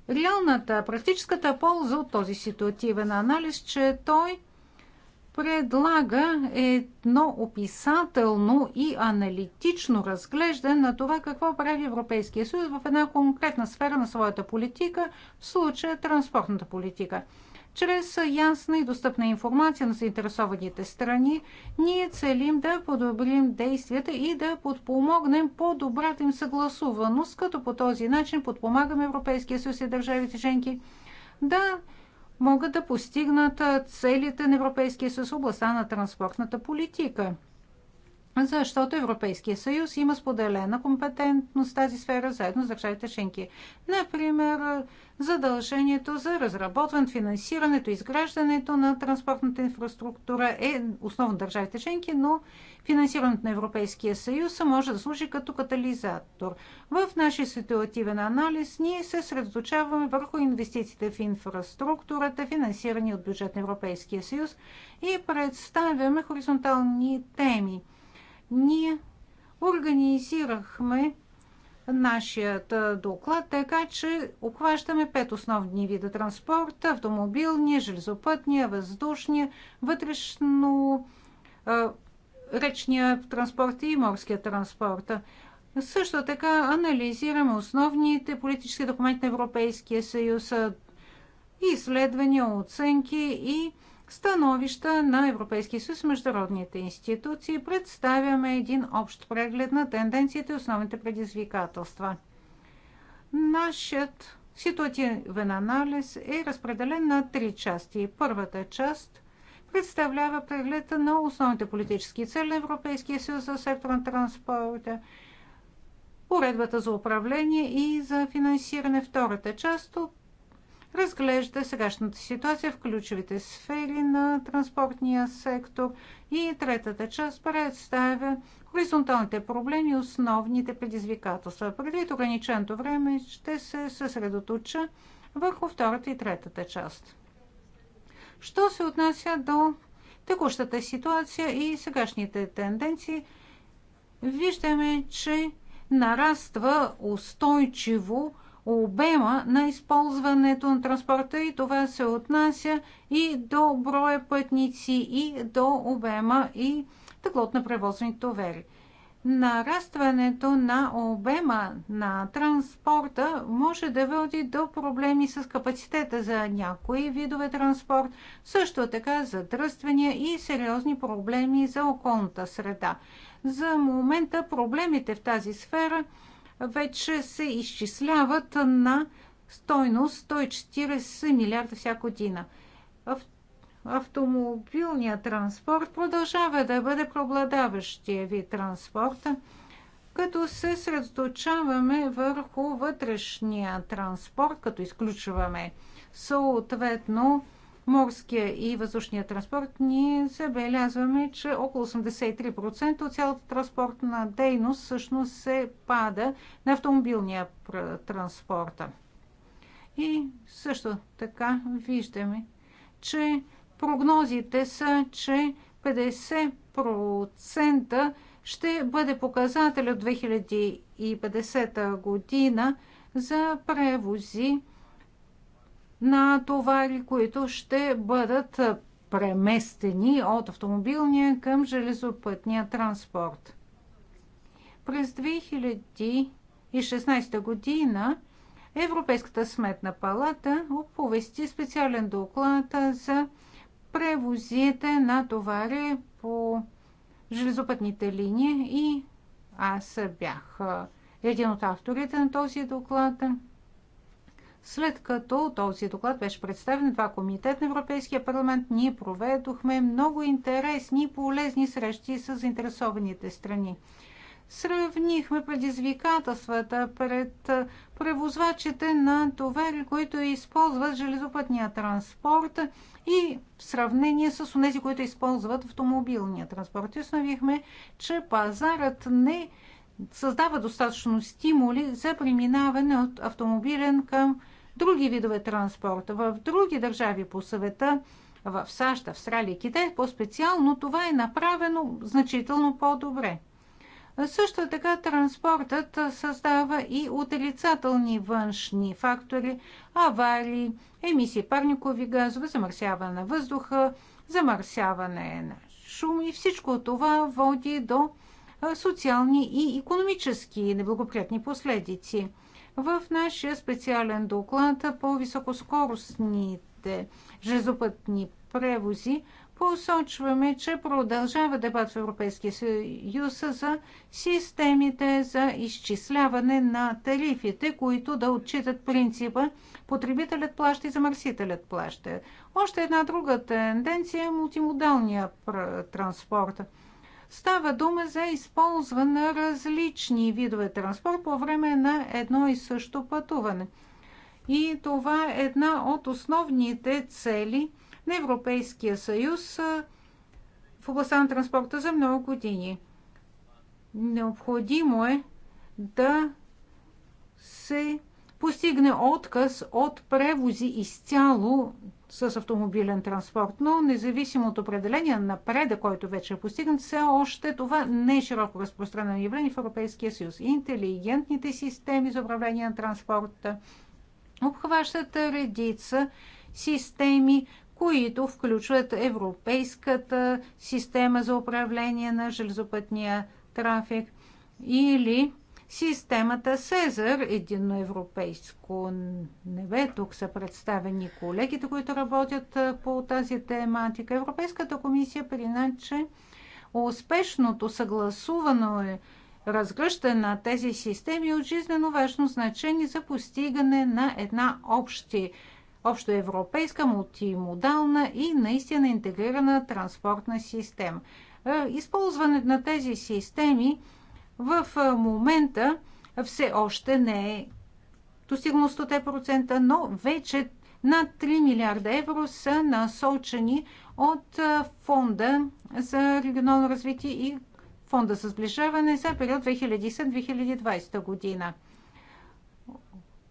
Реалната, практическата полза от този ситуативен анализ, че той предлага едно описателно и аналитично разглеждане на това какво прави Европейския съюз в една конкретна сфера на своята политика, в случая транспортната политика. Чрез ясна и достъпна информация на заинтересованите страни, ние целим да подобрим действията и да подпомогнем по-добрата им съгласуваност, като по този начин подпомагаме Европейския съюз и държавите членки да могат да постигнат целите на Европейския съюз в областта на транспортната политика. Защото Европейския съюз има споделена компетентност в тази сфера заедно с държавите Шенки. Например, задължението за разработване, финансирането, изграждането на транспортната инфраструктура е основно държавите Шенки, но финансирането на Европейския съюз може да служи като катализатор. В нашия ситуативен анализ ние се средоточаваме върху инвестициите в инфраструктурата, финансирани от бюджет на Европейския съюз и представяме хоризонтални теми. Ние организирахме нашият доклад, така че обхващаме пет основни вида транспорт – автомобилния, железопътния, въздушния, вътрешно речния транспорт и морския транспорт. Също така анализираме основните политически документи на Европейския съюз, изследвания, оценки и становища на Европейския съюз, международните институции. Представяме един общ преглед на тенденциите и основните предизвикателства. Нашият ситуативен анализ е разпределен на три части. Първата част представлява преглед на основните политически цели на Европейския съюз за сектора на транспорта, уредбата за управление и за финансиране. Втората част разглежда сегашната ситуация в ключовите сфери на транспортния сектор и третата част представя хоризонталните проблеми и основните предизвикателства. Предвид ограниченото време ще се съсредоточа върху втората и третата част. Що се отнася до текущата ситуация и сегашните тенденции, виждаме, че нараства устойчиво обема на използването на транспорта и това се отнася и до броя пътници, и до обема и теглот на превозни товари нарастването на обема на транспорта може да води до проблеми с капацитета за някои видове транспорт, също така задръствания и сериозни проблеми за околната среда. За момента проблемите в тази сфера вече се изчисляват на стойност 140 милиарда всяка година. В автомобилният транспорт продължава да бъде преобладаващия ви транспорта, като се средоточаваме върху вътрешния транспорт, като изключваме съответно морския и въздушния транспорт, ние забелязваме, че около 83% от цялата транспортна дейност всъщност се пада на автомобилния транспорт. И също така виждаме, че Прогнозите са, че 50% ще бъде показател от 2050 година за превози на товари, които ще бъдат преместени от автомобилния към железопътния транспорт. През 2016 година Европейската сметна палата оповести специален доклад за превозите на товари по железопътните линии и аз бях един от авторите на този доклад. След като този доклад беше представен два комитет на Европейския парламент, ние проведохме много интересни и полезни срещи с заинтересованите страни. Сравнихме предизвикателствата пред превозвачите на товари, които използват железопътния транспорт и в сравнение с тези, които използват автомобилния транспорт. И установихме, че пазарът не създава достатъчно стимули за преминаване от автомобилен към други видове транспорт. В други държави по света, в САЩ, Австралия и Китай, по-специално това е направено значително по-добре. Също така транспортът създава и отрицателни външни фактори, аварии, емисии парникови газове, замърсяване на въздуха, замърсяване на шум и всичко това води до социални и економически неблагоприятни последици. В нашия специален доклад по високоскоростните железопътни превози посочваме, че продължава дебат в Европейския съюз за системите за изчисляване на тарифите, които да отчитат принципа потребителят плаща и замърсителят плаща. Още една друга тенденция е мултимодалния транспорт. Става дума за използване на различни видове транспорт по време на едно и също пътуване. И това е една от основните цели – на Европейския съюз в областта на транспорта за много години. Необходимо е да се постигне отказ от превози изцяло с автомобилен транспорт, но независимо от определение на преда, който вече е постигнат, все още това не е широко разпространено явление в Европейския съюз. Интелигентните системи за управление на транспорта обхващат редица системи, които включват Европейската система за управление на железопътния трафик или системата Сезар, единно европейско небе. Тук са представени колегите, които работят по тази тематика. Европейската комисия приначе успешното съгласувано е разгръщане на тези системи е от жизнено важно значение за постигане на една общи общо европейска, мултимодална и наистина интегрирана транспортна система. Е, използването на тези системи в е, момента все още не е достигнало 100%, но вече над 3 милиарда евро са насочени от е, фонда за регионално развитие и фонда за сближаване за период 2007-2020 година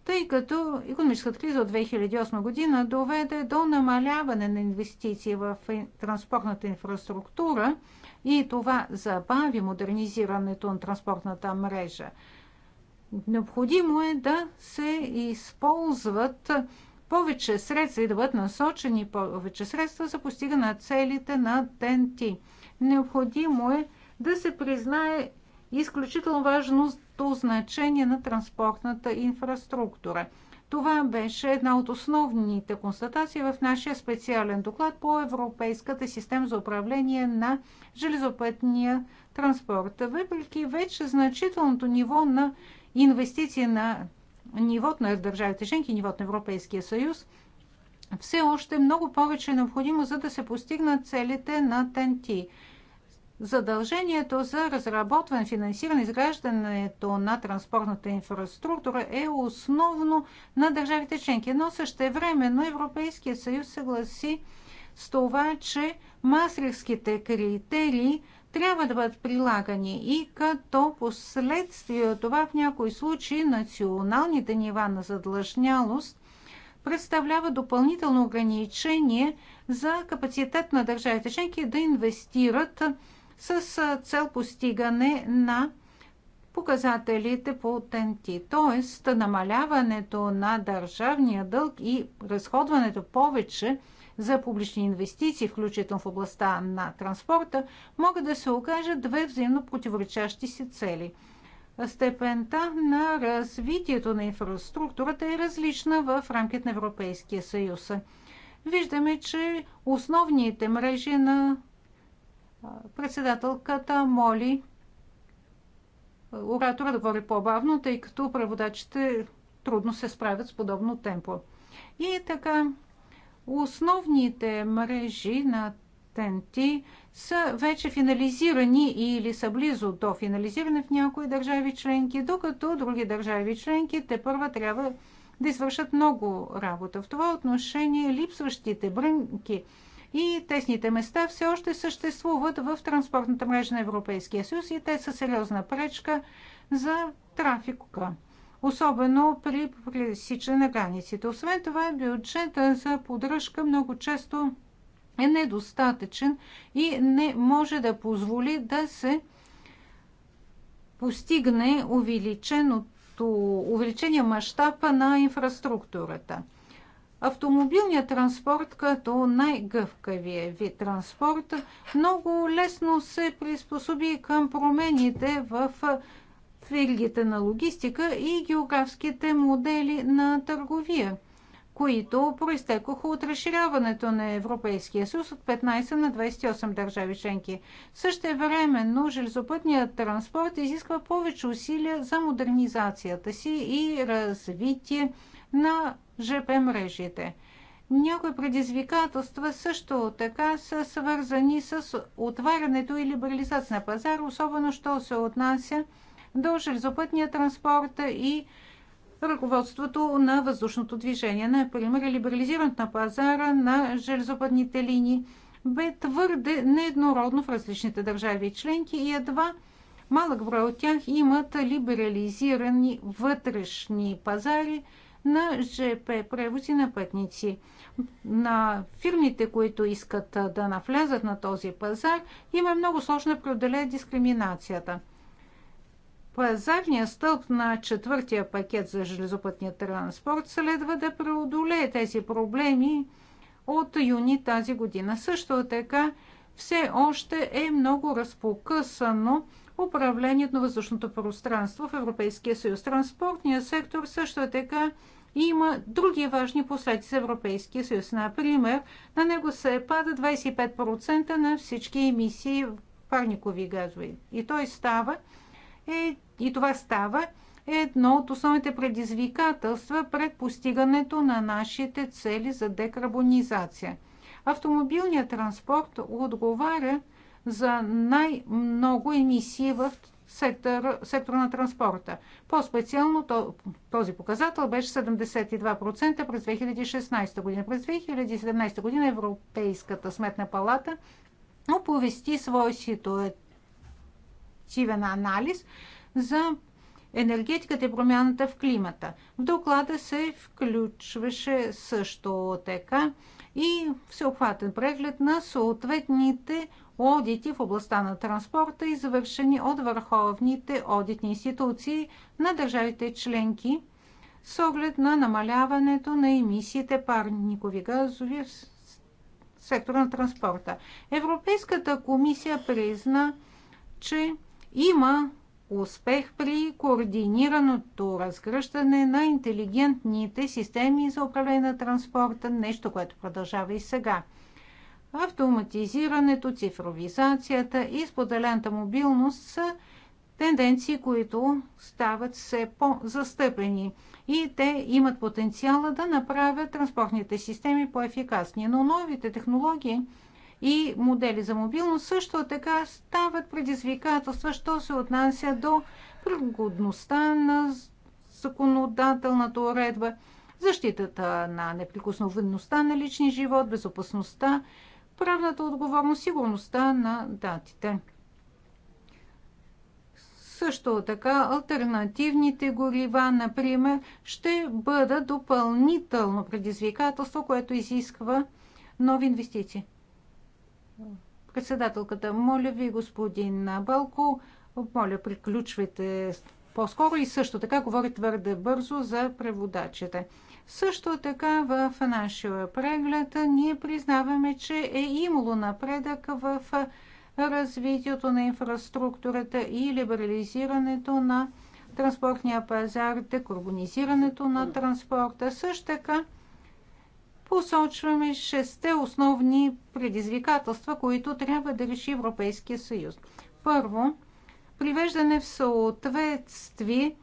тъй като економическата криза от 2008 година доведе до намаляване на инвестиции в транспортната инфраструктура и това забави модернизирането на транспортната мрежа. Необходимо е да се използват повече средства и да бъдат насочени повече средства за постигане на целите на ТНТ. Необходимо е да се признае изключително важност общото значение на транспортната инфраструктура. Това беше една от основните констатации в нашия специален доклад по Европейската система за управление на железопътния транспорт. Въпреки вече значителното ниво на инвестиции на нивото на държавите членки, нивото на Европейския съюз, все още много повече е необходимо, за да се постигнат целите на ТНТ. Задължението за разработване, финансиране, изграждането на транспортната инфраструктура е основно на държавите членки, но същевременно Европейския съюз съгласи с това, че мастрихските критерии трябва да бъдат прилагани и като последствие от това в някои случаи националните нива на задлъжнялост представлява допълнително ограничение за капацитет на държавите членки да инвестират с цел постигане на показателите по ТНТ, т.е. намаляването на държавния дълг и разходването повече за публични инвестиции, включително в областта на транспорта, могат да се окажат две взаимно противоречащи си цели. Степента на развитието на инфраструктурата е различна в рамките на Европейския съюз. Виждаме, че основните мрежи на Председателката моли оратора да говори по-бавно, тъй като преводачите трудно се справят с подобно темпо. И така, основните мрежи на ТНТ са вече финализирани или са близо до финализиране в някои държави членки, докато други държави членки те първа трябва да извършат много работа. В това отношение липсващите брънки и тесните места все още съществуват в транспортната мрежа на Европейския съюз и те са сериозна пречка за трафика особено при пресичане на границите. Освен това, бюджета за поддръжка много често е недостатъчен и не може да позволи да се постигне увеличеното, увеличение мащаба на инфраструктурата автомобилният транспорт като най-гъвкавия вид транспорт много лесно се приспособи към промените в филгите на логистика и географските модели на търговия, които проистекоха от разширяването на Европейския съюз от 15 на 28 държави членки. Също но железопътният транспорт изисква повече усилия за модернизацията си и развитие на ЖП мрежите. Някои предизвикателства също така са свързани с отварянето и либерализация на пазара, особено що се отнася до железопътния транспорт и ръководството на въздушното движение. Например, либерализирането на пазара на железопътните линии бе твърде нееднородно в различните държави и членки и едва малък брой от тях имат либерализирани вътрешни пазари – на ЖП превози на пътници. На фирмите, които искат да навлязат на този пазар, има е много сложно да преодолее дискриминацията. Пазарният стълб на четвъртия пакет за железопътния транспорт следва да преодолее тези проблеми от юни тази година. Също така все още е много разпокъсано управлението на въздушното пространство в Европейския съюз. Транспортният сектор също е така има други важни последици за Европейския съюз. Например, на него се пада 25% на всички емисии парникови газове. И той става, е, и това става е едно от основните предизвикателства пред постигането на нашите цели за декарбонизация. Автомобилният транспорт отговаря за най-много емисии в сектор, сектора на транспорта. По-специално този показател беше 72% през 2016 година. През 2017 година Европейската сметна палата оповести своя ситуативен анализ за енергетиката и промяната в климата. В доклада се включваше също така и всеобхватен преглед на съответните одити в областта на транспорта, извършени от върховните одитни институции на държавите членки с оглед на намаляването на емисиите парникови газови в сектора на транспорта. Европейската комисия призна, че има успех при координираното разгръщане на интелигентните системи за управление на транспорта, нещо, което продължава и сега. Автоматизирането, цифровизацията и споделената мобилност са тенденции, които стават все по-застъпени и те имат потенциала да направят транспортните системи по-ефикасни. Но новите технологии – и модели за мобилност също така стават предизвикателства, що се отнася до пригодността на законодателната уредба, защитата на неприкосновеността на личния живот, безопасността, правната отговорност, сигурността на датите. Също така альтернативните горива, например, ще бъдат допълнително предизвикателство, което изисква нови инвестиции. Председателката, моля ви, господин Бълко, моля, приключвайте по-скоро и също така говори твърде бързо за преводачите. Също така в нашия преглед ние признаваме, че е имало напредък в развитието на инфраструктурата и либерализирането на транспортния пазар, декарбонизирането на транспорта. Също така посочваме шесте основни предизвикателства, които трябва да реши Европейския съюз. Първо, привеждане в съответствие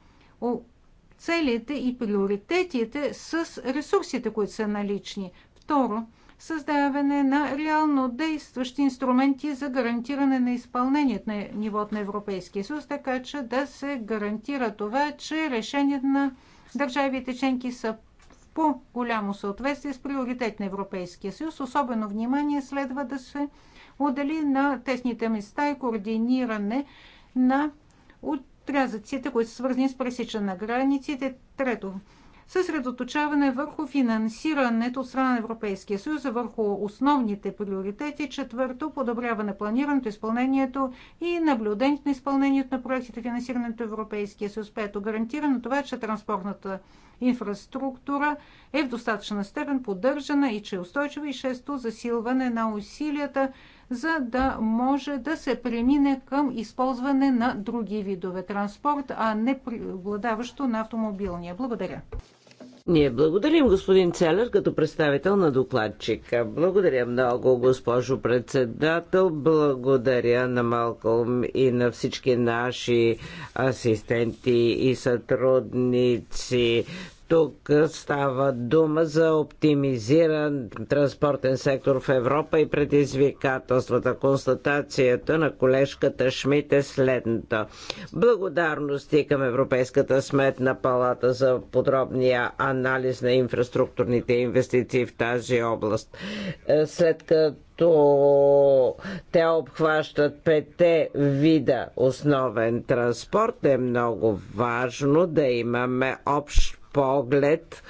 целите и приоритетите с ресурсите, които са налични. Второ, създаване на реално действащи инструменти за гарантиране на изпълнението на нивото на Европейския съюз, така че да се гарантира това, че решенията на държавите членки са по-голямо съответствие с приоритет на Европейския съюз. Особено внимание следва да се отдели на тесните места и координиране на отрязъците, които са свързани с пресичане на границите. Трето, съсредоточаване върху финансирането от страна на Европейския съюз, върху основните приоритети. Четвърто, подобряване планирането, изпълнението и наблюдението на изпълнението на проектите, финансирането от Европейския съюз. Пето, гарантирано това, че транспортната инфраструктура е в достатъчна степен поддържана и че е устойчива. И шесто, засилване на усилията за да може да се премине към използване на други видове транспорт, а не преобладаващо на автомобилния. Благодаря.
Ние благодарим господин Целер като представител на докладчика. Благодаря много, госпожо председател. Благодаря на Малком и на всички наши асистенти и сътрудници. Тук става дума за оптимизиран транспортен сектор в Европа и предизвикателствата. Констатацията на колежката Шмидт е следната. Благодарности към Европейската сметна палата за подробния анализ на инфраструктурните инвестиции в тази област. Е, след като като те обхващат пете вида основен транспорт, е много важно да имаме общ поглед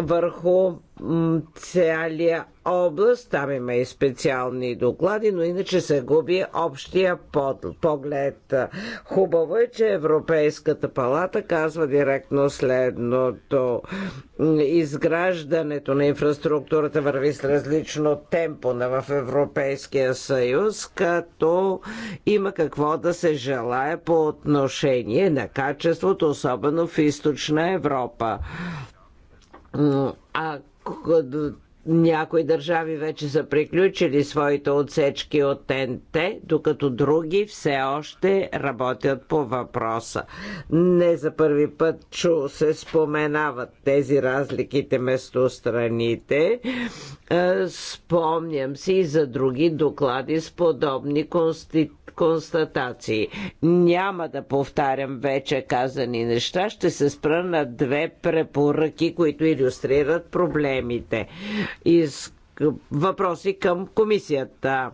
върху целия област. Там има и специални доклади, но иначе се губи общия под, поглед. Хубаво е, че Европейската палата казва директно следното. Изграждането на инфраструктурата върви с различно темпо на в Европейския съюз, като има какво да се желая по отношение на качеството, особено в източна Европа. А 그것도 някои държави вече са приключили своите отсечки от ТНТ, докато други все още работят по въпроса. Не за първи път чу се споменават тези разликите между страните. Е, спомням си и за други доклади с подобни конституции констатации. Няма да повтарям вече казани неща, ще се спра на две препоръки, които иллюстрират проблемите из... въпроси към комисията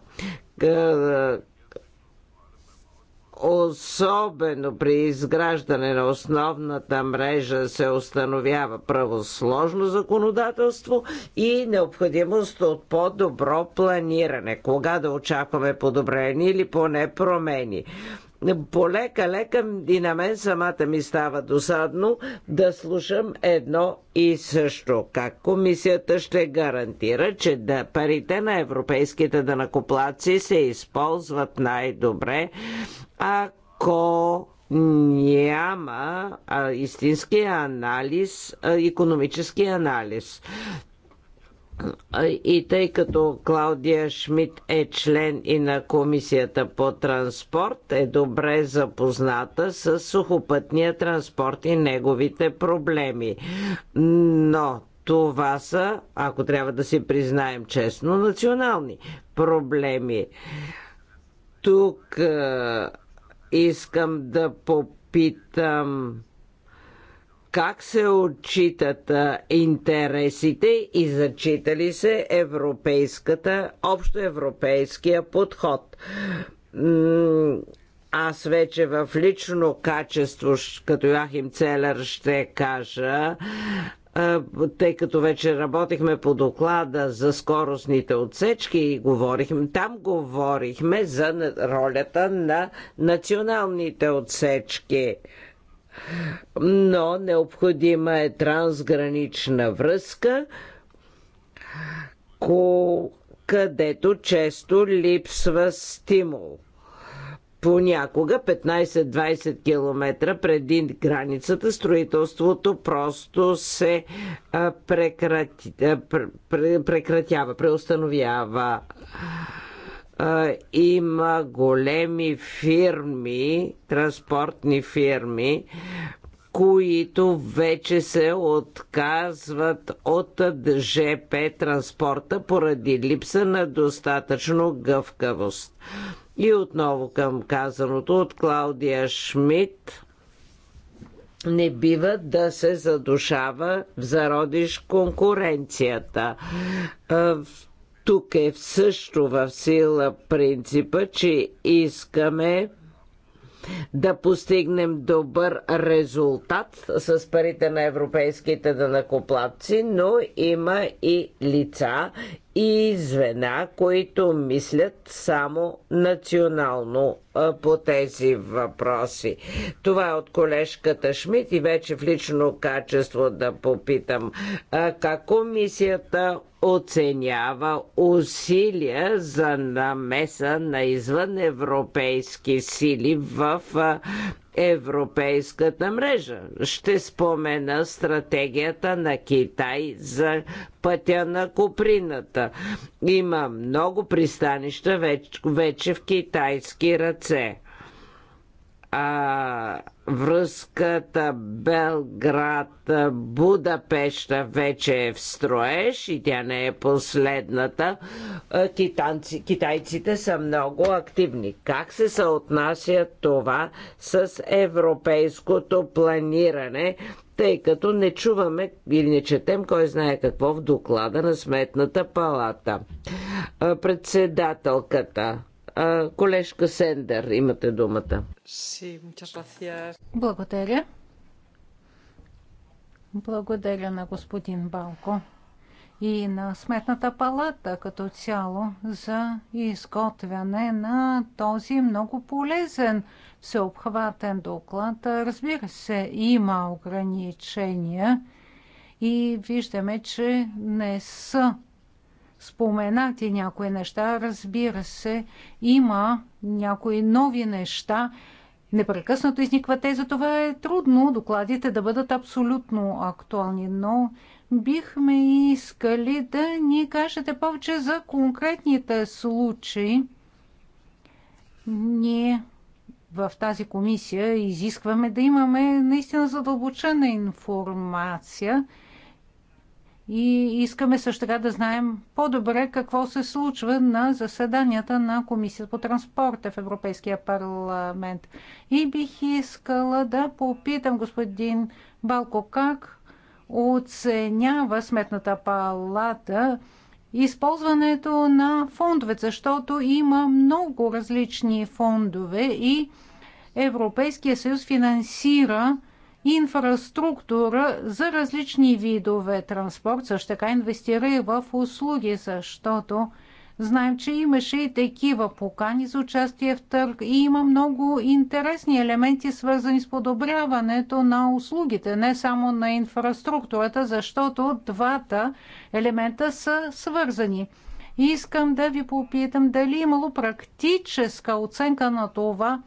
особено при изграждане на основната мрежа се установява правосложно законодателство и необходимост от по-добро планиране. Кога да очакваме подобрение или поне промени? полека-лека и на мен самата ми става досадно да слушам едно и също. Как комисията ще гарантира, че да парите на европейските данакоплаци се използват най-добре, ако няма а, истински анализ, а, економически анализ. И тъй като Клаудия Шмидт е член и на Комисията по транспорт, е добре запозната с сухопътния транспорт и неговите проблеми. Но това са, ако трябва да си признаем честно, национални проблеми. Тук е, искам да попитам как се отчитат интересите и зачита ли се европейската, общоевропейския подход. Аз вече в лично качество, като Яхим Целер, ще кажа, тъй като вече работихме по доклада за скоростните отсечки и говорихме, там говорихме за ролята на националните отсечки но необходима е трансгранична връзка, където често липсва стимул понякога 15-20 км преди границата строителството просто се прекрати, прекратява, преустановява има големи фирми, транспортни фирми, които вече се отказват от ЖП транспорта поради липса на достатъчно гъвкавост. И отново към казаното от Клаудия Шмидт. Не бива да се задушава в зародиш конкуренцията тук е също в сила принципа, че искаме да постигнем добър резултат с парите на европейските данакоплатци, но има и лица и звена, които мислят само национално по тези въпроси. Това е от колежката Шмидт и вече в лично качество да попитам как комисията оценява усилия за намеса на извън европейски сили в европейската мрежа. Ще спомена стратегията на Китай за пътя на Куприната. Има много пристанища вече в китайски ръце а, връзката Белград-Будапешта вече е в строеж и тя не е последната. Китанци, китайците са много активни. Как се съотнася това с европейското планиране, тъй като не чуваме или не четем кой знае какво в доклада на Сметната палата? Председателката Колежка Сендер, имате думата.
Благодаря. Благодаря на господин Балко и на Сметната палата като цяло за изготвяне на този много полезен всеобхватен доклад. Разбира се, има ограничения и виждаме, че не са споменати някои неща. Разбира се, има някои нови неща. Непрекъснато изниква те, затова е трудно докладите да бъдат абсолютно актуални, но бихме искали да ни кажете повече за конкретните случаи. Ние в тази комисия изискваме да имаме наистина задълбочена информация – и искаме също така да знаем по-добре какво се случва на заседанията на Комисията по транспорта в Европейския парламент. И бих искала да попитам господин Балко как оценява Сметната палата използването на фондове, защото има много различни фондове и Европейския съюз финансира инфраструктура за различни видове транспорт, също така инвестира и в услуги, защото знаем, че имаше и такива покани за участие в търг и има много интересни елементи, свързани с подобряването на услугите, не само на инфраструктурата, защото двата елемента са свързани. Искам да ви попитам дали е имало практическа оценка на това,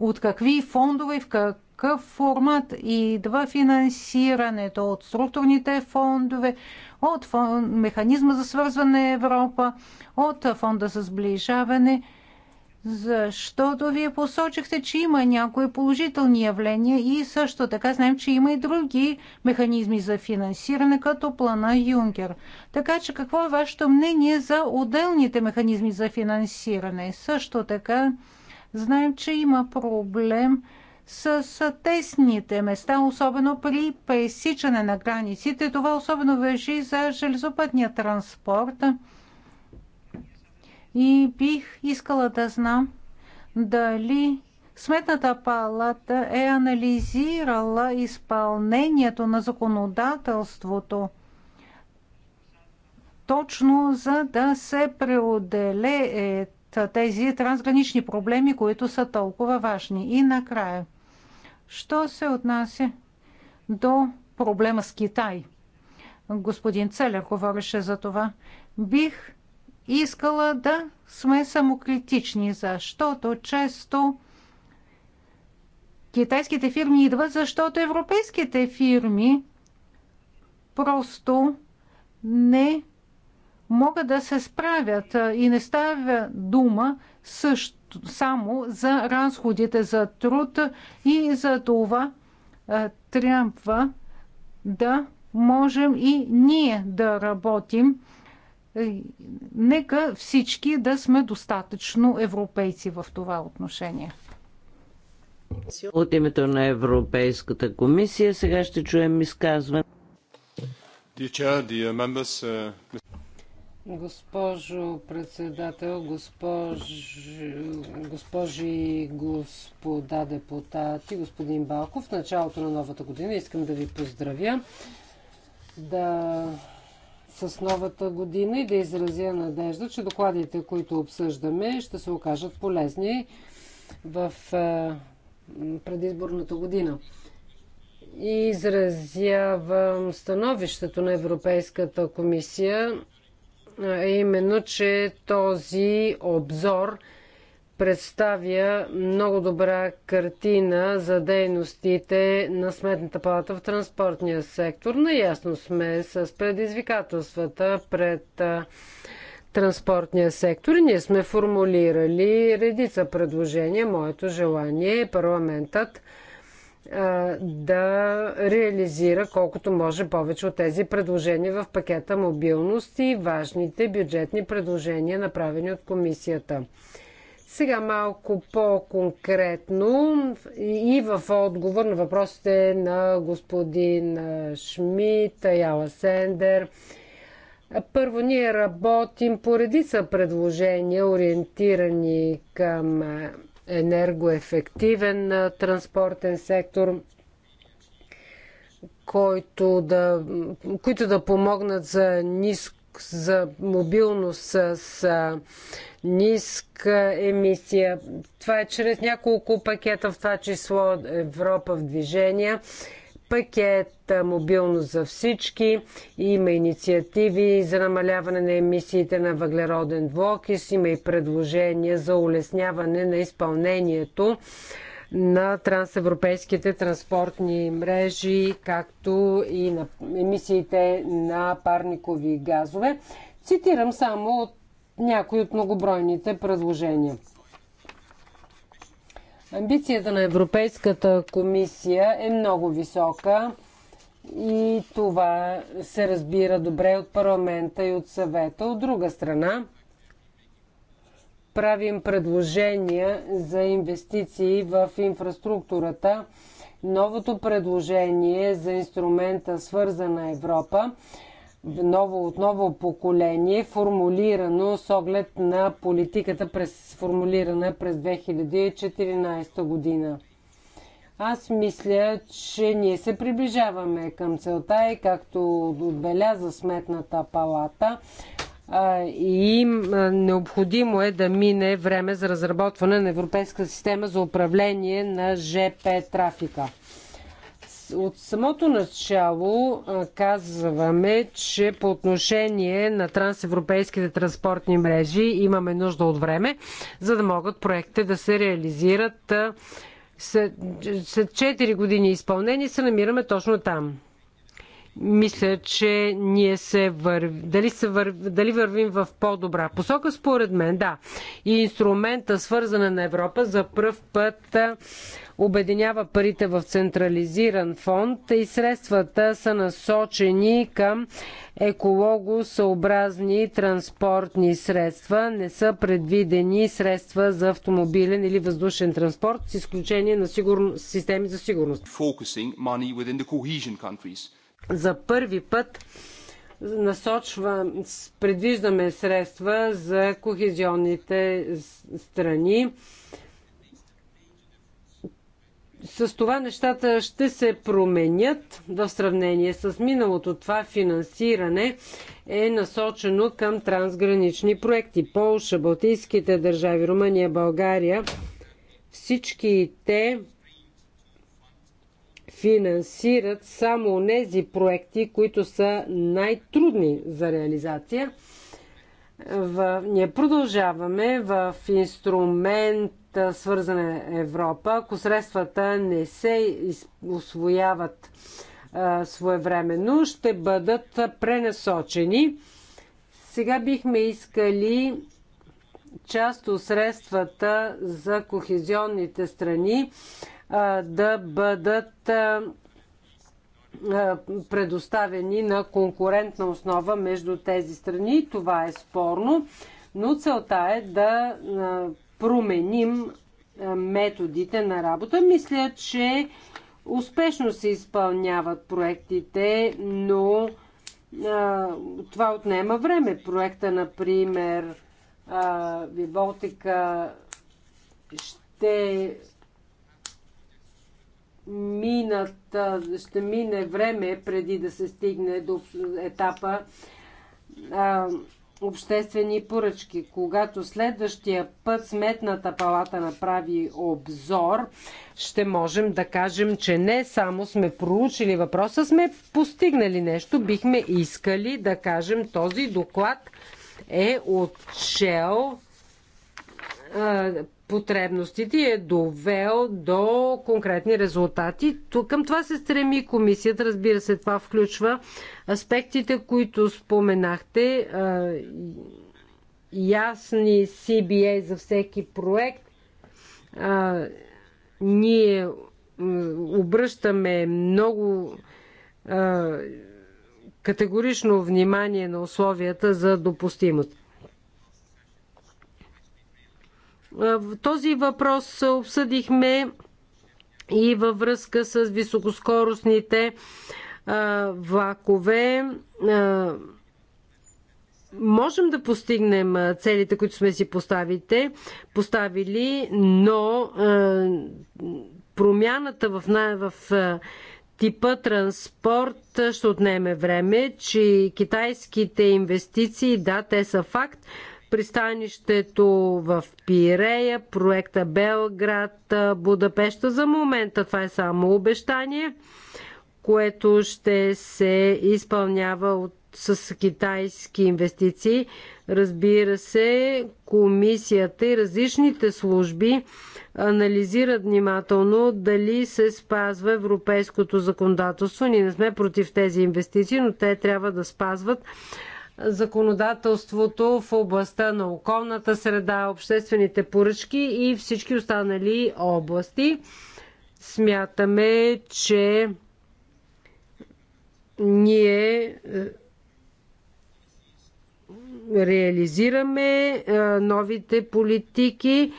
от какви фондове и в какви какъв формат идва финансирането от структурните фондове, от фон, механизма за свързване Европа, от фонда за сближаване, защото вие посочихте, че има някои положителни явления и също така знаем, че има и други механизми за финансиране, като плана Юнкер. Така че какво е вашето мнение за отделните механизми за финансиране? Също така знаем, че има проблем с тесните места, особено при пресичане на границите. Това особено вежи за железопътния транспорт. И бих искала да знам дали Сметната палата е анализирала изпълнението на законодателството точно за да се преоделеят тези трансгранични проблеми, които са толкова важни. И накрая – Що се отнася до проблема с Китай? Господин Целер говореше за това. Бих искала да сме самокритични, защото често китайските фирми идват, защото европейските фирми просто не могат да се справят и не става дума също, само за разходите за труд и за това трябва да можем и ние да работим. Е, нека всички да сме достатъчно европейци в това отношение.
От името на Европейската комисия сега ще чуем изказване.
Uh, Госпожо председател, госпожи, госпожи и господа депутати, господин Балков, в началото на новата година искам да ви поздравя да, с новата година и да изразя надежда, че докладите, които обсъждаме, ще се окажат полезни в е, предизборната година И изразявам становището на Европейската комисия именно, че този обзор представя много добра картина за дейностите на Сметната палата в транспортния сектор. Наясно сме с предизвикателствата пред транспортния сектор. Ние сме формулирали редица предложения. Моето желание е парламентът да реализира колкото може повече от тези предложения в пакета мобилност и важните бюджетни предложения, направени от комисията. Сега малко по-конкретно и в отговор на въпросите на господин Шмидт, Яла Сендер. Първо, ние работим по редица предложения, ориентирани към енергоефективен транспортен сектор, който да, които да помогнат за ниск, за мобилност с ниска емисия. Това е чрез няколко пакета, в това число Европа в движение пакет мобилно за всички, има инициативи за намаляване на емисиите на въглероден двуокис, има и предложения за улесняване на изпълнението на трансевропейските транспортни мрежи, както и на емисиите на парникови газове. Цитирам само от някои от многобройните предложения. Амбицията на Европейската комисия е много висока и това се разбира добре от парламента и от съвета. От друга страна, правим предложения за инвестиции в инфраструктурата. Новото предложение за инструмента Свързана Европа ново, отново поколение, формулирано с оглед на политиката, през, формулирана през 2014 година. Аз мисля, че ние се приближаваме към целта и както отбеляза сметната палата, и необходимо е да мине време за разработване на Европейска система за управление на ЖП трафика от самото начало казваме, че по отношение на трансевропейските транспортни мрежи имаме нужда от време, за да могат проектите да се реализират. След 4 години изпълнение се намираме точно там мисля, че ние се вървим. дали, се върви, дали вървим в по-добра посока, според мен, да. И инструмента свързане на Европа за пръв път обединява парите в централизиран фонд и средствата са насочени към екологосъобразни транспортни средства. Не са предвидени средства за автомобилен или въздушен транспорт, с изключение на сигур... системи за сигурност. За първи път насочва, предвиждаме средства за кохезионните страни. С това нещата ще се променят в сравнение с миналото. Това финансиране е насочено към трансгранични проекти. Полша, Балтийските държави, Румъния, България. Всички те финансират само тези проекти, които са най-трудни за реализация. В... Ние продължаваме в инструмент свързане Европа, ако средствата не се освояват своевременно, ще бъдат пренасочени. Сега бихме искали част от средствата за кохезионните страни да бъдат предоставени на конкурентна основа между тези страни. Това е спорно, но целта е да променим методите на работа. Мисля, че успешно се изпълняват проектите, но това отнема време. Проекта, например, Виболтика ще минат, ще мине време преди да се стигне до етапа а, обществени поръчки. Когато следващия път сметната палата направи обзор, ще можем да кажем, че не само сме проучили въпроса, сме постигнали нещо. Бихме искали да кажем, този доклад е отчел потребностите и е довел до конкретни резултати. Към това се стреми комисията. Разбира се, това включва аспектите, които споменахте. Ясни CBA за всеки проект. Ние обръщаме много категорично внимание на условията за допустимост. Е, този въпрос обсъдихме и във връзка с високоскоростните е, влакове. Е, можем да постигнем целите, които сме си поставите, поставили, но промяната в, в типа транспорт ще отнеме време, че китайските инвестиции, да, те са факт, пристанището в Пирея, проекта Белград, Будапешта. За момента това е само обещание, което ще се изпълнява от с китайски инвестиции. Разбира се, комисията и различните служби анализират внимателно дали се спазва европейското законодателство. Ние не сме против тези инвестиции, но те трябва да спазват законодателството в областта на околната среда, обществените поръчки и всички останали области. Смятаме, че ние е, реализираме е, новите политики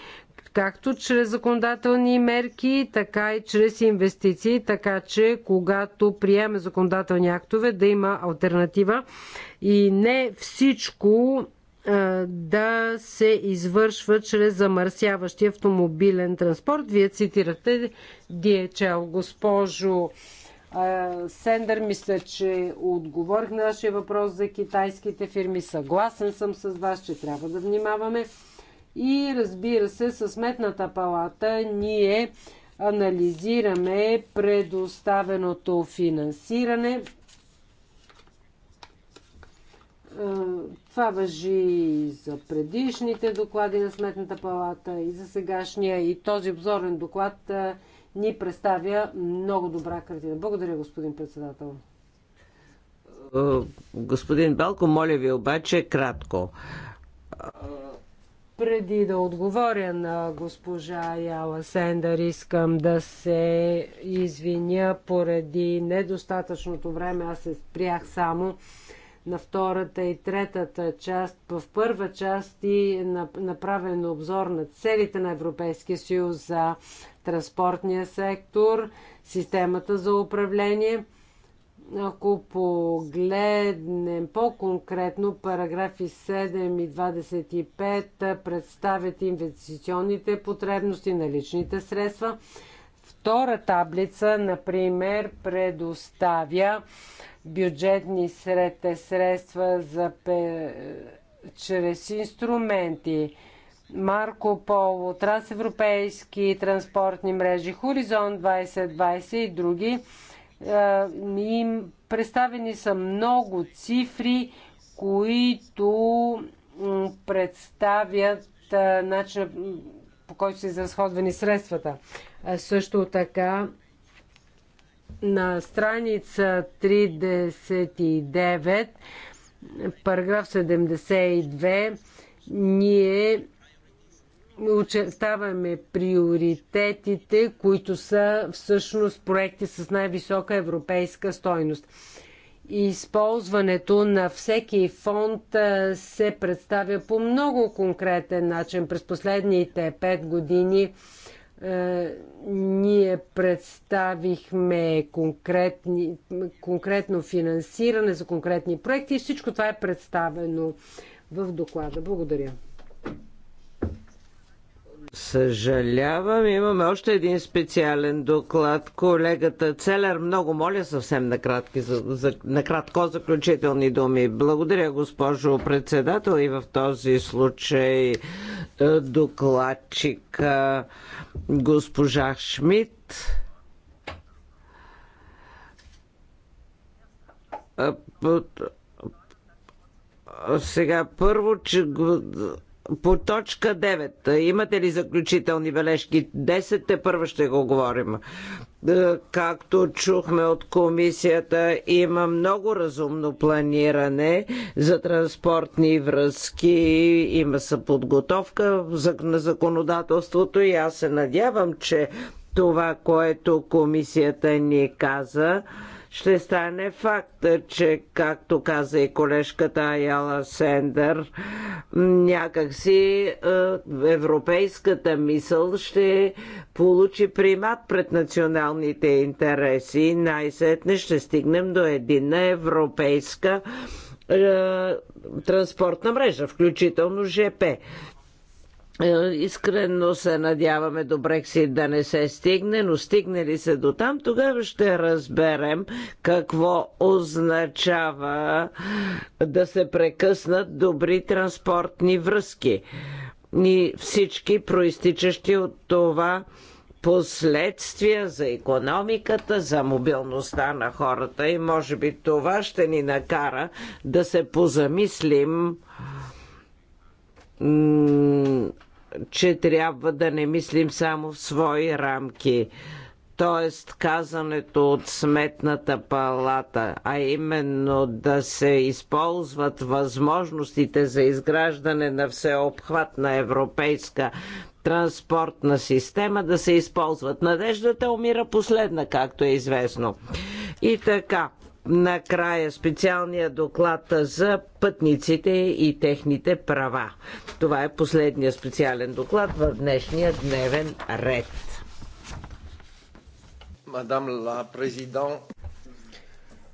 както чрез законодателни мерки, така и чрез инвестиции, така че когато приеме законодателни актове да има альтернатива и не всичко да се извършва чрез замърсяващи автомобилен транспорт. Вие цитирате DHL, госпожо Сендър, мисля, че отговорих на нашия въпрос за китайските фирми. Съгласен съм с вас, че трябва да внимаваме. И разбира се, със Сметната палата ние анализираме предоставеното финансиране. Това въжи и за предишните доклади на Сметната палата, и за сегашния, и този обзорен доклад ни представя много добра картина. Благодаря, господин председател.
Господин Балко, моля ви обаче кратко.
Преди да отговоря на госпожа Яла Сендър, искам да се извиня поради недостатъчното време. Аз се спрях само на втората и третата част. В първа част и направен обзор на целите на Европейския съюз за транспортния сектор, системата за управление – ако погледнем по-конкретно параграфи 7 и 25, представят инвестиционните потребности на личните средства. Втора таблица, например, предоставя бюджетни сред средства за, чрез инструменти. Марко Поло, трансевропейски транспортни мрежи, Хоризонт 2020 и други е, им представени са много цифри, които представят е, начина по който са изразходвани средствата. Е, също така на страница 39, параграф 72, ние очертаваме приоритетите, които са всъщност проекти с най-висока европейска стойност. Използването на всеки фонд се представя по много конкретен начин. През последните пет години ние представихме конкретни, конкретно финансиране за конкретни проекти и всичко това е представено в доклада. Благодаря.
Съжалявам, имаме още един специален доклад. Колегата Целер, много моля съвсем накратки, за, за, накратко заключителни думи. Благодаря, госпожо председател и в този случай е, докладчик госпожа Шмидт. Е, сега първо, че по точка 9. Имате ли заключителни бележки? 10 те първо ще го говорим. Е, както чухме от комисията, има много разумно планиране за транспортни връзки. Има съподготовка на законодателството и аз се надявам, че това, което комисията ни каза, ще стане факт, че, както каза и колежката Аяла Сендър, някакси е, европейската мисъл ще получи примат пред националните интереси. Най-сетне ще стигнем до единна европейска е, транспортна мрежа, включително ЖП. Е, искрено се надяваме до Брексит да не се стигне, но стигне ли се до там, тогава ще разберем какво означава да се прекъснат добри транспортни връзки и всички проистичащи от това последствия за економиката, за мобилността на хората и може би това ще ни накара да се позамислим че трябва да не мислим само в свои рамки. Тоест казането от сметната палата, а именно да се използват възможностите за изграждане на всеобхватна европейска транспортна система да се използват. Надеждата умира последна, както е известно. И така, накрая специалния доклад за пътниците и техните права. Това е последния специален доклад в днешния дневен ред. Мадам ла президент.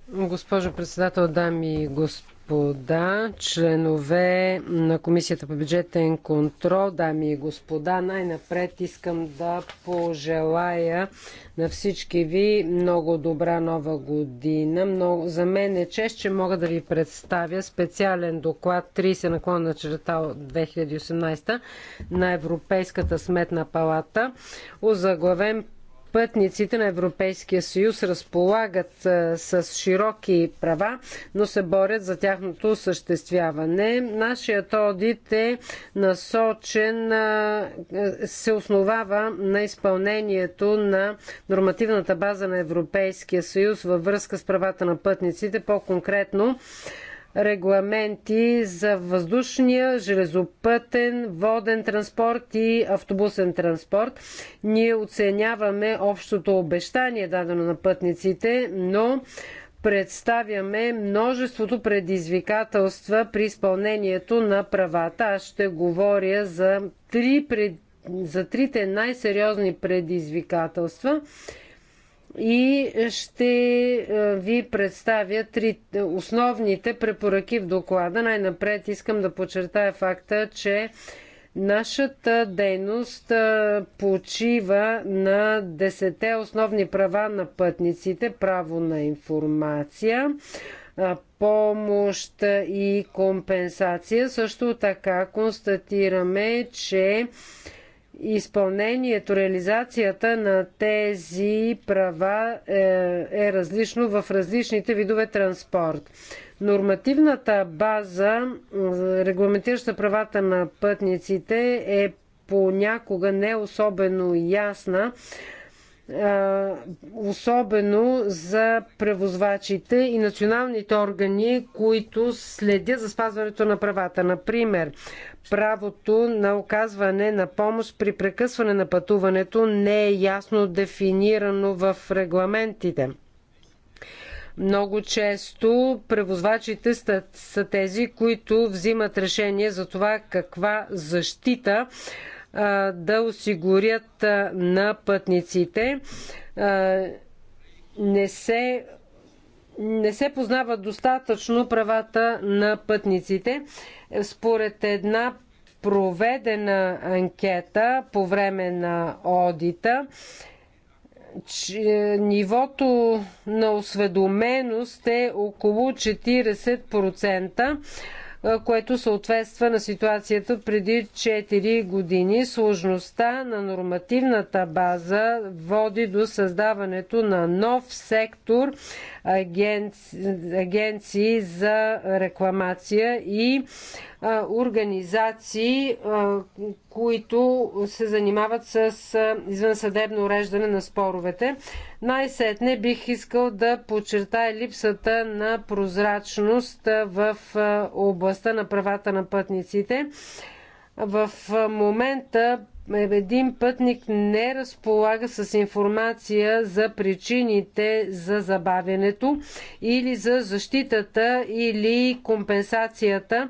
Госпожо председател, дами и господа, господа, членове на Комисията по бюджетен контрол, дами и господа, най-напред искам да пожелая на всички ви много добра нова година. Много, за мен е чест, че мога да ви представя специален доклад 30 наклонна черта от 2018 на Европейската сметна палата, озаглавен пътниците на Европейския съюз разполагат а, с широки права, но се борят за тяхното осъществяване. Нашият одит е насочен, а, се основава на изпълнението на нормативната база на Европейския съюз във връзка с правата на пътниците, по-конкретно регламенти за въздушния, железопътен, воден транспорт и автобусен транспорт. Ние оценяваме общото обещание дадено на пътниците, но представяме множеството предизвикателства при изпълнението на правата. Аз ще говоря за, три пред... за трите най-сериозни предизвикателства – и ще е, ви представя три основните препоръки в доклада. Най-напред искам да подчертая факта, че нашата дейност е, почива на десете основни права на пътниците, право на информация, е, помощ и компенсация. Също така констатираме, че изпълнението, реализацията на тези права е, е различно в различните видове транспорт. Нормативната база, регламентираща правата на пътниците, е понякога не особено ясна, е, особено за превозвачите и националните органи, които следят за спазването на правата. Например, правото на оказване на помощ при прекъсване на пътуването не е ясно дефинирано в регламентите. Много често превозвачите са тези, които взимат решение за това каква защита да осигурят на пътниците. Не се не се познават достатъчно правата на пътниците. Според една проведена анкета по време на одита, че нивото на осведоменост е около 40%, което съответства на ситуацията преди 4 години. Сложността на нормативната база води до създаването на нов сектор агенци, агенции за рекламация и а, организации, а, които се занимават с извънсъдебно уреждане на споровете. Най-сетне бих искал да подчертая липсата на прозрачност в областта на правата на пътниците. В момента един пътник не разполага с информация за причините за забавянето или за защитата или компенсацията,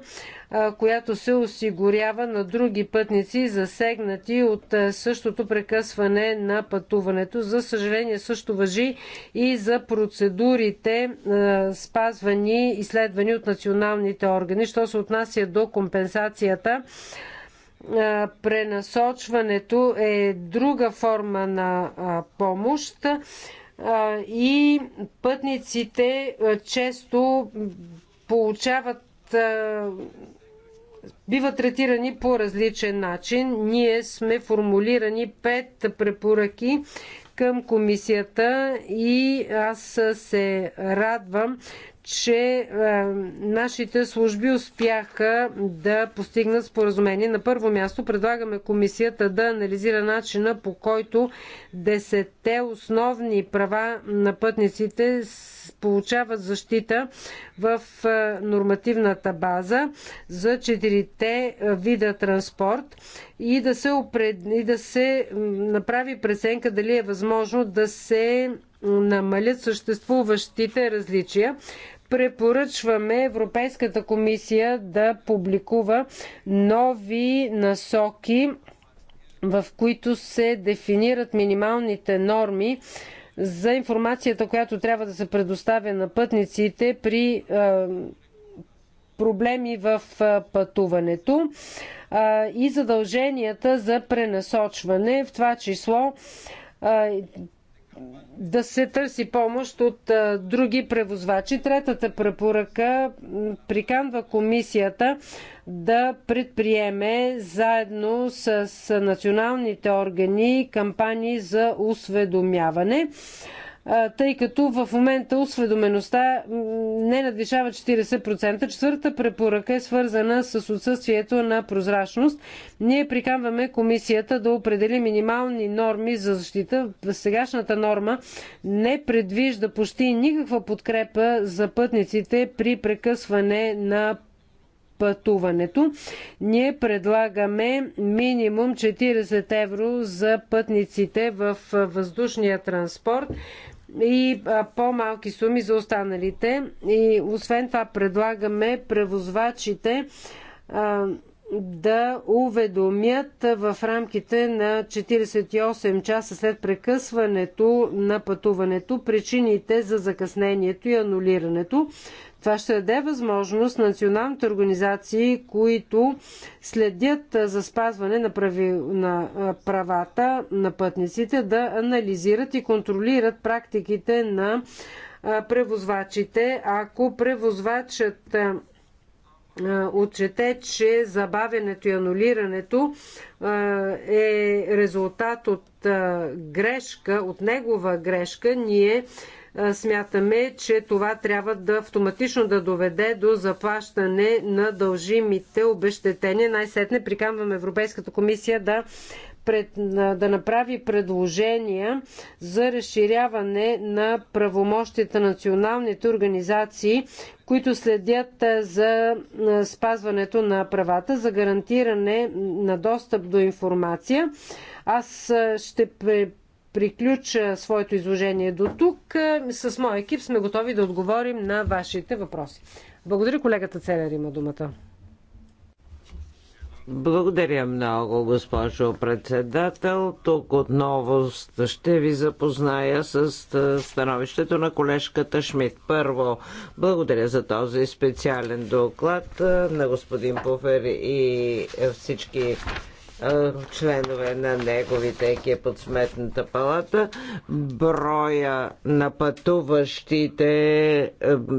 която се осигурява на други пътници, засегнати от същото прекъсване на пътуването. За съжаление също въжи и за процедурите спазвани и следвани от националните органи. Що се отнася до компенсацията, пренасочването е друга форма на помощ и пътниците често получават биват третирани по различен начин. Ние сме формулирани пет препоръки към комисията и аз се радвам, че е, нашите служби успяха да постигнат споразумение. На първо място предлагаме комисията да анализира начина по който десетте основни права на пътниците получават защита в е, нормативната база за четирите е, вида транспорт и да се, опред... и да се направи преценка дали е възможно да се намалят съществуващите различия препоръчваме Европейската комисия да публикува нови насоки, в които се дефинират минималните норми за информацията, която трябва да се предоставя на пътниците при е, проблеми в пътуването е, и задълженията за пренасочване, в това число да се търси помощ от а, други превозвачи. Третата препоръка приканва комисията да предприеме заедно с, с националните органи кампании за осведомяване тъй като в момента осведомеността не надвишава 40%. Четвърта препоръка е свързана с отсъствието на прозрачност. Ние приканваме комисията да определи минимални норми за защита. Сегашната норма не предвижда почти никаква подкрепа за пътниците при прекъсване на пътуването. Ние предлагаме минимум 40 евро за пътниците в въздушния транспорт и по-малки суми за останалите. И освен това предлагаме превозвачите да уведомят в рамките на 48 часа след прекъсването на пътуването причините за закъснението и анулирането. Това ще даде възможност националните организации, които следят за спазване на, прави, на правата на пътниците, да анализират и контролират практиките на превозвачите. Ако превозвачът отчете, че забавянето и анулирането е резултат от грешка, от негова грешка, ние е, смятаме, че това трябва да автоматично да доведе до заплащане на дължимите обещетения. Най-сетне приканваме Европейската комисия да да направи предложения за разширяване на правомощите на националните организации, които следят е, за е, спазването на правата, за гарантиране на достъп до информация. Аз ще приключа своето изложение до тук. С моя екип сме готови да отговорим на вашите въпроси. Благодаря, колегата Целер има думата.
Благодаря много, госпожо председател. Тук отново ще ви запозная с становището на колежката Шмидт. Първо, благодаря за този специален доклад на господин Пуфер и всички членове на неговите екип е от Сметната палата. Броя на пътуващите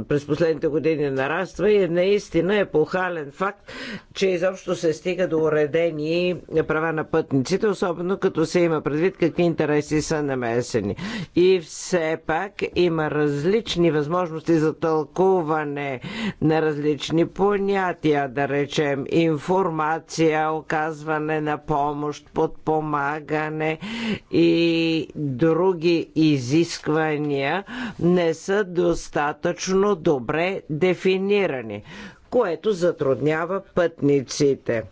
през последните години нараства и е наистина е похален факт, че изобщо се стига до уредени права на пътниците, особено като се има предвид какви интереси са намесени. И все пак има различни възможности за тълкуване на различни понятия, да речем информация, оказване на на помощ, подпомагане и други изисквания не са достатъчно добре дефинирани което затруднява пътниците.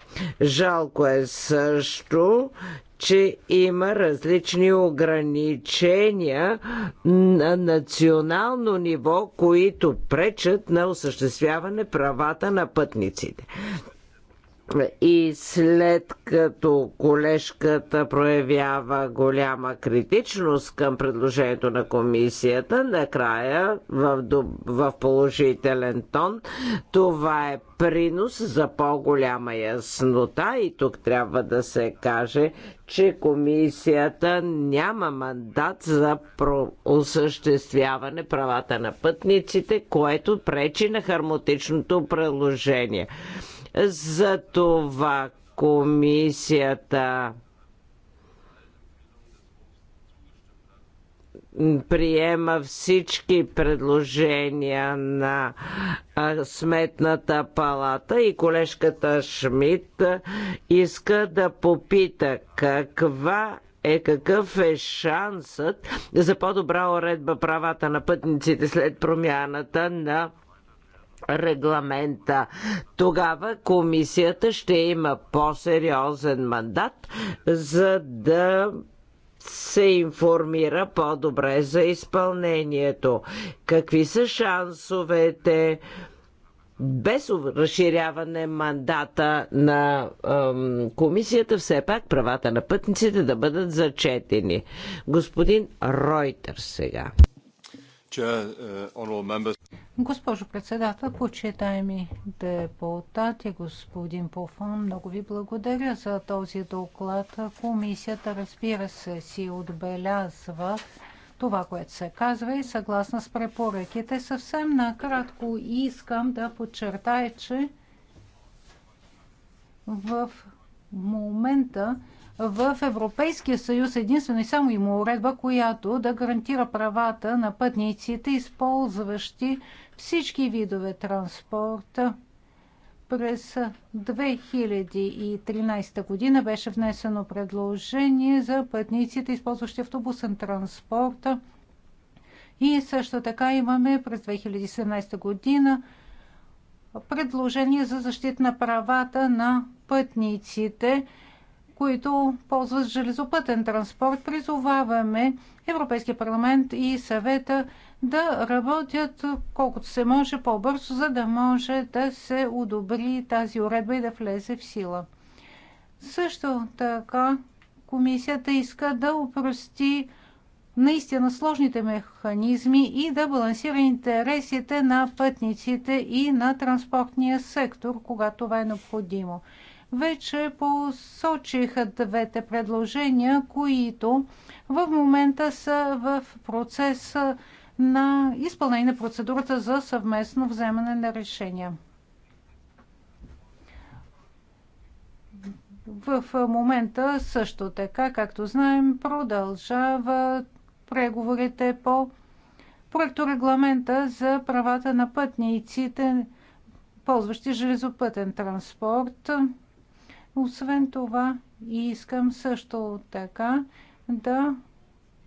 Жалко е също, че има различни ограничения на национално ниво, които пречат на осъществяване правата на пътниците. И след като колежката проявява голяма критичност към предложението на комисията, накрая в, в положителен тон, това е принос за по-голяма яснота и тук трябва да се каже, че комисията няма мандат за осъществяване правата на пътниците, което пречи на хармотичното приложение. За това комисията приема всички предложения на Сметната палата и колежката Шмидт иска да попита каква е какъв е шансът за по-добра уредба правата на пътниците след промяната на регламента. Тогава комисията ще има по-сериозен мандат, за да се информира по-добре за изпълнението. Какви са шансовете? без разширяване мандата на ем, комисията, все пак правата на пътниците да бъдат зачетени. Господин
Ройтер сега.
Uh,
Госпожо председател, почитаеми депутати, господин Пофон, много ви благодаря за този доклад. Комисията, разбира се, си отбелязва това, което се казва и съгласна с препоръките. Съвсем накратко искам да подчертая, че в момента в Европейския съюз единствено и само има уредба, която да гарантира правата на пътниците, използващи всички видове транспорта. През 2013 година беше внесено предложение за пътниците, използващи автобусен транспорт. И също така имаме през 2017 година предложение за защита на правата на пътниците, които ползват железопътен транспорт. Призоваваме Европейския парламент и съвета да работят колкото се може по-бързо, за да може да се одобри тази уредба и да влезе в сила. Също така комисията иска да упрости наистина сложните механизми и да балансира интересите на пътниците и на транспортния сектор, когато това е необходимо вече посочиха двете предложения, които в момента са в процес на изпълнение на процедурата за съвместно вземане на решения. В момента също така, както знаем, продължава преговорите по проекторегламента за правата на пътниците, ползващи железопътен транспорт. Освен това, искам също така да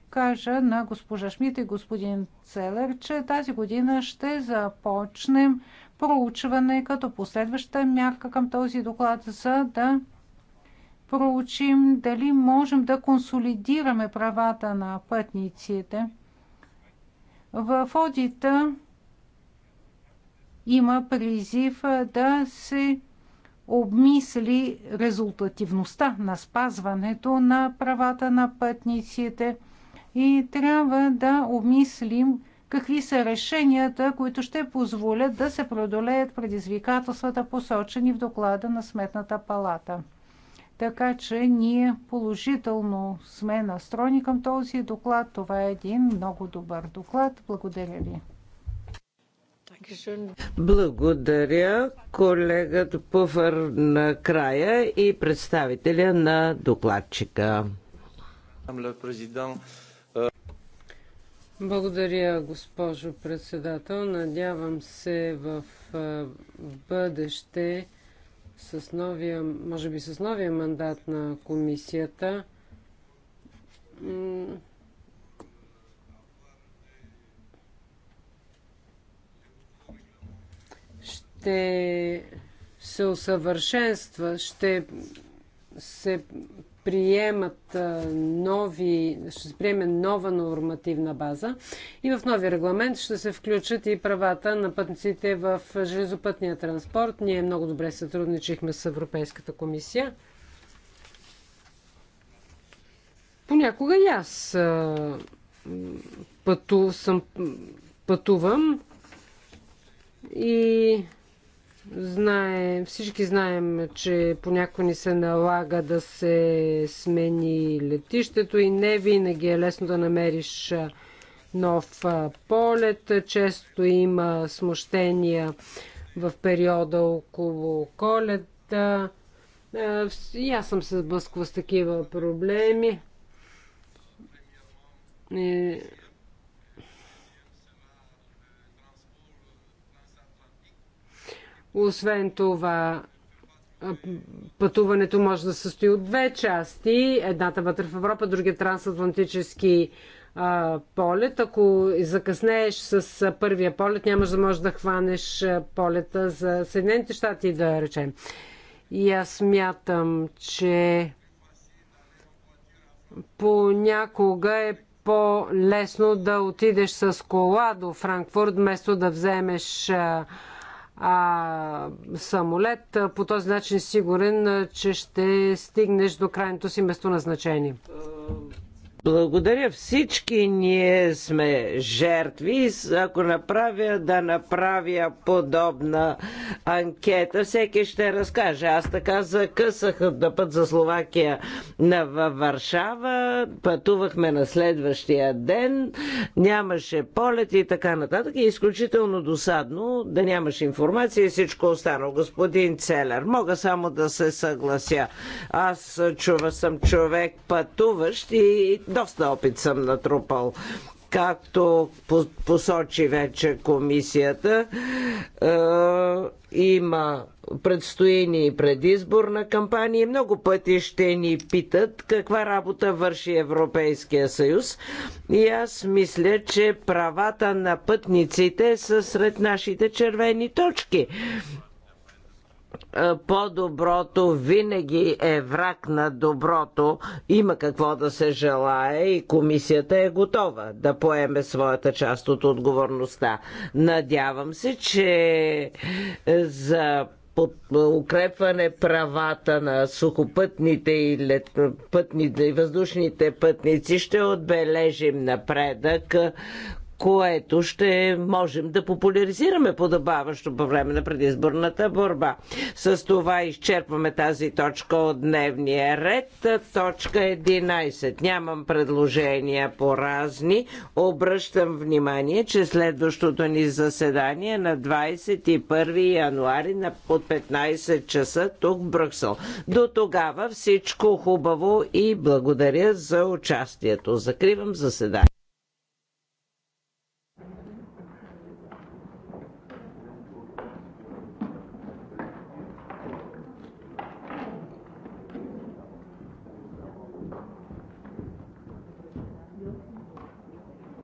кажа на госпожа Шмидт и господин Целер, че тази година ще започнем проучване като последваща мярка към този доклад, за да проучим дали можем да консолидираме правата на пътниците. В одита има призив да се обмисли резултативността на спазването на правата на пътниците и трябва да обмислим какви са решенията, които ще позволят да се преодолеят предизвикателствата, посочени в доклада на Сметната палата. Така че ние положително сме настроени към този доклад. Това е един много добър доклад. Благодаря ви.
Благодаря колегата Пуфър на края и представителя на докладчика.
Благодаря, госпожо председател. Надявам се в бъдеще с новия, може би с новия мандат на комисията ще се усъвършенства, ще се приемат нови, ще се приеме нова нормативна база и в нови регламент ще се включат и правата на пътниците в железопътния транспорт. Ние много добре сътрудничихме с Европейската комисия. Понякога и аз пъту, съм, пътувам и Знае, всички знаем, че понякога ни се налага да се смени летището и не винаги е лесно да намериш нов полет. Често има смущения в периода около коледа. И аз съм се сблъсква с такива проблеми. Освен това, пътуването може да състои от две части. Едната вътре в Европа, другия трансатлантически а, полет. Ако закъснееш с първия полет, нямаш да можеш да хванеш полета за Съединените щати, да речем. И аз смятам, че понякога е по-лесно да отидеш с кола до Франкфурт, вместо да вземеш а, а, самолет. По този начин сигурен, че ще стигнеш до крайното си местоназначение. Е, благодаря. Всички ние
сме жертви. Ако направя да направя подобна анкета, всеки ще разкаже. Аз така закъсах да път за Словакия на във Варшава. Пътувахме на следващия ден. Нямаше полет и така нататък. И е изключително досадно да нямаш информация и всичко останало. Господин Целер, мога само да се съглася. Аз чува съм човек пътуващ и доста опит съм натрупал както посочи вече комисията, е, има предстоини и предизборна кампания много пъти ще ни питат каква работа върши Европейския съюз. И аз мисля, че правата на пътниците са сред нашите червени точки. Е, по-доброто винаги е враг на доброто. Има какво да се желае и комисията е готова да поеме своята част от отговорността. Надявам се, че е, за под укрепване правата на сухопътните и лет, пътните, и въздушните пътници ще отбележим напредък, което ще можем да популяризираме подобаващо по време на предизборната борба. С това изчерпваме тази точка от дневния ред. Точка 11. Нямам предложения по разни. Обръщам внимание, че следващото ни заседание на 21 януари на под 15 часа тук в Брюксел. До тогава всичко хубаво и благодаря за участието. Закривам заседание.